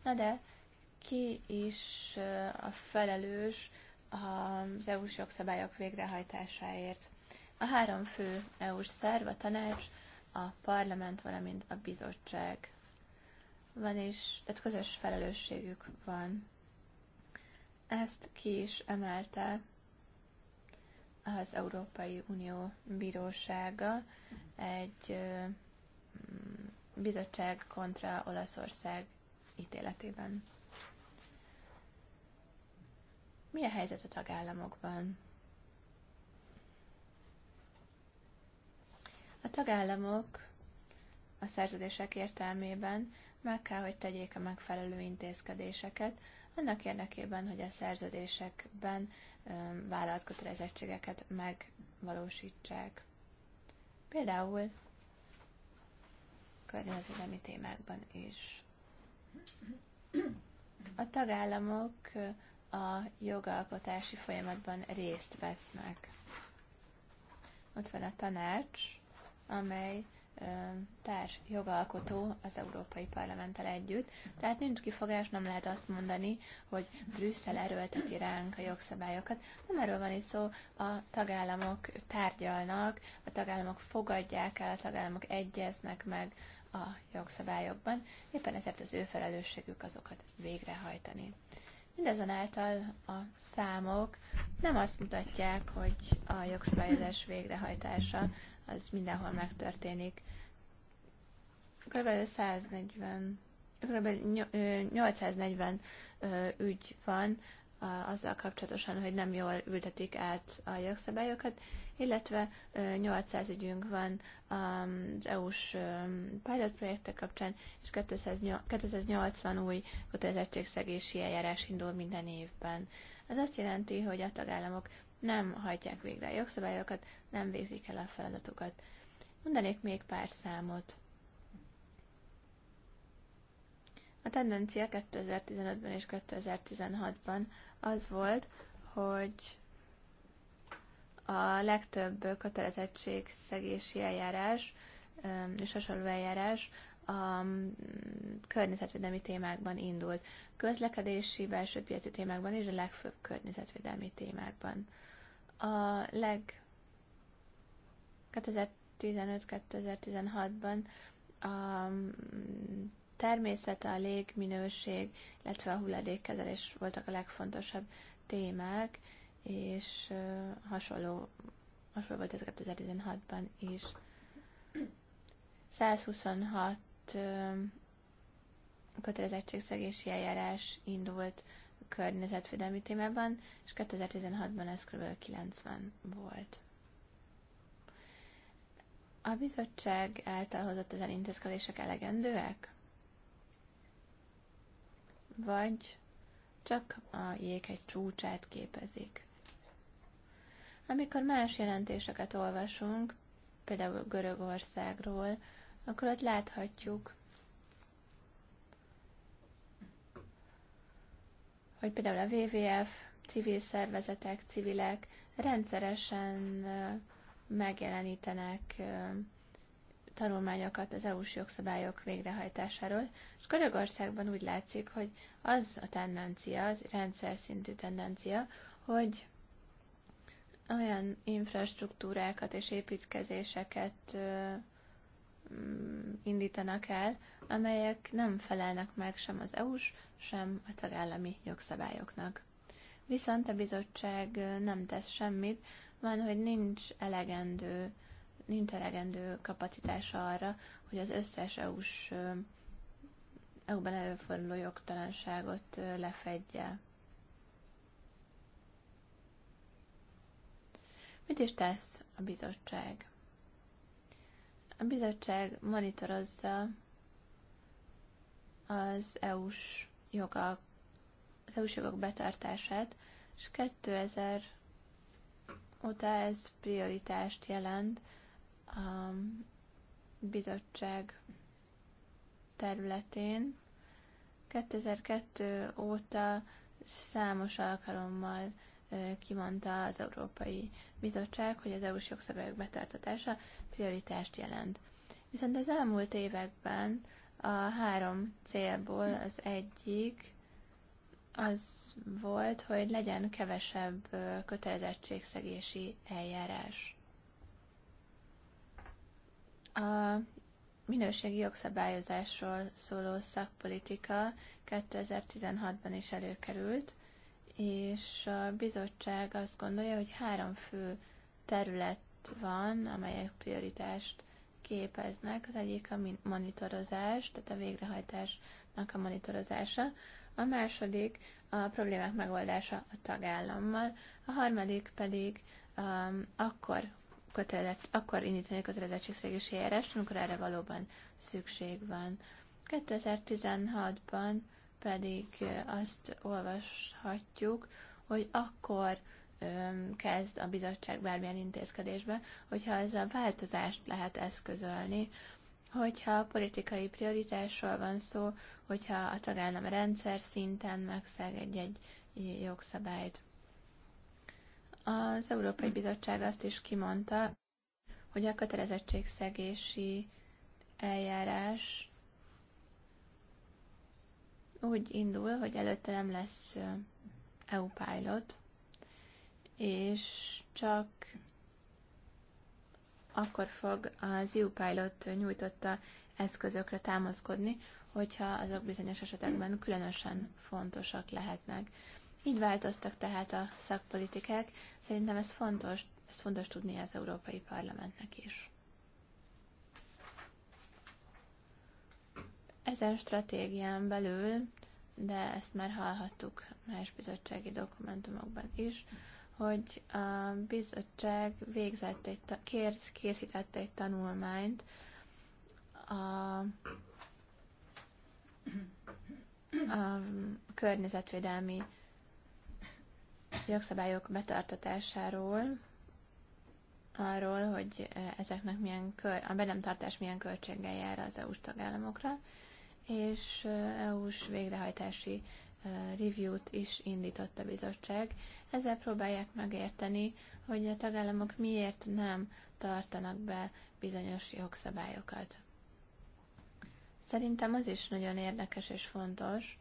Na de ki is eh, a felelős az EU-s jogszabályok végrehajtásáért? A három fő EU-s szerv, a tanács, a parlament, valamint a bizottság. Van is, tehát közös felelősségük van. Ezt ki is emelte az Európai Unió Bírósága egy mm, bizottság kontra Olaszország ítéletében. Mi a helyzet a tagállamokban? A tagállamok a szerződések értelmében meg kell, hogy tegyék a megfelelő intézkedéseket, annak érdekében, hogy a szerződésekben vállalt kötelezettségeket megvalósítsák. Például környezetvédelmi témákban is. A tagállamok a jogalkotási folyamatban részt vesznek. Ott van a tanács, amely társ jogalkotó az Európai Parlamenttel együtt. Tehát nincs kifogás, nem lehet azt mondani, hogy Brüsszel erőlteti ránk a jogszabályokat. Nem erről van itt szó, a tagállamok tárgyalnak, a tagállamok fogadják el, a tagállamok egyeznek meg a jogszabályokban, éppen ezért az ő felelősségük azokat végrehajtani. Mindazonáltal a számok nem azt mutatják, hogy a jogszabályozás végrehajtása az mindenhol megtörténik. Kb. 140, kb. 840 ügy van azzal kapcsolatosan, hogy nem jól ültetik át a jogszabályokat, illetve 800 ügyünk van az EU-s pilot projektek kapcsán, és 280 új kötelezettségszegési eljárás indul minden évben. Ez azt jelenti, hogy a tagállamok nem hajtják végre a jogszabályokat, nem végzik el a feladatukat. Mondanék még pár számot. A tendencia 2015-ben és 2016-ban az volt, hogy a legtöbb szegési eljárás és hasonló eljárás a mm, környezetvédelmi témákban indult. Közlekedési, belső piaci témákban és a legfőbb környezetvédelmi témákban a leg 2015-2016-ban a mm, természet, a légminőség, illetve a hulladékkezelés voltak a legfontosabb témák, és hasonló, hasonló volt ez 2016-ban is. 126 kötelezettségszegési eljárás indult környezetvédelmi témában, és 2016-ban ez kb. 90 volt. A bizottság által hozott ezen intézkedések elegendőek? Vagy csak a egy csúcsát képezik? Amikor más jelentéseket olvasunk, például Görögországról, akkor ott láthatjuk, hogy például a WWF, civil szervezetek, civilek rendszeresen megjelenítenek tanulmányokat az EU-s jogszabályok végrehajtásáról, és Görögországban úgy látszik, hogy az a tendencia, az rendszer szintű tendencia, hogy olyan infrastruktúrákat és építkezéseket Mm, indítanak el, amelyek nem felelnek meg sem az EU-s, sem a tagállami jogszabályoknak. Viszont a bizottság nem tesz semmit, van, hogy nincs elegendő, nincs elegendő kapacitása arra, hogy az összes EU-s EU-ban előforduló jogtalanságot lefedje. Mit is tesz a bizottság? A bizottság monitorozza az EU-s jogak, az EU-s jogok betartását, és 2000 óta ez prioritást jelent a bizottság területén. 2002 óta számos alkalommal kimondta az Európai Bizottság, hogy az EU-s jogszabályok betartatása prioritást jelent. Viszont az elmúlt években a három célból az egyik az volt, hogy legyen kevesebb kötelezettségszegési eljárás. A minőségi jogszabályozásról szóló szakpolitika 2016-ban is előkerült, és a bizottság azt gondolja, hogy három fő terület van, amelyek prioritást képeznek. Az egyik a monitorozás, tehát a végrehajtásnak a monitorozása. A második a problémák megoldása a tagállammal. A harmadik pedig um, akkor kötelezett, akkor indítani a kötelezettségszegési eljárást, amikor erre valóban szükség van. 2016-ban pedig azt olvashatjuk, hogy akkor kezd a bizottság bármilyen intézkedésbe, hogyha ez a változást lehet eszközölni, hogyha politikai prioritásról van szó, hogyha a tagállam rendszer szinten megszeg egy-egy jogszabályt. Az Európai Bizottság azt is kimondta, hogy a kötelezettségszegési eljárás úgy indul, hogy előtte nem lesz EU pilot, és csak akkor fog az EU pilot nyújtotta eszközökre támaszkodni, hogyha azok bizonyos esetekben különösen fontosak lehetnek. Így változtak tehát a szakpolitikák, szerintem ez fontos, ez fontos tudni az Európai Parlamentnek is. Ezen stratégián belül, de ezt már hallhattuk más bizottsági dokumentumokban is, hogy a bizottság végzett egy, kérsz, készített egy tanulmányt a, a környezetvédelmi jogszabályok betartatásáról, arról, hogy ezeknek milyen kör, a be milyen költséggel jár az EU-s tagállamokra, és EU-s végrehajtási review-t is indított a bizottság. Ezzel próbálják megérteni, hogy a tagállamok miért nem tartanak be bizonyos jogszabályokat. Szerintem az is nagyon érdekes és fontos,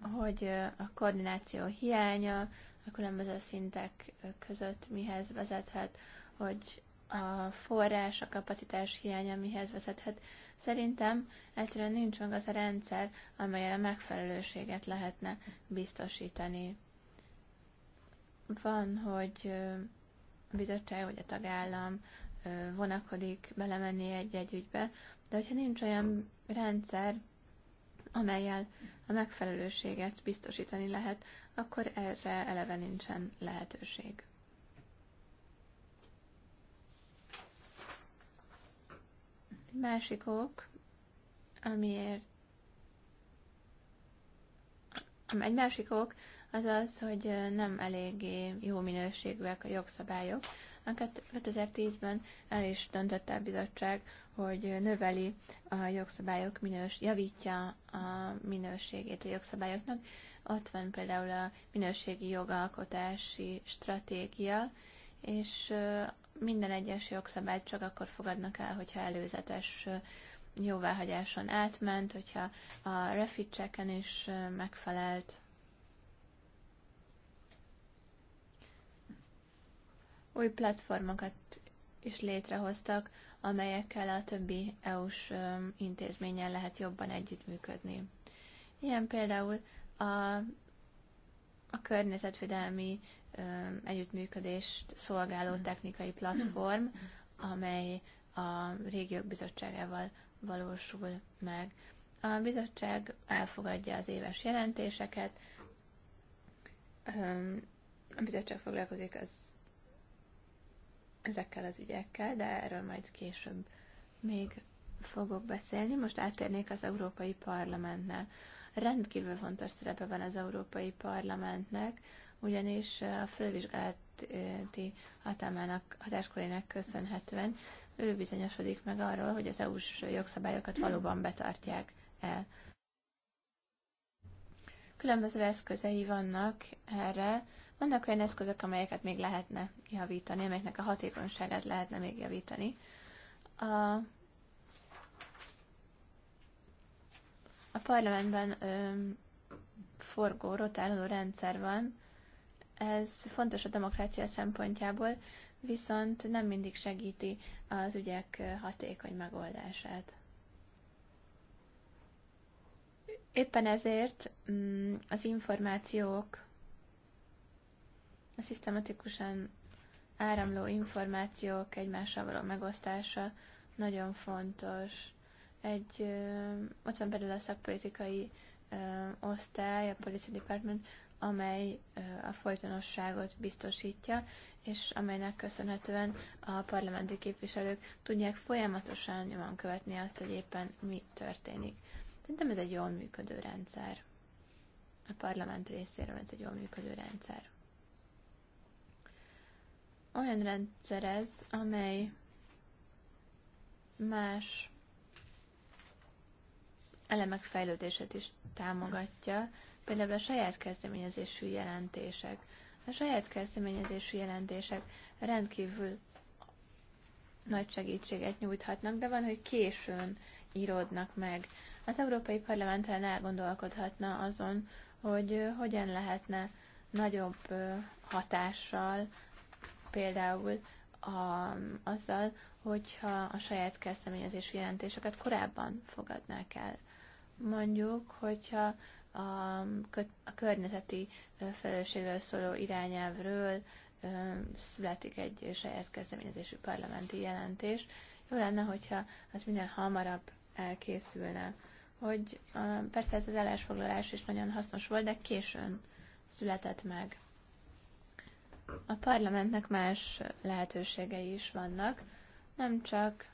hogy a koordináció hiánya a különböző szintek között mihez vezethet, hogy a forrás, a kapacitás hiánya mihez vezethet. Szerintem egyszerűen nincs meg az a rendszer, amelyen a megfelelőséget lehetne biztosítani. Van, hogy a bizottság vagy a tagállam vonakodik belemenni egy-egy ügybe, de hogyha nincs olyan rendszer, amelyel a megfelelőséget biztosítani lehet, akkor erre eleve nincsen lehetőség. másik ok, amiért egy másik ok az az, hogy nem eléggé jó minőségűek a jogszabályok. A 2010-ben el is döntötte a bizottság, hogy növeli a jogszabályok minős, javítja a minőségét a jogszabályoknak. Ott van például a minőségi jogalkotási stratégia, és minden egyes jogszabályt csak akkor fogadnak el, hogyha előzetes jóváhagyáson átment, hogyha a refit is megfelelt. Új platformokat is létrehoztak, amelyekkel a többi EU-s intézménnyel lehet jobban együttműködni. Ilyen például a a környezetvédelmi együttműködést szolgáló mm. technikai platform, amely a régiók bizottságával valósul meg. A bizottság elfogadja az éves jelentéseket, a bizottság foglalkozik az, ezekkel az ügyekkel, de erről majd később még fogok beszélni. Most átérnék az Európai Parlamentnál. Rendkívül fontos szerepe van az Európai Parlamentnek, ugyanis a fölvizsgálati hatalmának, hatáskörének köszönhetően ő bizonyosodik meg arról, hogy az EU-s jogszabályokat valóban betartják el. Különböző eszközei vannak erre. Vannak olyan eszközök, amelyeket még lehetne javítani, amelyeknek a hatékonyságát lehetne még javítani. A A parlamentben ö, forgó, rotáló rendszer van, ez fontos a demokrácia szempontjából, viszont nem mindig segíti az ügyek hatékony megoldását. Éppen ezért mm, az információk, a szisztematikusan áramló információk egymással való megosztása nagyon fontos egy, ott van belül a szakpolitikai osztály, a Policy Department, amely a folytonosságot biztosítja, és amelynek köszönhetően a parlamenti képviselők tudják folyamatosan nyomon követni azt, hogy éppen mi történik. Szerintem ez egy jól működő rendszer. A parlament részéről ez egy jól működő rendszer. Olyan rendszer ez, amely más elemek fejlődését is támogatja, például a saját kezdeményezésű jelentések. A saját kezdeményezésű jelentések rendkívül nagy segítséget nyújthatnak, de van, hogy későn íródnak meg. Az Európai Parlament talán elgondolkodhatna azon, hogy hogyan lehetne nagyobb hatással például a, azzal, hogyha a saját kezdeményezési jelentéseket korábban fogadnák el mondjuk, hogyha a, a környezeti felelősségről szóló irányelvről születik egy saját kezdeményezésű parlamenti jelentés. Jó lenne, hogyha az minél hamarabb elkészülne. Hogy persze ez az állásfoglalás is nagyon hasznos volt, de későn született meg. A parlamentnek más lehetőségei is vannak, nem csak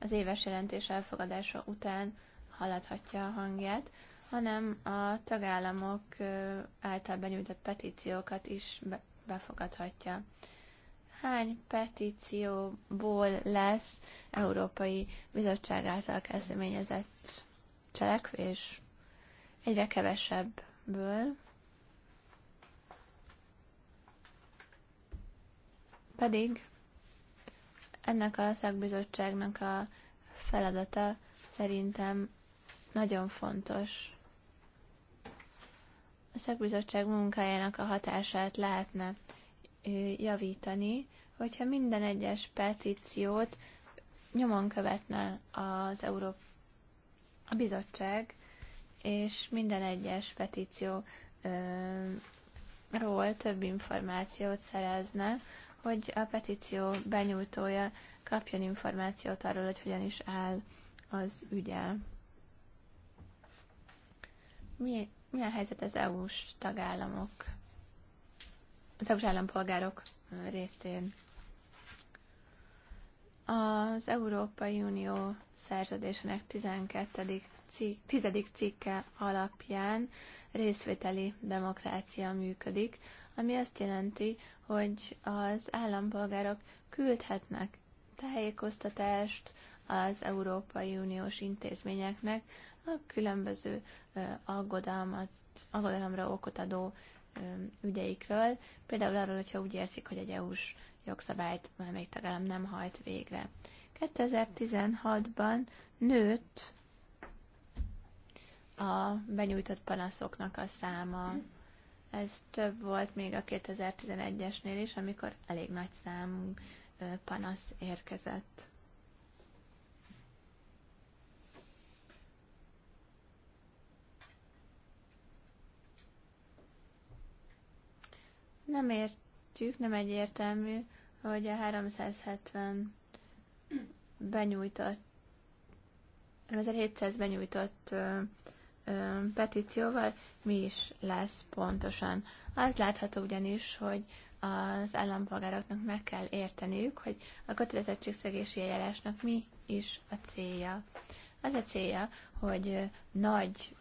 az éves jelentés elfogadása után haladhatja a hangját, hanem a tagállamok által benyújtott petíciókat is befogadhatja. Hány petícióból lesz Európai Bizottság által kezdeményezett cselekvés? Egyre kevesebbből. Pedig ennek a szakbizottságnak a feladata szerintem nagyon fontos. A szakbizottság munkájának a hatását lehetne javítani, hogyha minden egyes petíciót nyomon követne az Európa a bizottság, és minden egyes ról több információt szerezne hogy a petíció benyújtója kapjon információt arról, hogy hogyan is áll az ügye. Mi, mi a helyzet az EU-s tagállamok, az EU-s állampolgárok részén? Az Európai Unió szerződésének 12. Cik, 10. cikke alapján részvételi demokrácia működik, ami azt jelenti, hogy az állampolgárok küldhetnek tájékoztatást az Európai Uniós intézményeknek a különböző aggodalmat, aggodalomra okot adó ügyeikről, például arról, hogyha úgy érzik, hogy egy EU-s jogszabályt valamelyik tagállam nem hajt végre. 2016-ban nőtt a benyújtott panaszoknak a száma. Ez több volt még a 2011-esnél is, amikor elég nagy szám panasz érkezett. Nem értjük, nem egyértelmű, hogy a 370 benyújtott 1700 benyújtott petícióval mi is lesz pontosan. Az látható ugyanis, hogy az állampolgároknak meg kell érteniük, hogy a kötelezettségszegési eljárásnak mi is a célja. Az a célja, hogy nagy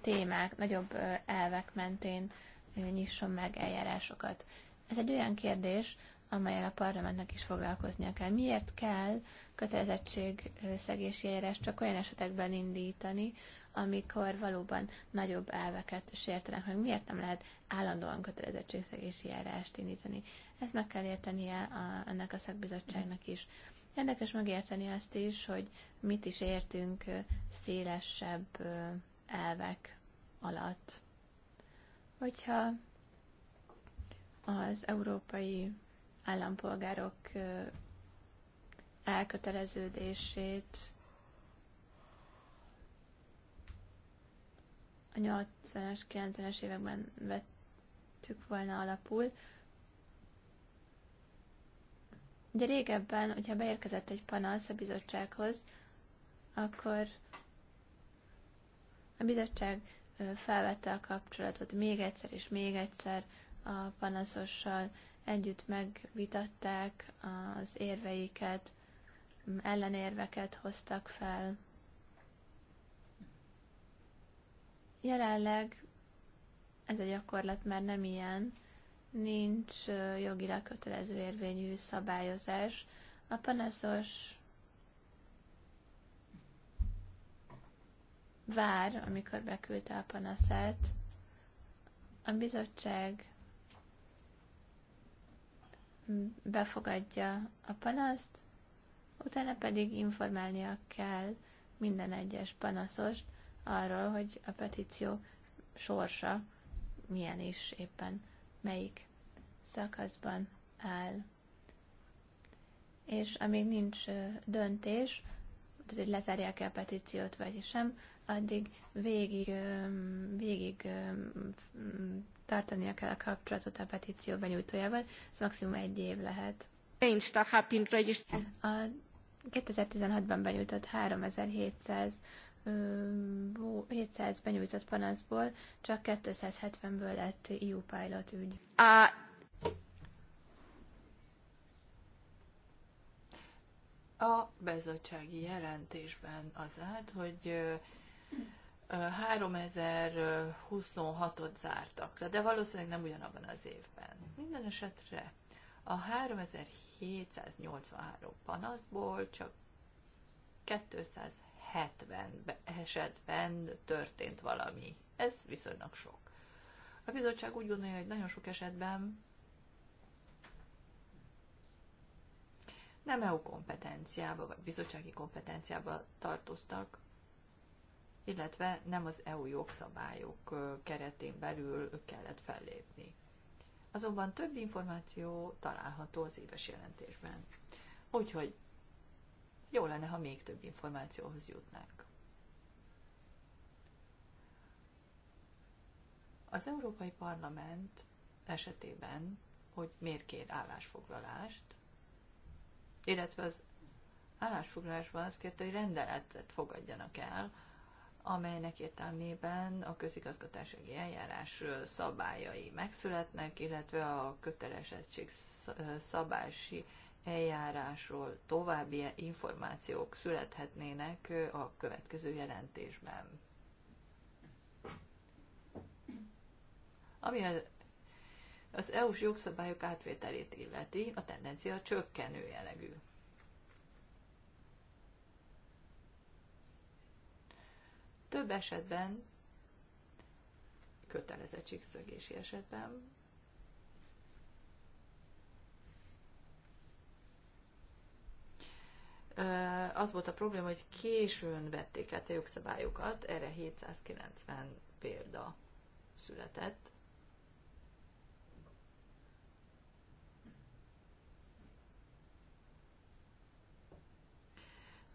témák, nagyobb elvek mentén nyisson meg eljárásokat. Ez egy olyan kérdés, amelyel a parlamentnek is foglalkoznia kell. Miért kell kötelezettségszegési eljárást csak olyan esetekben indítani, amikor valóban nagyobb elveket sértenek hogy Miért nem lehet állandóan kötelezettségszegési járást indítani? Ezt meg kell értenie a, ennek a szakbizottságnak is. Érdekes megérteni azt is, hogy mit is értünk szélesebb elvek alatt. Hogyha az európai állampolgárok elköteleződését a 80-es, 90-es években vettük volna alapul. Ugye régebben, hogyha beérkezett egy panasz a bizottsághoz, akkor a bizottság felvette a kapcsolatot még egyszer és még egyszer a panaszossal, együtt megvitatták az érveiket, ellenérveket hoztak fel. Jelenleg ez a gyakorlat már nem ilyen, nincs jogilag kötelező érvényű szabályozás. A panaszos vár, amikor beküldte a panaszát. A bizottság befogadja a panaszt, utána pedig informálnia kell minden egyes panaszost arról, hogy a petíció sorsa milyen is éppen, melyik szakaszban áll. És amíg nincs döntés, tehát hogy lezárják-e a petíciót, vagy sem, addig végig, végig tartania kell a kapcsolatot a petíció benyújtójával, ez maximum egy év lehet. A 2016-ban benyújtott 3700 700 benyújtott panaszból csak 270-ből lett EU pilot ügy. A... A bizottsági jelentésben az állt, hogy 3026-ot zártak le, de valószínűleg nem ugyanabban az évben. Minden esetre a 3783 panaszból csak 200. 70 esetben történt valami. Ez viszonylag sok. A bizottság úgy gondolja, hogy nagyon sok esetben nem EU kompetenciába, vagy bizottsági kompetenciába tartoztak, illetve nem az EU jogszabályok keretén belül kellett fellépni. Azonban több információ található az éves jelentésben. Úgyhogy jó lenne, ha még több információhoz jutnánk. Az Európai Parlament esetében, hogy miért kér állásfoglalást, illetve az állásfoglalásban azt kérte, hogy rendeletet fogadjanak el, amelynek értelmében a közigazgatási eljárás szabályai megszületnek, illetve a kötelezettség szabási eljárásról további információk születhetnének a következő jelentésben. Ami az EU-s jogszabályok átvételét illeti, a tendencia csökkenő jellegű. Több esetben, kötelezettségszögési esetben az volt a probléma, hogy későn vették át a jogszabályokat, erre 790 példa született.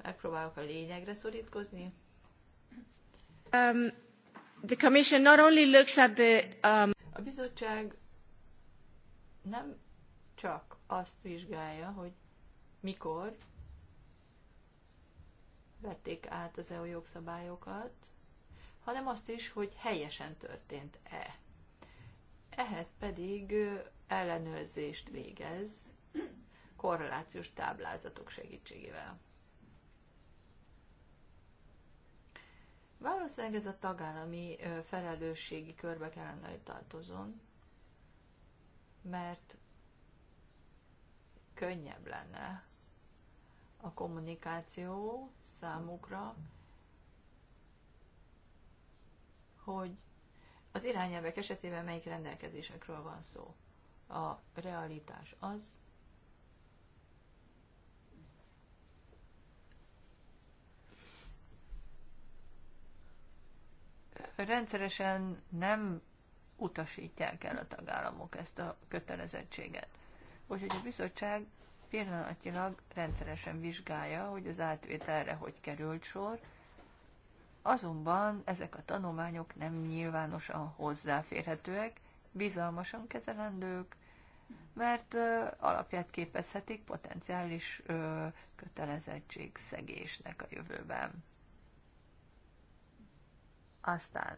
Megpróbálok a lényegre szorítkozni. Um, the commission not only looks at the, um... A bizottság nem csak azt vizsgálja, hogy mikor vették át az EU jogszabályokat, hanem azt is, hogy helyesen történt-e. Ehhez pedig ellenőrzést végez korrelációs táblázatok segítségével. Valószínűleg ez a tagállami felelősségi körbe kellene, hogy tartozon, mert könnyebb lenne a kommunikáció számukra, hogy az irányelvek esetében melyik rendelkezésekről van szó. A realitás az, rendszeresen nem utasítják el a tagállamok ezt a kötelezettséget. Úgyhogy a bizottság pillanatilag rendszeresen vizsgálja, hogy az átvételre hogy került sor, azonban ezek a tanulmányok nem nyilvánosan hozzáférhetőek, bizalmasan kezelendők, mert alapját képezhetik potenciális ö, szegésnek a jövőben. Aztán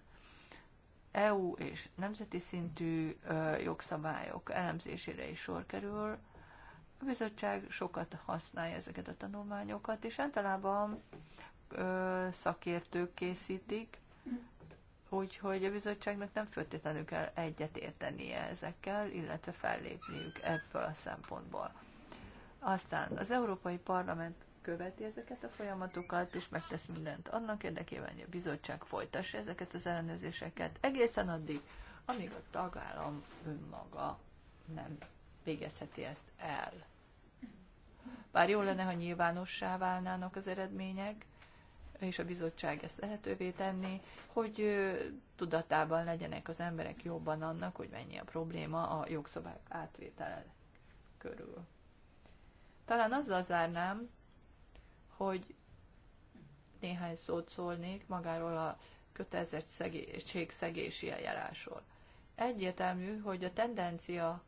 EU és nemzeti szintű jogszabályok elemzésére is sor kerül, a bizottság sokat használja ezeket a tanulmányokat, és általában ö, szakértők készítik, úgyhogy a bizottságnak nem feltétlenül kell egyet értenie ezekkel, illetve fellépniük ebből a szempontból. Aztán az Európai Parlament követi ezeket a folyamatokat, és megtesz mindent annak érdekében, hogy a bizottság folytassa ezeket az ellenőrzéseket egészen addig, amíg a tagállam önmaga nem végezheti ezt el. Bár jó lenne, ha nyilvánossá válnának az eredmények, és a bizottság ezt lehetővé tenni, hogy tudatában legyenek az emberek jobban annak, hogy mennyi a probléma a jogszabályok átvétele körül. Talán azzal zárnám, hogy néhány szót szólnék magáról a szegési eljárásról. Egyértelmű, hogy a tendencia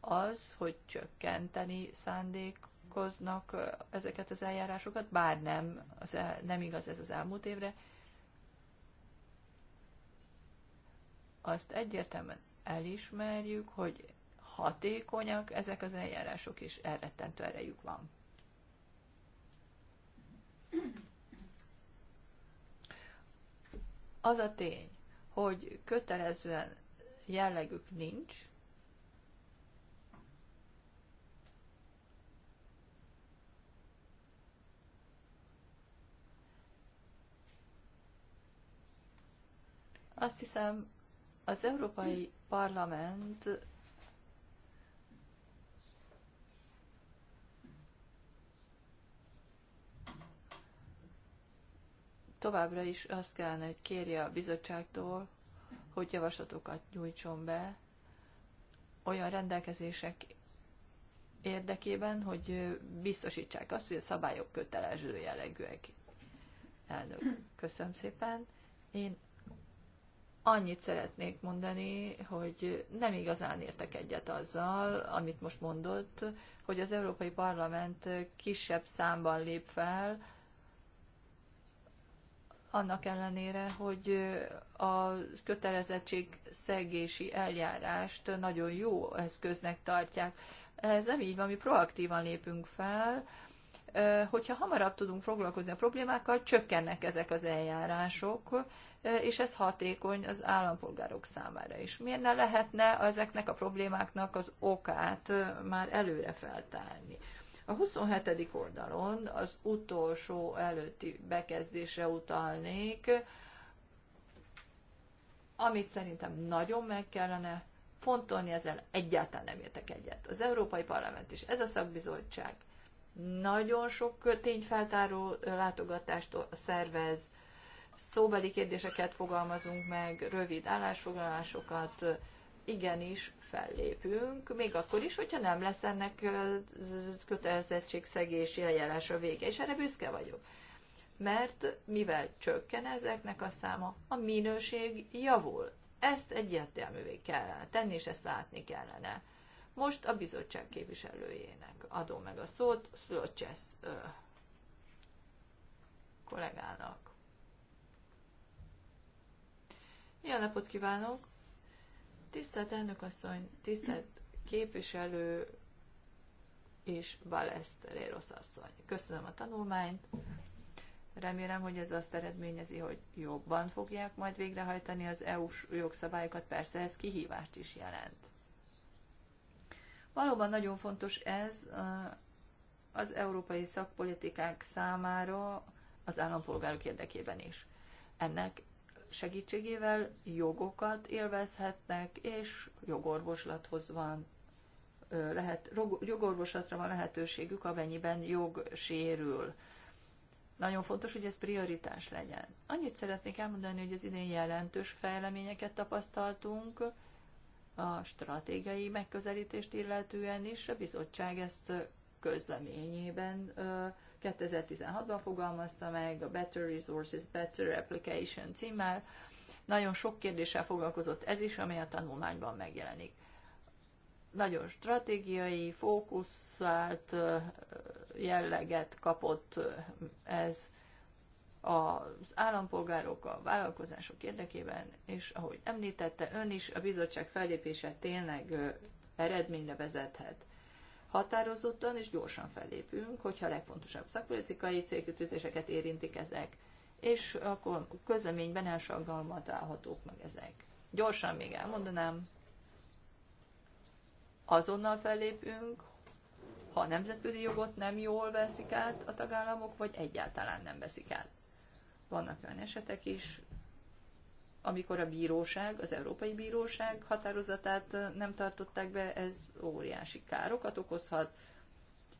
az, hogy csökkenteni szándék vonatkoznak ezeket az eljárásokat, bár nem, az el, nem igaz ez az elmúlt évre, azt egyértelműen elismerjük, hogy hatékonyak ezek az eljárások, és elrettentő erejük van. Az a tény, hogy kötelezően jellegük nincs, Azt hiszem, az Európai Parlament továbbra is azt kellene, hogy kérje a bizottságtól, hogy javaslatokat nyújtson be olyan rendelkezések érdekében, hogy biztosítsák azt, hogy a szabályok kötelező jellegűek. Elnök, köszönöm szépen. Én annyit szeretnék mondani, hogy nem igazán értek egyet azzal, amit most mondott, hogy az Európai Parlament kisebb számban lép fel, annak ellenére, hogy a kötelezettség szegési eljárást nagyon jó eszköznek tartják. Ez nem így van, mi proaktívan lépünk fel, hogyha hamarabb tudunk foglalkozni a problémákkal, csökkennek ezek az eljárások, és ez hatékony az állampolgárok számára is. Miért ne lehetne ezeknek a problémáknak az okát már előre feltárni? A 27. oldalon az utolsó előtti bekezdésre utalnék, amit szerintem nagyon meg kellene fontolni, ezzel egyáltalán nem értek egyet. Az Európai Parlament is, ez a szakbizottság nagyon sok tényfeltáró látogatást szervez, szóbeli kérdéseket fogalmazunk meg, rövid állásfoglalásokat, igenis fellépünk, még akkor is, hogyha nem lesz ennek kötelezettségszegési eljárás a vége, és erre büszke vagyok. Mert mivel csökken ezeknek a száma, a minőség javul. Ezt egyértelművé kellene tenni, és ezt látni kellene. Most a bizottság képviselőjének adom meg a szót, Szlocsesz kollégának. Jó napot kívánok! Tisztelt elnökasszony, tisztelt képviselő és Valeszteréros asszony. Köszönöm a tanulmányt. Remélem, hogy ez azt eredményezi, hogy jobban fogják majd végrehajtani az EU-s jogszabályokat. Persze ez kihívást is jelent. Valóban nagyon fontos ez az európai szakpolitikák számára, az állampolgárok érdekében is. Ennek segítségével jogokat élvezhetnek, és jogorvoslathoz van lehet, jogorvoslatra van lehetőségük, amennyiben jog sérül. Nagyon fontos, hogy ez prioritás legyen. Annyit szeretnék elmondani, hogy az idén jelentős fejleményeket tapasztaltunk, a stratégiai megközelítést illetően is. A bizottság ezt közleményében 2016-ban fogalmazta meg a Better Resources, Better Application címmel. Nagyon sok kérdéssel foglalkozott ez is, amely a tanulmányban megjelenik. Nagyon stratégiai, fókuszált jelleget kapott ez az állampolgárok, a vállalkozások érdekében, és ahogy említette ön is, a bizottság fellépése tényleg eredményre vezethet. Határozottan és gyorsan fellépünk, hogyha a legfontosabb szakpolitikai célkütőzéseket érintik ezek, és akkor közleményben elsaggalmal állhatók meg ezek. Gyorsan még elmondanám, azonnal fellépünk, ha a nemzetközi jogot nem jól veszik át a tagállamok, vagy egyáltalán nem veszik át. Vannak olyan esetek is, amikor a bíróság, az Európai Bíróság határozatát nem tartották be, ez óriási károkat okozhat,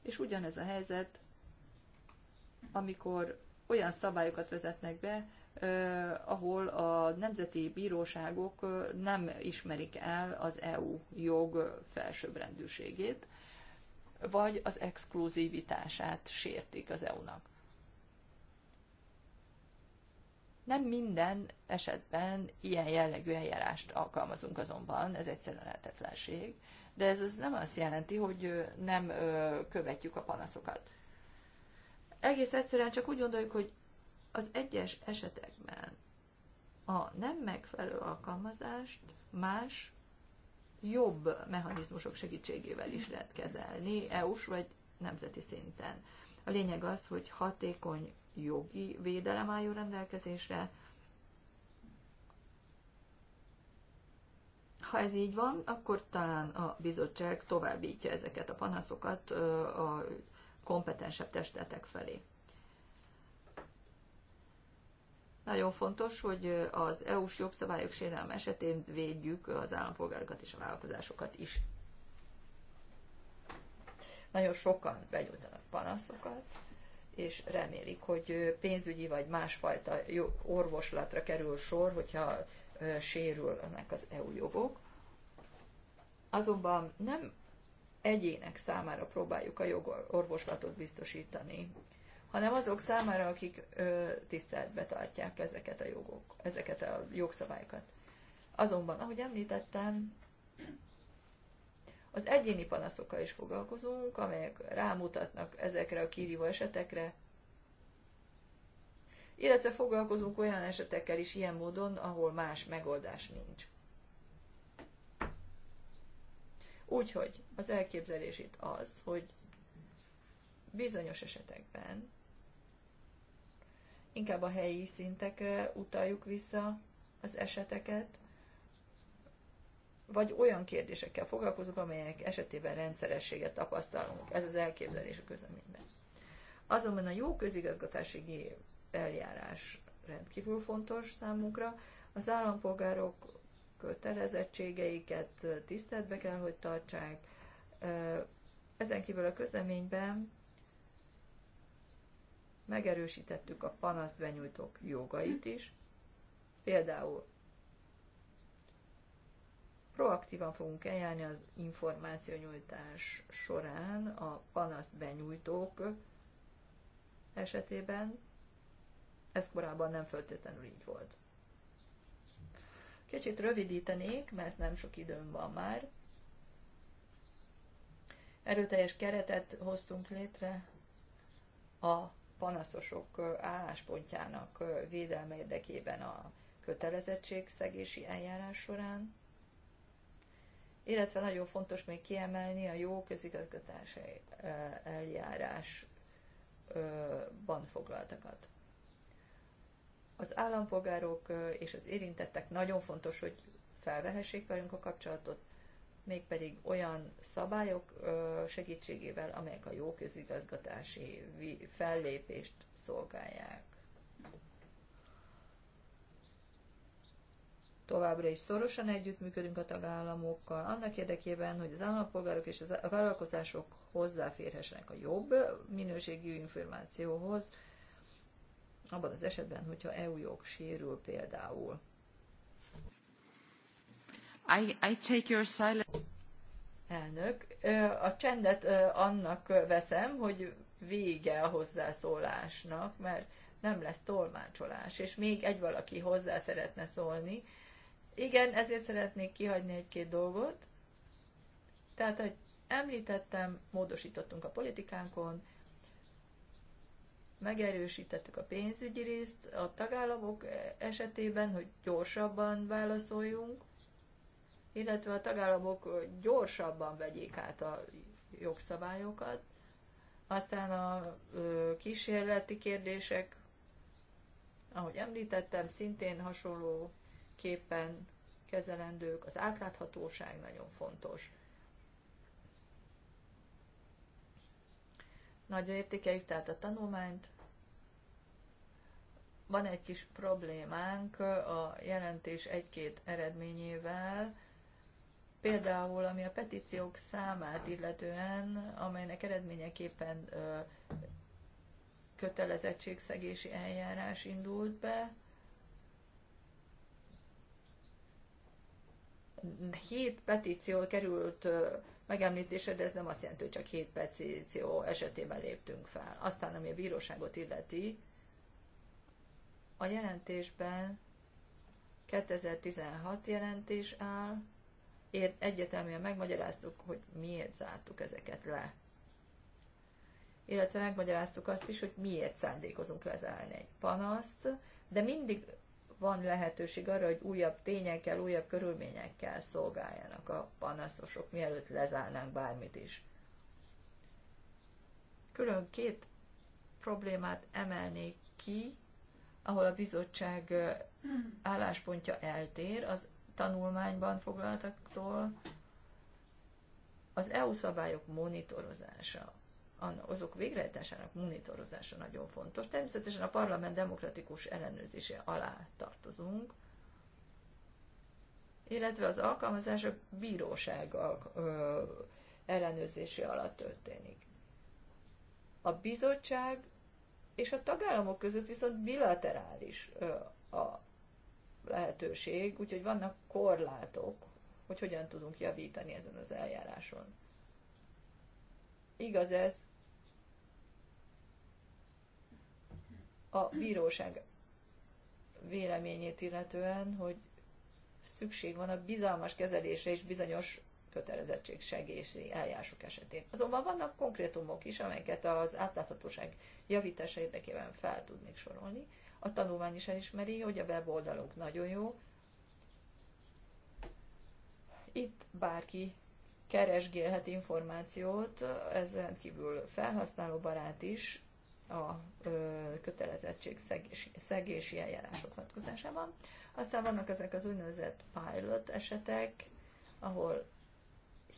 és ugyanez a helyzet, amikor olyan szabályokat vezetnek be, eh, ahol a nemzeti bíróságok nem ismerik el az EU jog felsőbbrendűségét, vagy az exkluzivitását sértik az EU-nak. Nem minden esetben ilyen jellegű eljárást alkalmazunk azonban, ez egyszerűen lehetetlenség, de ez az nem azt jelenti, hogy nem követjük a panaszokat. Egész egyszerűen csak úgy gondoljuk, hogy az egyes esetekben a nem megfelelő alkalmazást más, jobb mechanizmusok segítségével is lehet kezelni, EU-s vagy nemzeti szinten. A lényeg az, hogy hatékony jogi védelem álljon rendelkezésre. Ha ez így van, akkor talán a bizottság továbbítja ezeket a panaszokat a kompetensebb testetek felé. Nagyon fontos, hogy az EU-s jogszabályok sérelme esetén védjük az állampolgárokat és a vállalkozásokat is. Nagyon sokan begyújtanak panaszokat és remélik, hogy pénzügyi vagy másfajta orvoslatra kerül sor, hogyha sérülnek az EU jogok. Azonban nem egyének számára próbáljuk a jogorvoslatot biztosítani, hanem azok számára, akik tisztelt tiszteletbe tartják ezeket a jogok, ezeket a jogszabályokat. Azonban, ahogy említettem, az egyéni panaszokkal is foglalkozunk, amelyek rámutatnak ezekre a kirívó esetekre, illetve foglalkozunk olyan esetekkel is ilyen módon, ahol más megoldás nincs. Úgyhogy az elképzelés itt az, hogy bizonyos esetekben inkább a helyi szintekre utaljuk vissza az eseteket, vagy olyan kérdésekkel foglalkozunk, amelyek esetében rendszerességet tapasztalunk. Ez az elképzelés a közleményben. Azonban a jó közigazgatási eljárás rendkívül fontos számunkra. Az állampolgárok kötelezettségeiket tiszteletbe kell, hogy tartsák. Ezen kívül a közleményben megerősítettük a panaszt benyújtók jogait is, például Proaktívan fogunk eljárni az információnyújtás során a panaszt benyújtók esetében. Ez korábban nem feltétlenül így volt. Kicsit rövidítenék, mert nem sok időm van már. Erőteljes keretet hoztunk létre a panaszosok álláspontjának védelme érdekében a kötelezettségszegési eljárás során illetve nagyon fontos még kiemelni a jó közigazgatási eljárásban foglaltakat. Az állampolgárok és az érintettek nagyon fontos, hogy felvehessék velünk a kapcsolatot, mégpedig olyan szabályok segítségével, amelyek a jó közigazgatási fellépést szolgálják. továbbra is szorosan együttműködünk a tagállamokkal, annak érdekében, hogy az állampolgárok és a vállalkozások hozzáférhessenek a jobb minőségű információhoz, abban az esetben, hogyha EU jog sérül például. I, I take your silence. Elnök, a csendet annak veszem, hogy vége a hozzászólásnak, mert nem lesz tolmácsolás, és még egy valaki hozzá szeretne szólni, igen, ezért szeretnék kihagyni egy-két dolgot. Tehát, hogy említettem, módosítottunk a politikánkon, megerősítettük a pénzügyi részt a tagállamok esetében, hogy gyorsabban válaszoljunk, illetve a tagállamok gyorsabban vegyék át a jogszabályokat. Aztán a kísérleti kérdések, ahogy említettem, szintén hasonló képen kezelendők, az átláthatóság nagyon fontos. Nagy értékeljük tehát a tanulmányt. Van egy kis problémánk a jelentés egy-két eredményével, például ami a petíciók számát illetően, amelynek eredményeképpen kötelezettségszegési eljárás indult be, hét petíció került megemlítésre, de ez nem azt jelenti, hogy csak hét petíció esetében léptünk fel. Aztán, ami a bíróságot illeti, a jelentésben 2016 jelentés áll, Ér, egyetemben megmagyaráztuk, hogy miért zártuk ezeket le. Illetve megmagyaráztuk azt is, hogy miért szándékozunk lezárni egy panaszt, de mindig van lehetőség arra, hogy újabb tényekkel, újabb körülményekkel szolgáljanak a panaszosok, mielőtt lezárnánk bármit is. Külön két problémát emelnék ki, ahol a bizottság álláspontja eltér az tanulmányban foglaltaktól, az EU szabályok monitorozása azok végrehajtásának monitorozása nagyon fontos. Természetesen a parlament demokratikus ellenőrzése alá tartozunk, illetve az alkalmazás a bíróság ellenőrzése alatt történik. A bizottság és a tagállamok között viszont bilaterális a lehetőség, úgyhogy vannak korlátok, hogy hogyan tudunk javítani ezen az eljáráson. Igaz ez a bíróság véleményét illetően, hogy szükség van a bizalmas kezelésre és bizonyos segési eljárások esetén. Azonban vannak konkrétumok is, amelyeket az átláthatóság javítása érdekében fel tudnék sorolni. A tanulmány is elismeri, hogy a weboldalunk nagyon jó. Itt bárki keresgélhet információt, ez rendkívül felhasználóbarát is, a kötelezettség szegési eljárások vonatkozásában. Aztán vannak ezek az úgynevezett pilot esetek, ahol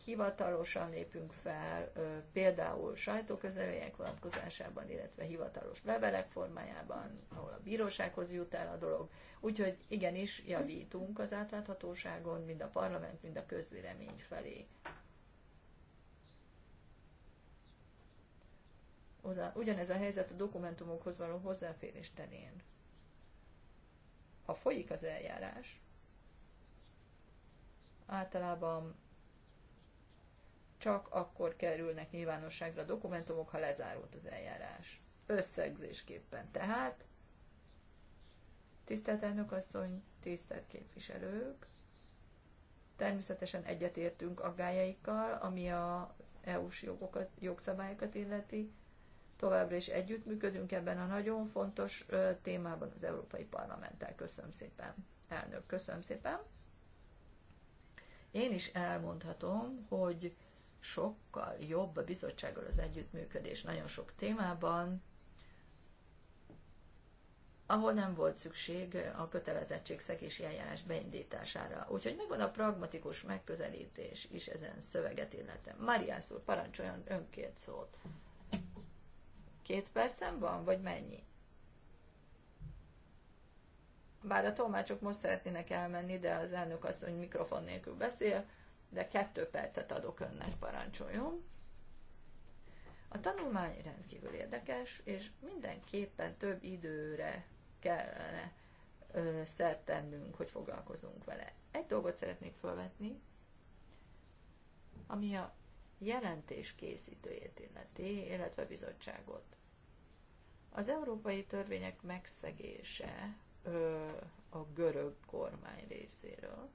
hivatalosan lépünk fel, például sajtóközlemények vonatkozásában, illetve hivatalos levelek formájában, ahol a bírósághoz jut el a dolog. Úgyhogy igenis javítunk az átláthatóságon, mind a parlament, mind a közvélemény felé. hozzá, ugyanez a helyzet a dokumentumokhoz való hozzáférés terén. Ha folyik az eljárás, általában csak akkor kerülnek nyilvánosságra a dokumentumok, ha lezárult az eljárás. Összegzésképpen. Tehát, tisztelt elnök asszony, tisztelt képviselők, természetesen egyetértünk aggájaikkal, ami az EU-s jogokat, jogszabályokat illeti, Továbbra is együttműködünk ebben a nagyon fontos témában az Európai Parlamenttel. Köszönöm szépen, elnök, köszönöm szépen. Én is elmondhatom, hogy sokkal jobb a bizottsággal az együttműködés nagyon sok témában, ahol nem volt szükség a kötelezettségszegési eljárás beindítására. Úgyhogy megvan a pragmatikus megközelítés is ezen szöveget illetve. Mariász úr, parancsoljon önkét szót. Két percem van, vagy mennyi? Bár a tolmácsok most szeretnének elmenni, de az elnök hogy mikrofon nélkül beszél, de kettő percet adok önnek, parancsoljon. A tanulmány rendkívül érdekes, és mindenképpen több időre kellene ö, szert tennünk, hogy foglalkozunk vele. Egy dolgot szeretnék felvetni, ami a jelentés készítőjét illeti, illetve bizottságot. Az európai törvények megszegése ö, a görög kormány részéről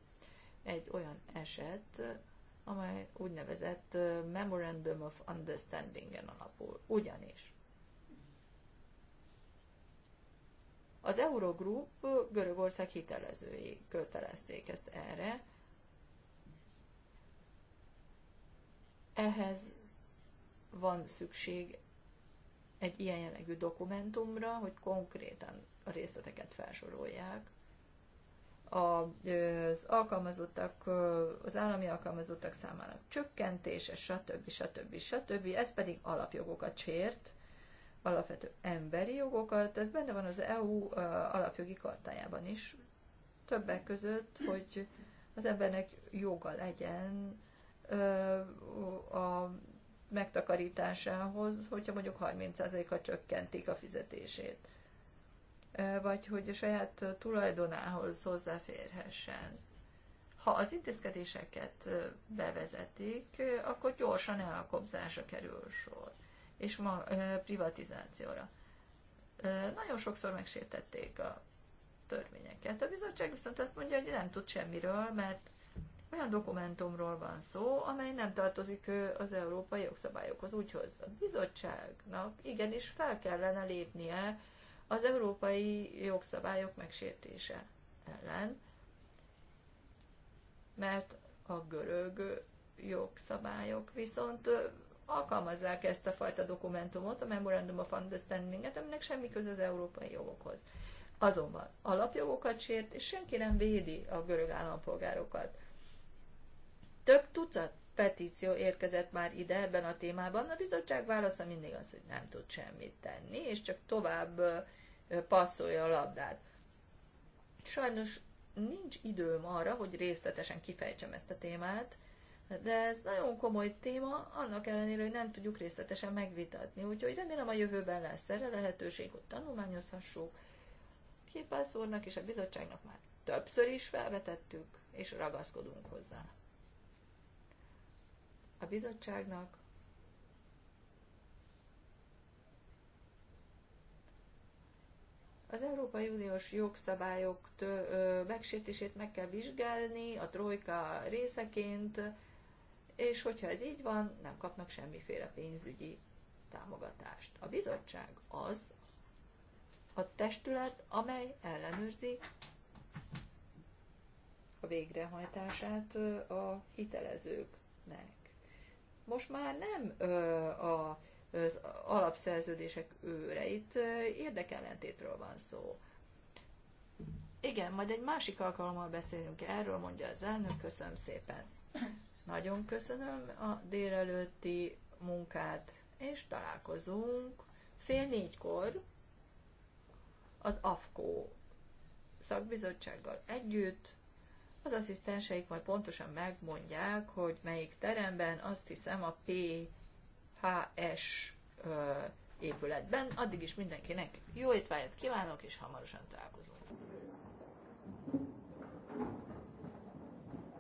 egy olyan eset, amely úgynevezett Memorandum of Understanding-en alapul. Ugyanis az Eurogroup Görögország hitelezői kötelezték ezt erre. Ehhez van szükség egy ilyen jellegű dokumentumra, hogy konkrétan a részleteket felsorolják. Az alkalmazottak, az állami alkalmazottak számának csökkentése, stb. stb. stb. Ez pedig alapjogokat sért, alapvető emberi jogokat, ez benne van az EU alapjogi kartájában is, többek között, hogy az embernek joga legyen a megtakarításához, hogyha mondjuk 30%-a csökkentik a fizetését, vagy hogy a saját tulajdonához hozzáférhessen. Ha az intézkedéseket bevezetik, akkor gyorsan elkobzásra kerül sor, és ma privatizációra. Nagyon sokszor megsértették a törvényeket. A bizottság viszont azt mondja, hogy nem tud semmiről, mert olyan dokumentumról van szó, amely nem tartozik az európai jogszabályokhoz. Úgyhogy a bizottságnak igenis fel kellene lépnie az európai jogszabályok megsértése ellen, mert a görög jogszabályok viszont alkalmazzák ezt a fajta dokumentumot, a Memorandum of Understanding-et, aminek semmi köze az európai jogokhoz. Azonban alapjogokat sért, és senki nem védi a görög állampolgárokat. Több tucat petíció érkezett már ide ebben a témában, a bizottság válasza mindig az, hogy nem tud semmit tenni, és csak tovább passzolja a labdát. Sajnos nincs időm arra, hogy részletesen kifejtsem ezt a témát, de ez nagyon komoly téma, annak ellenére, hogy nem tudjuk részletesen megvitatni, úgyhogy remélem a jövőben lesz erre lehetőség, hogy tanulmányozhassuk. Képászornak és a bizottságnak már többször is felvetettük, és ragaszkodunk hozzá a bizottságnak, Az Európai Uniós jogszabályok megsértését meg kell vizsgálni a trojka részeként, és hogyha ez így van, nem kapnak semmiféle pénzügyi támogatást. A bizottság az a testület, amely ellenőrzi a végrehajtását a hitelezőknek most már nem ö, a, az alapszerződések őre, itt érdekellentétről van szó. Igen, majd egy másik alkalommal beszélünk erről, mondja az elnök, köszönöm szépen. Nagyon köszönöm a délelőtti munkát, és találkozunk fél négykor az AFKO szakbizottsággal együtt, az asszisztenseik majd pontosan megmondják, hogy melyik teremben, azt hiszem a PHS épületben. Addig is mindenkinek jó étvágyat kívánok, és hamarosan találkozunk.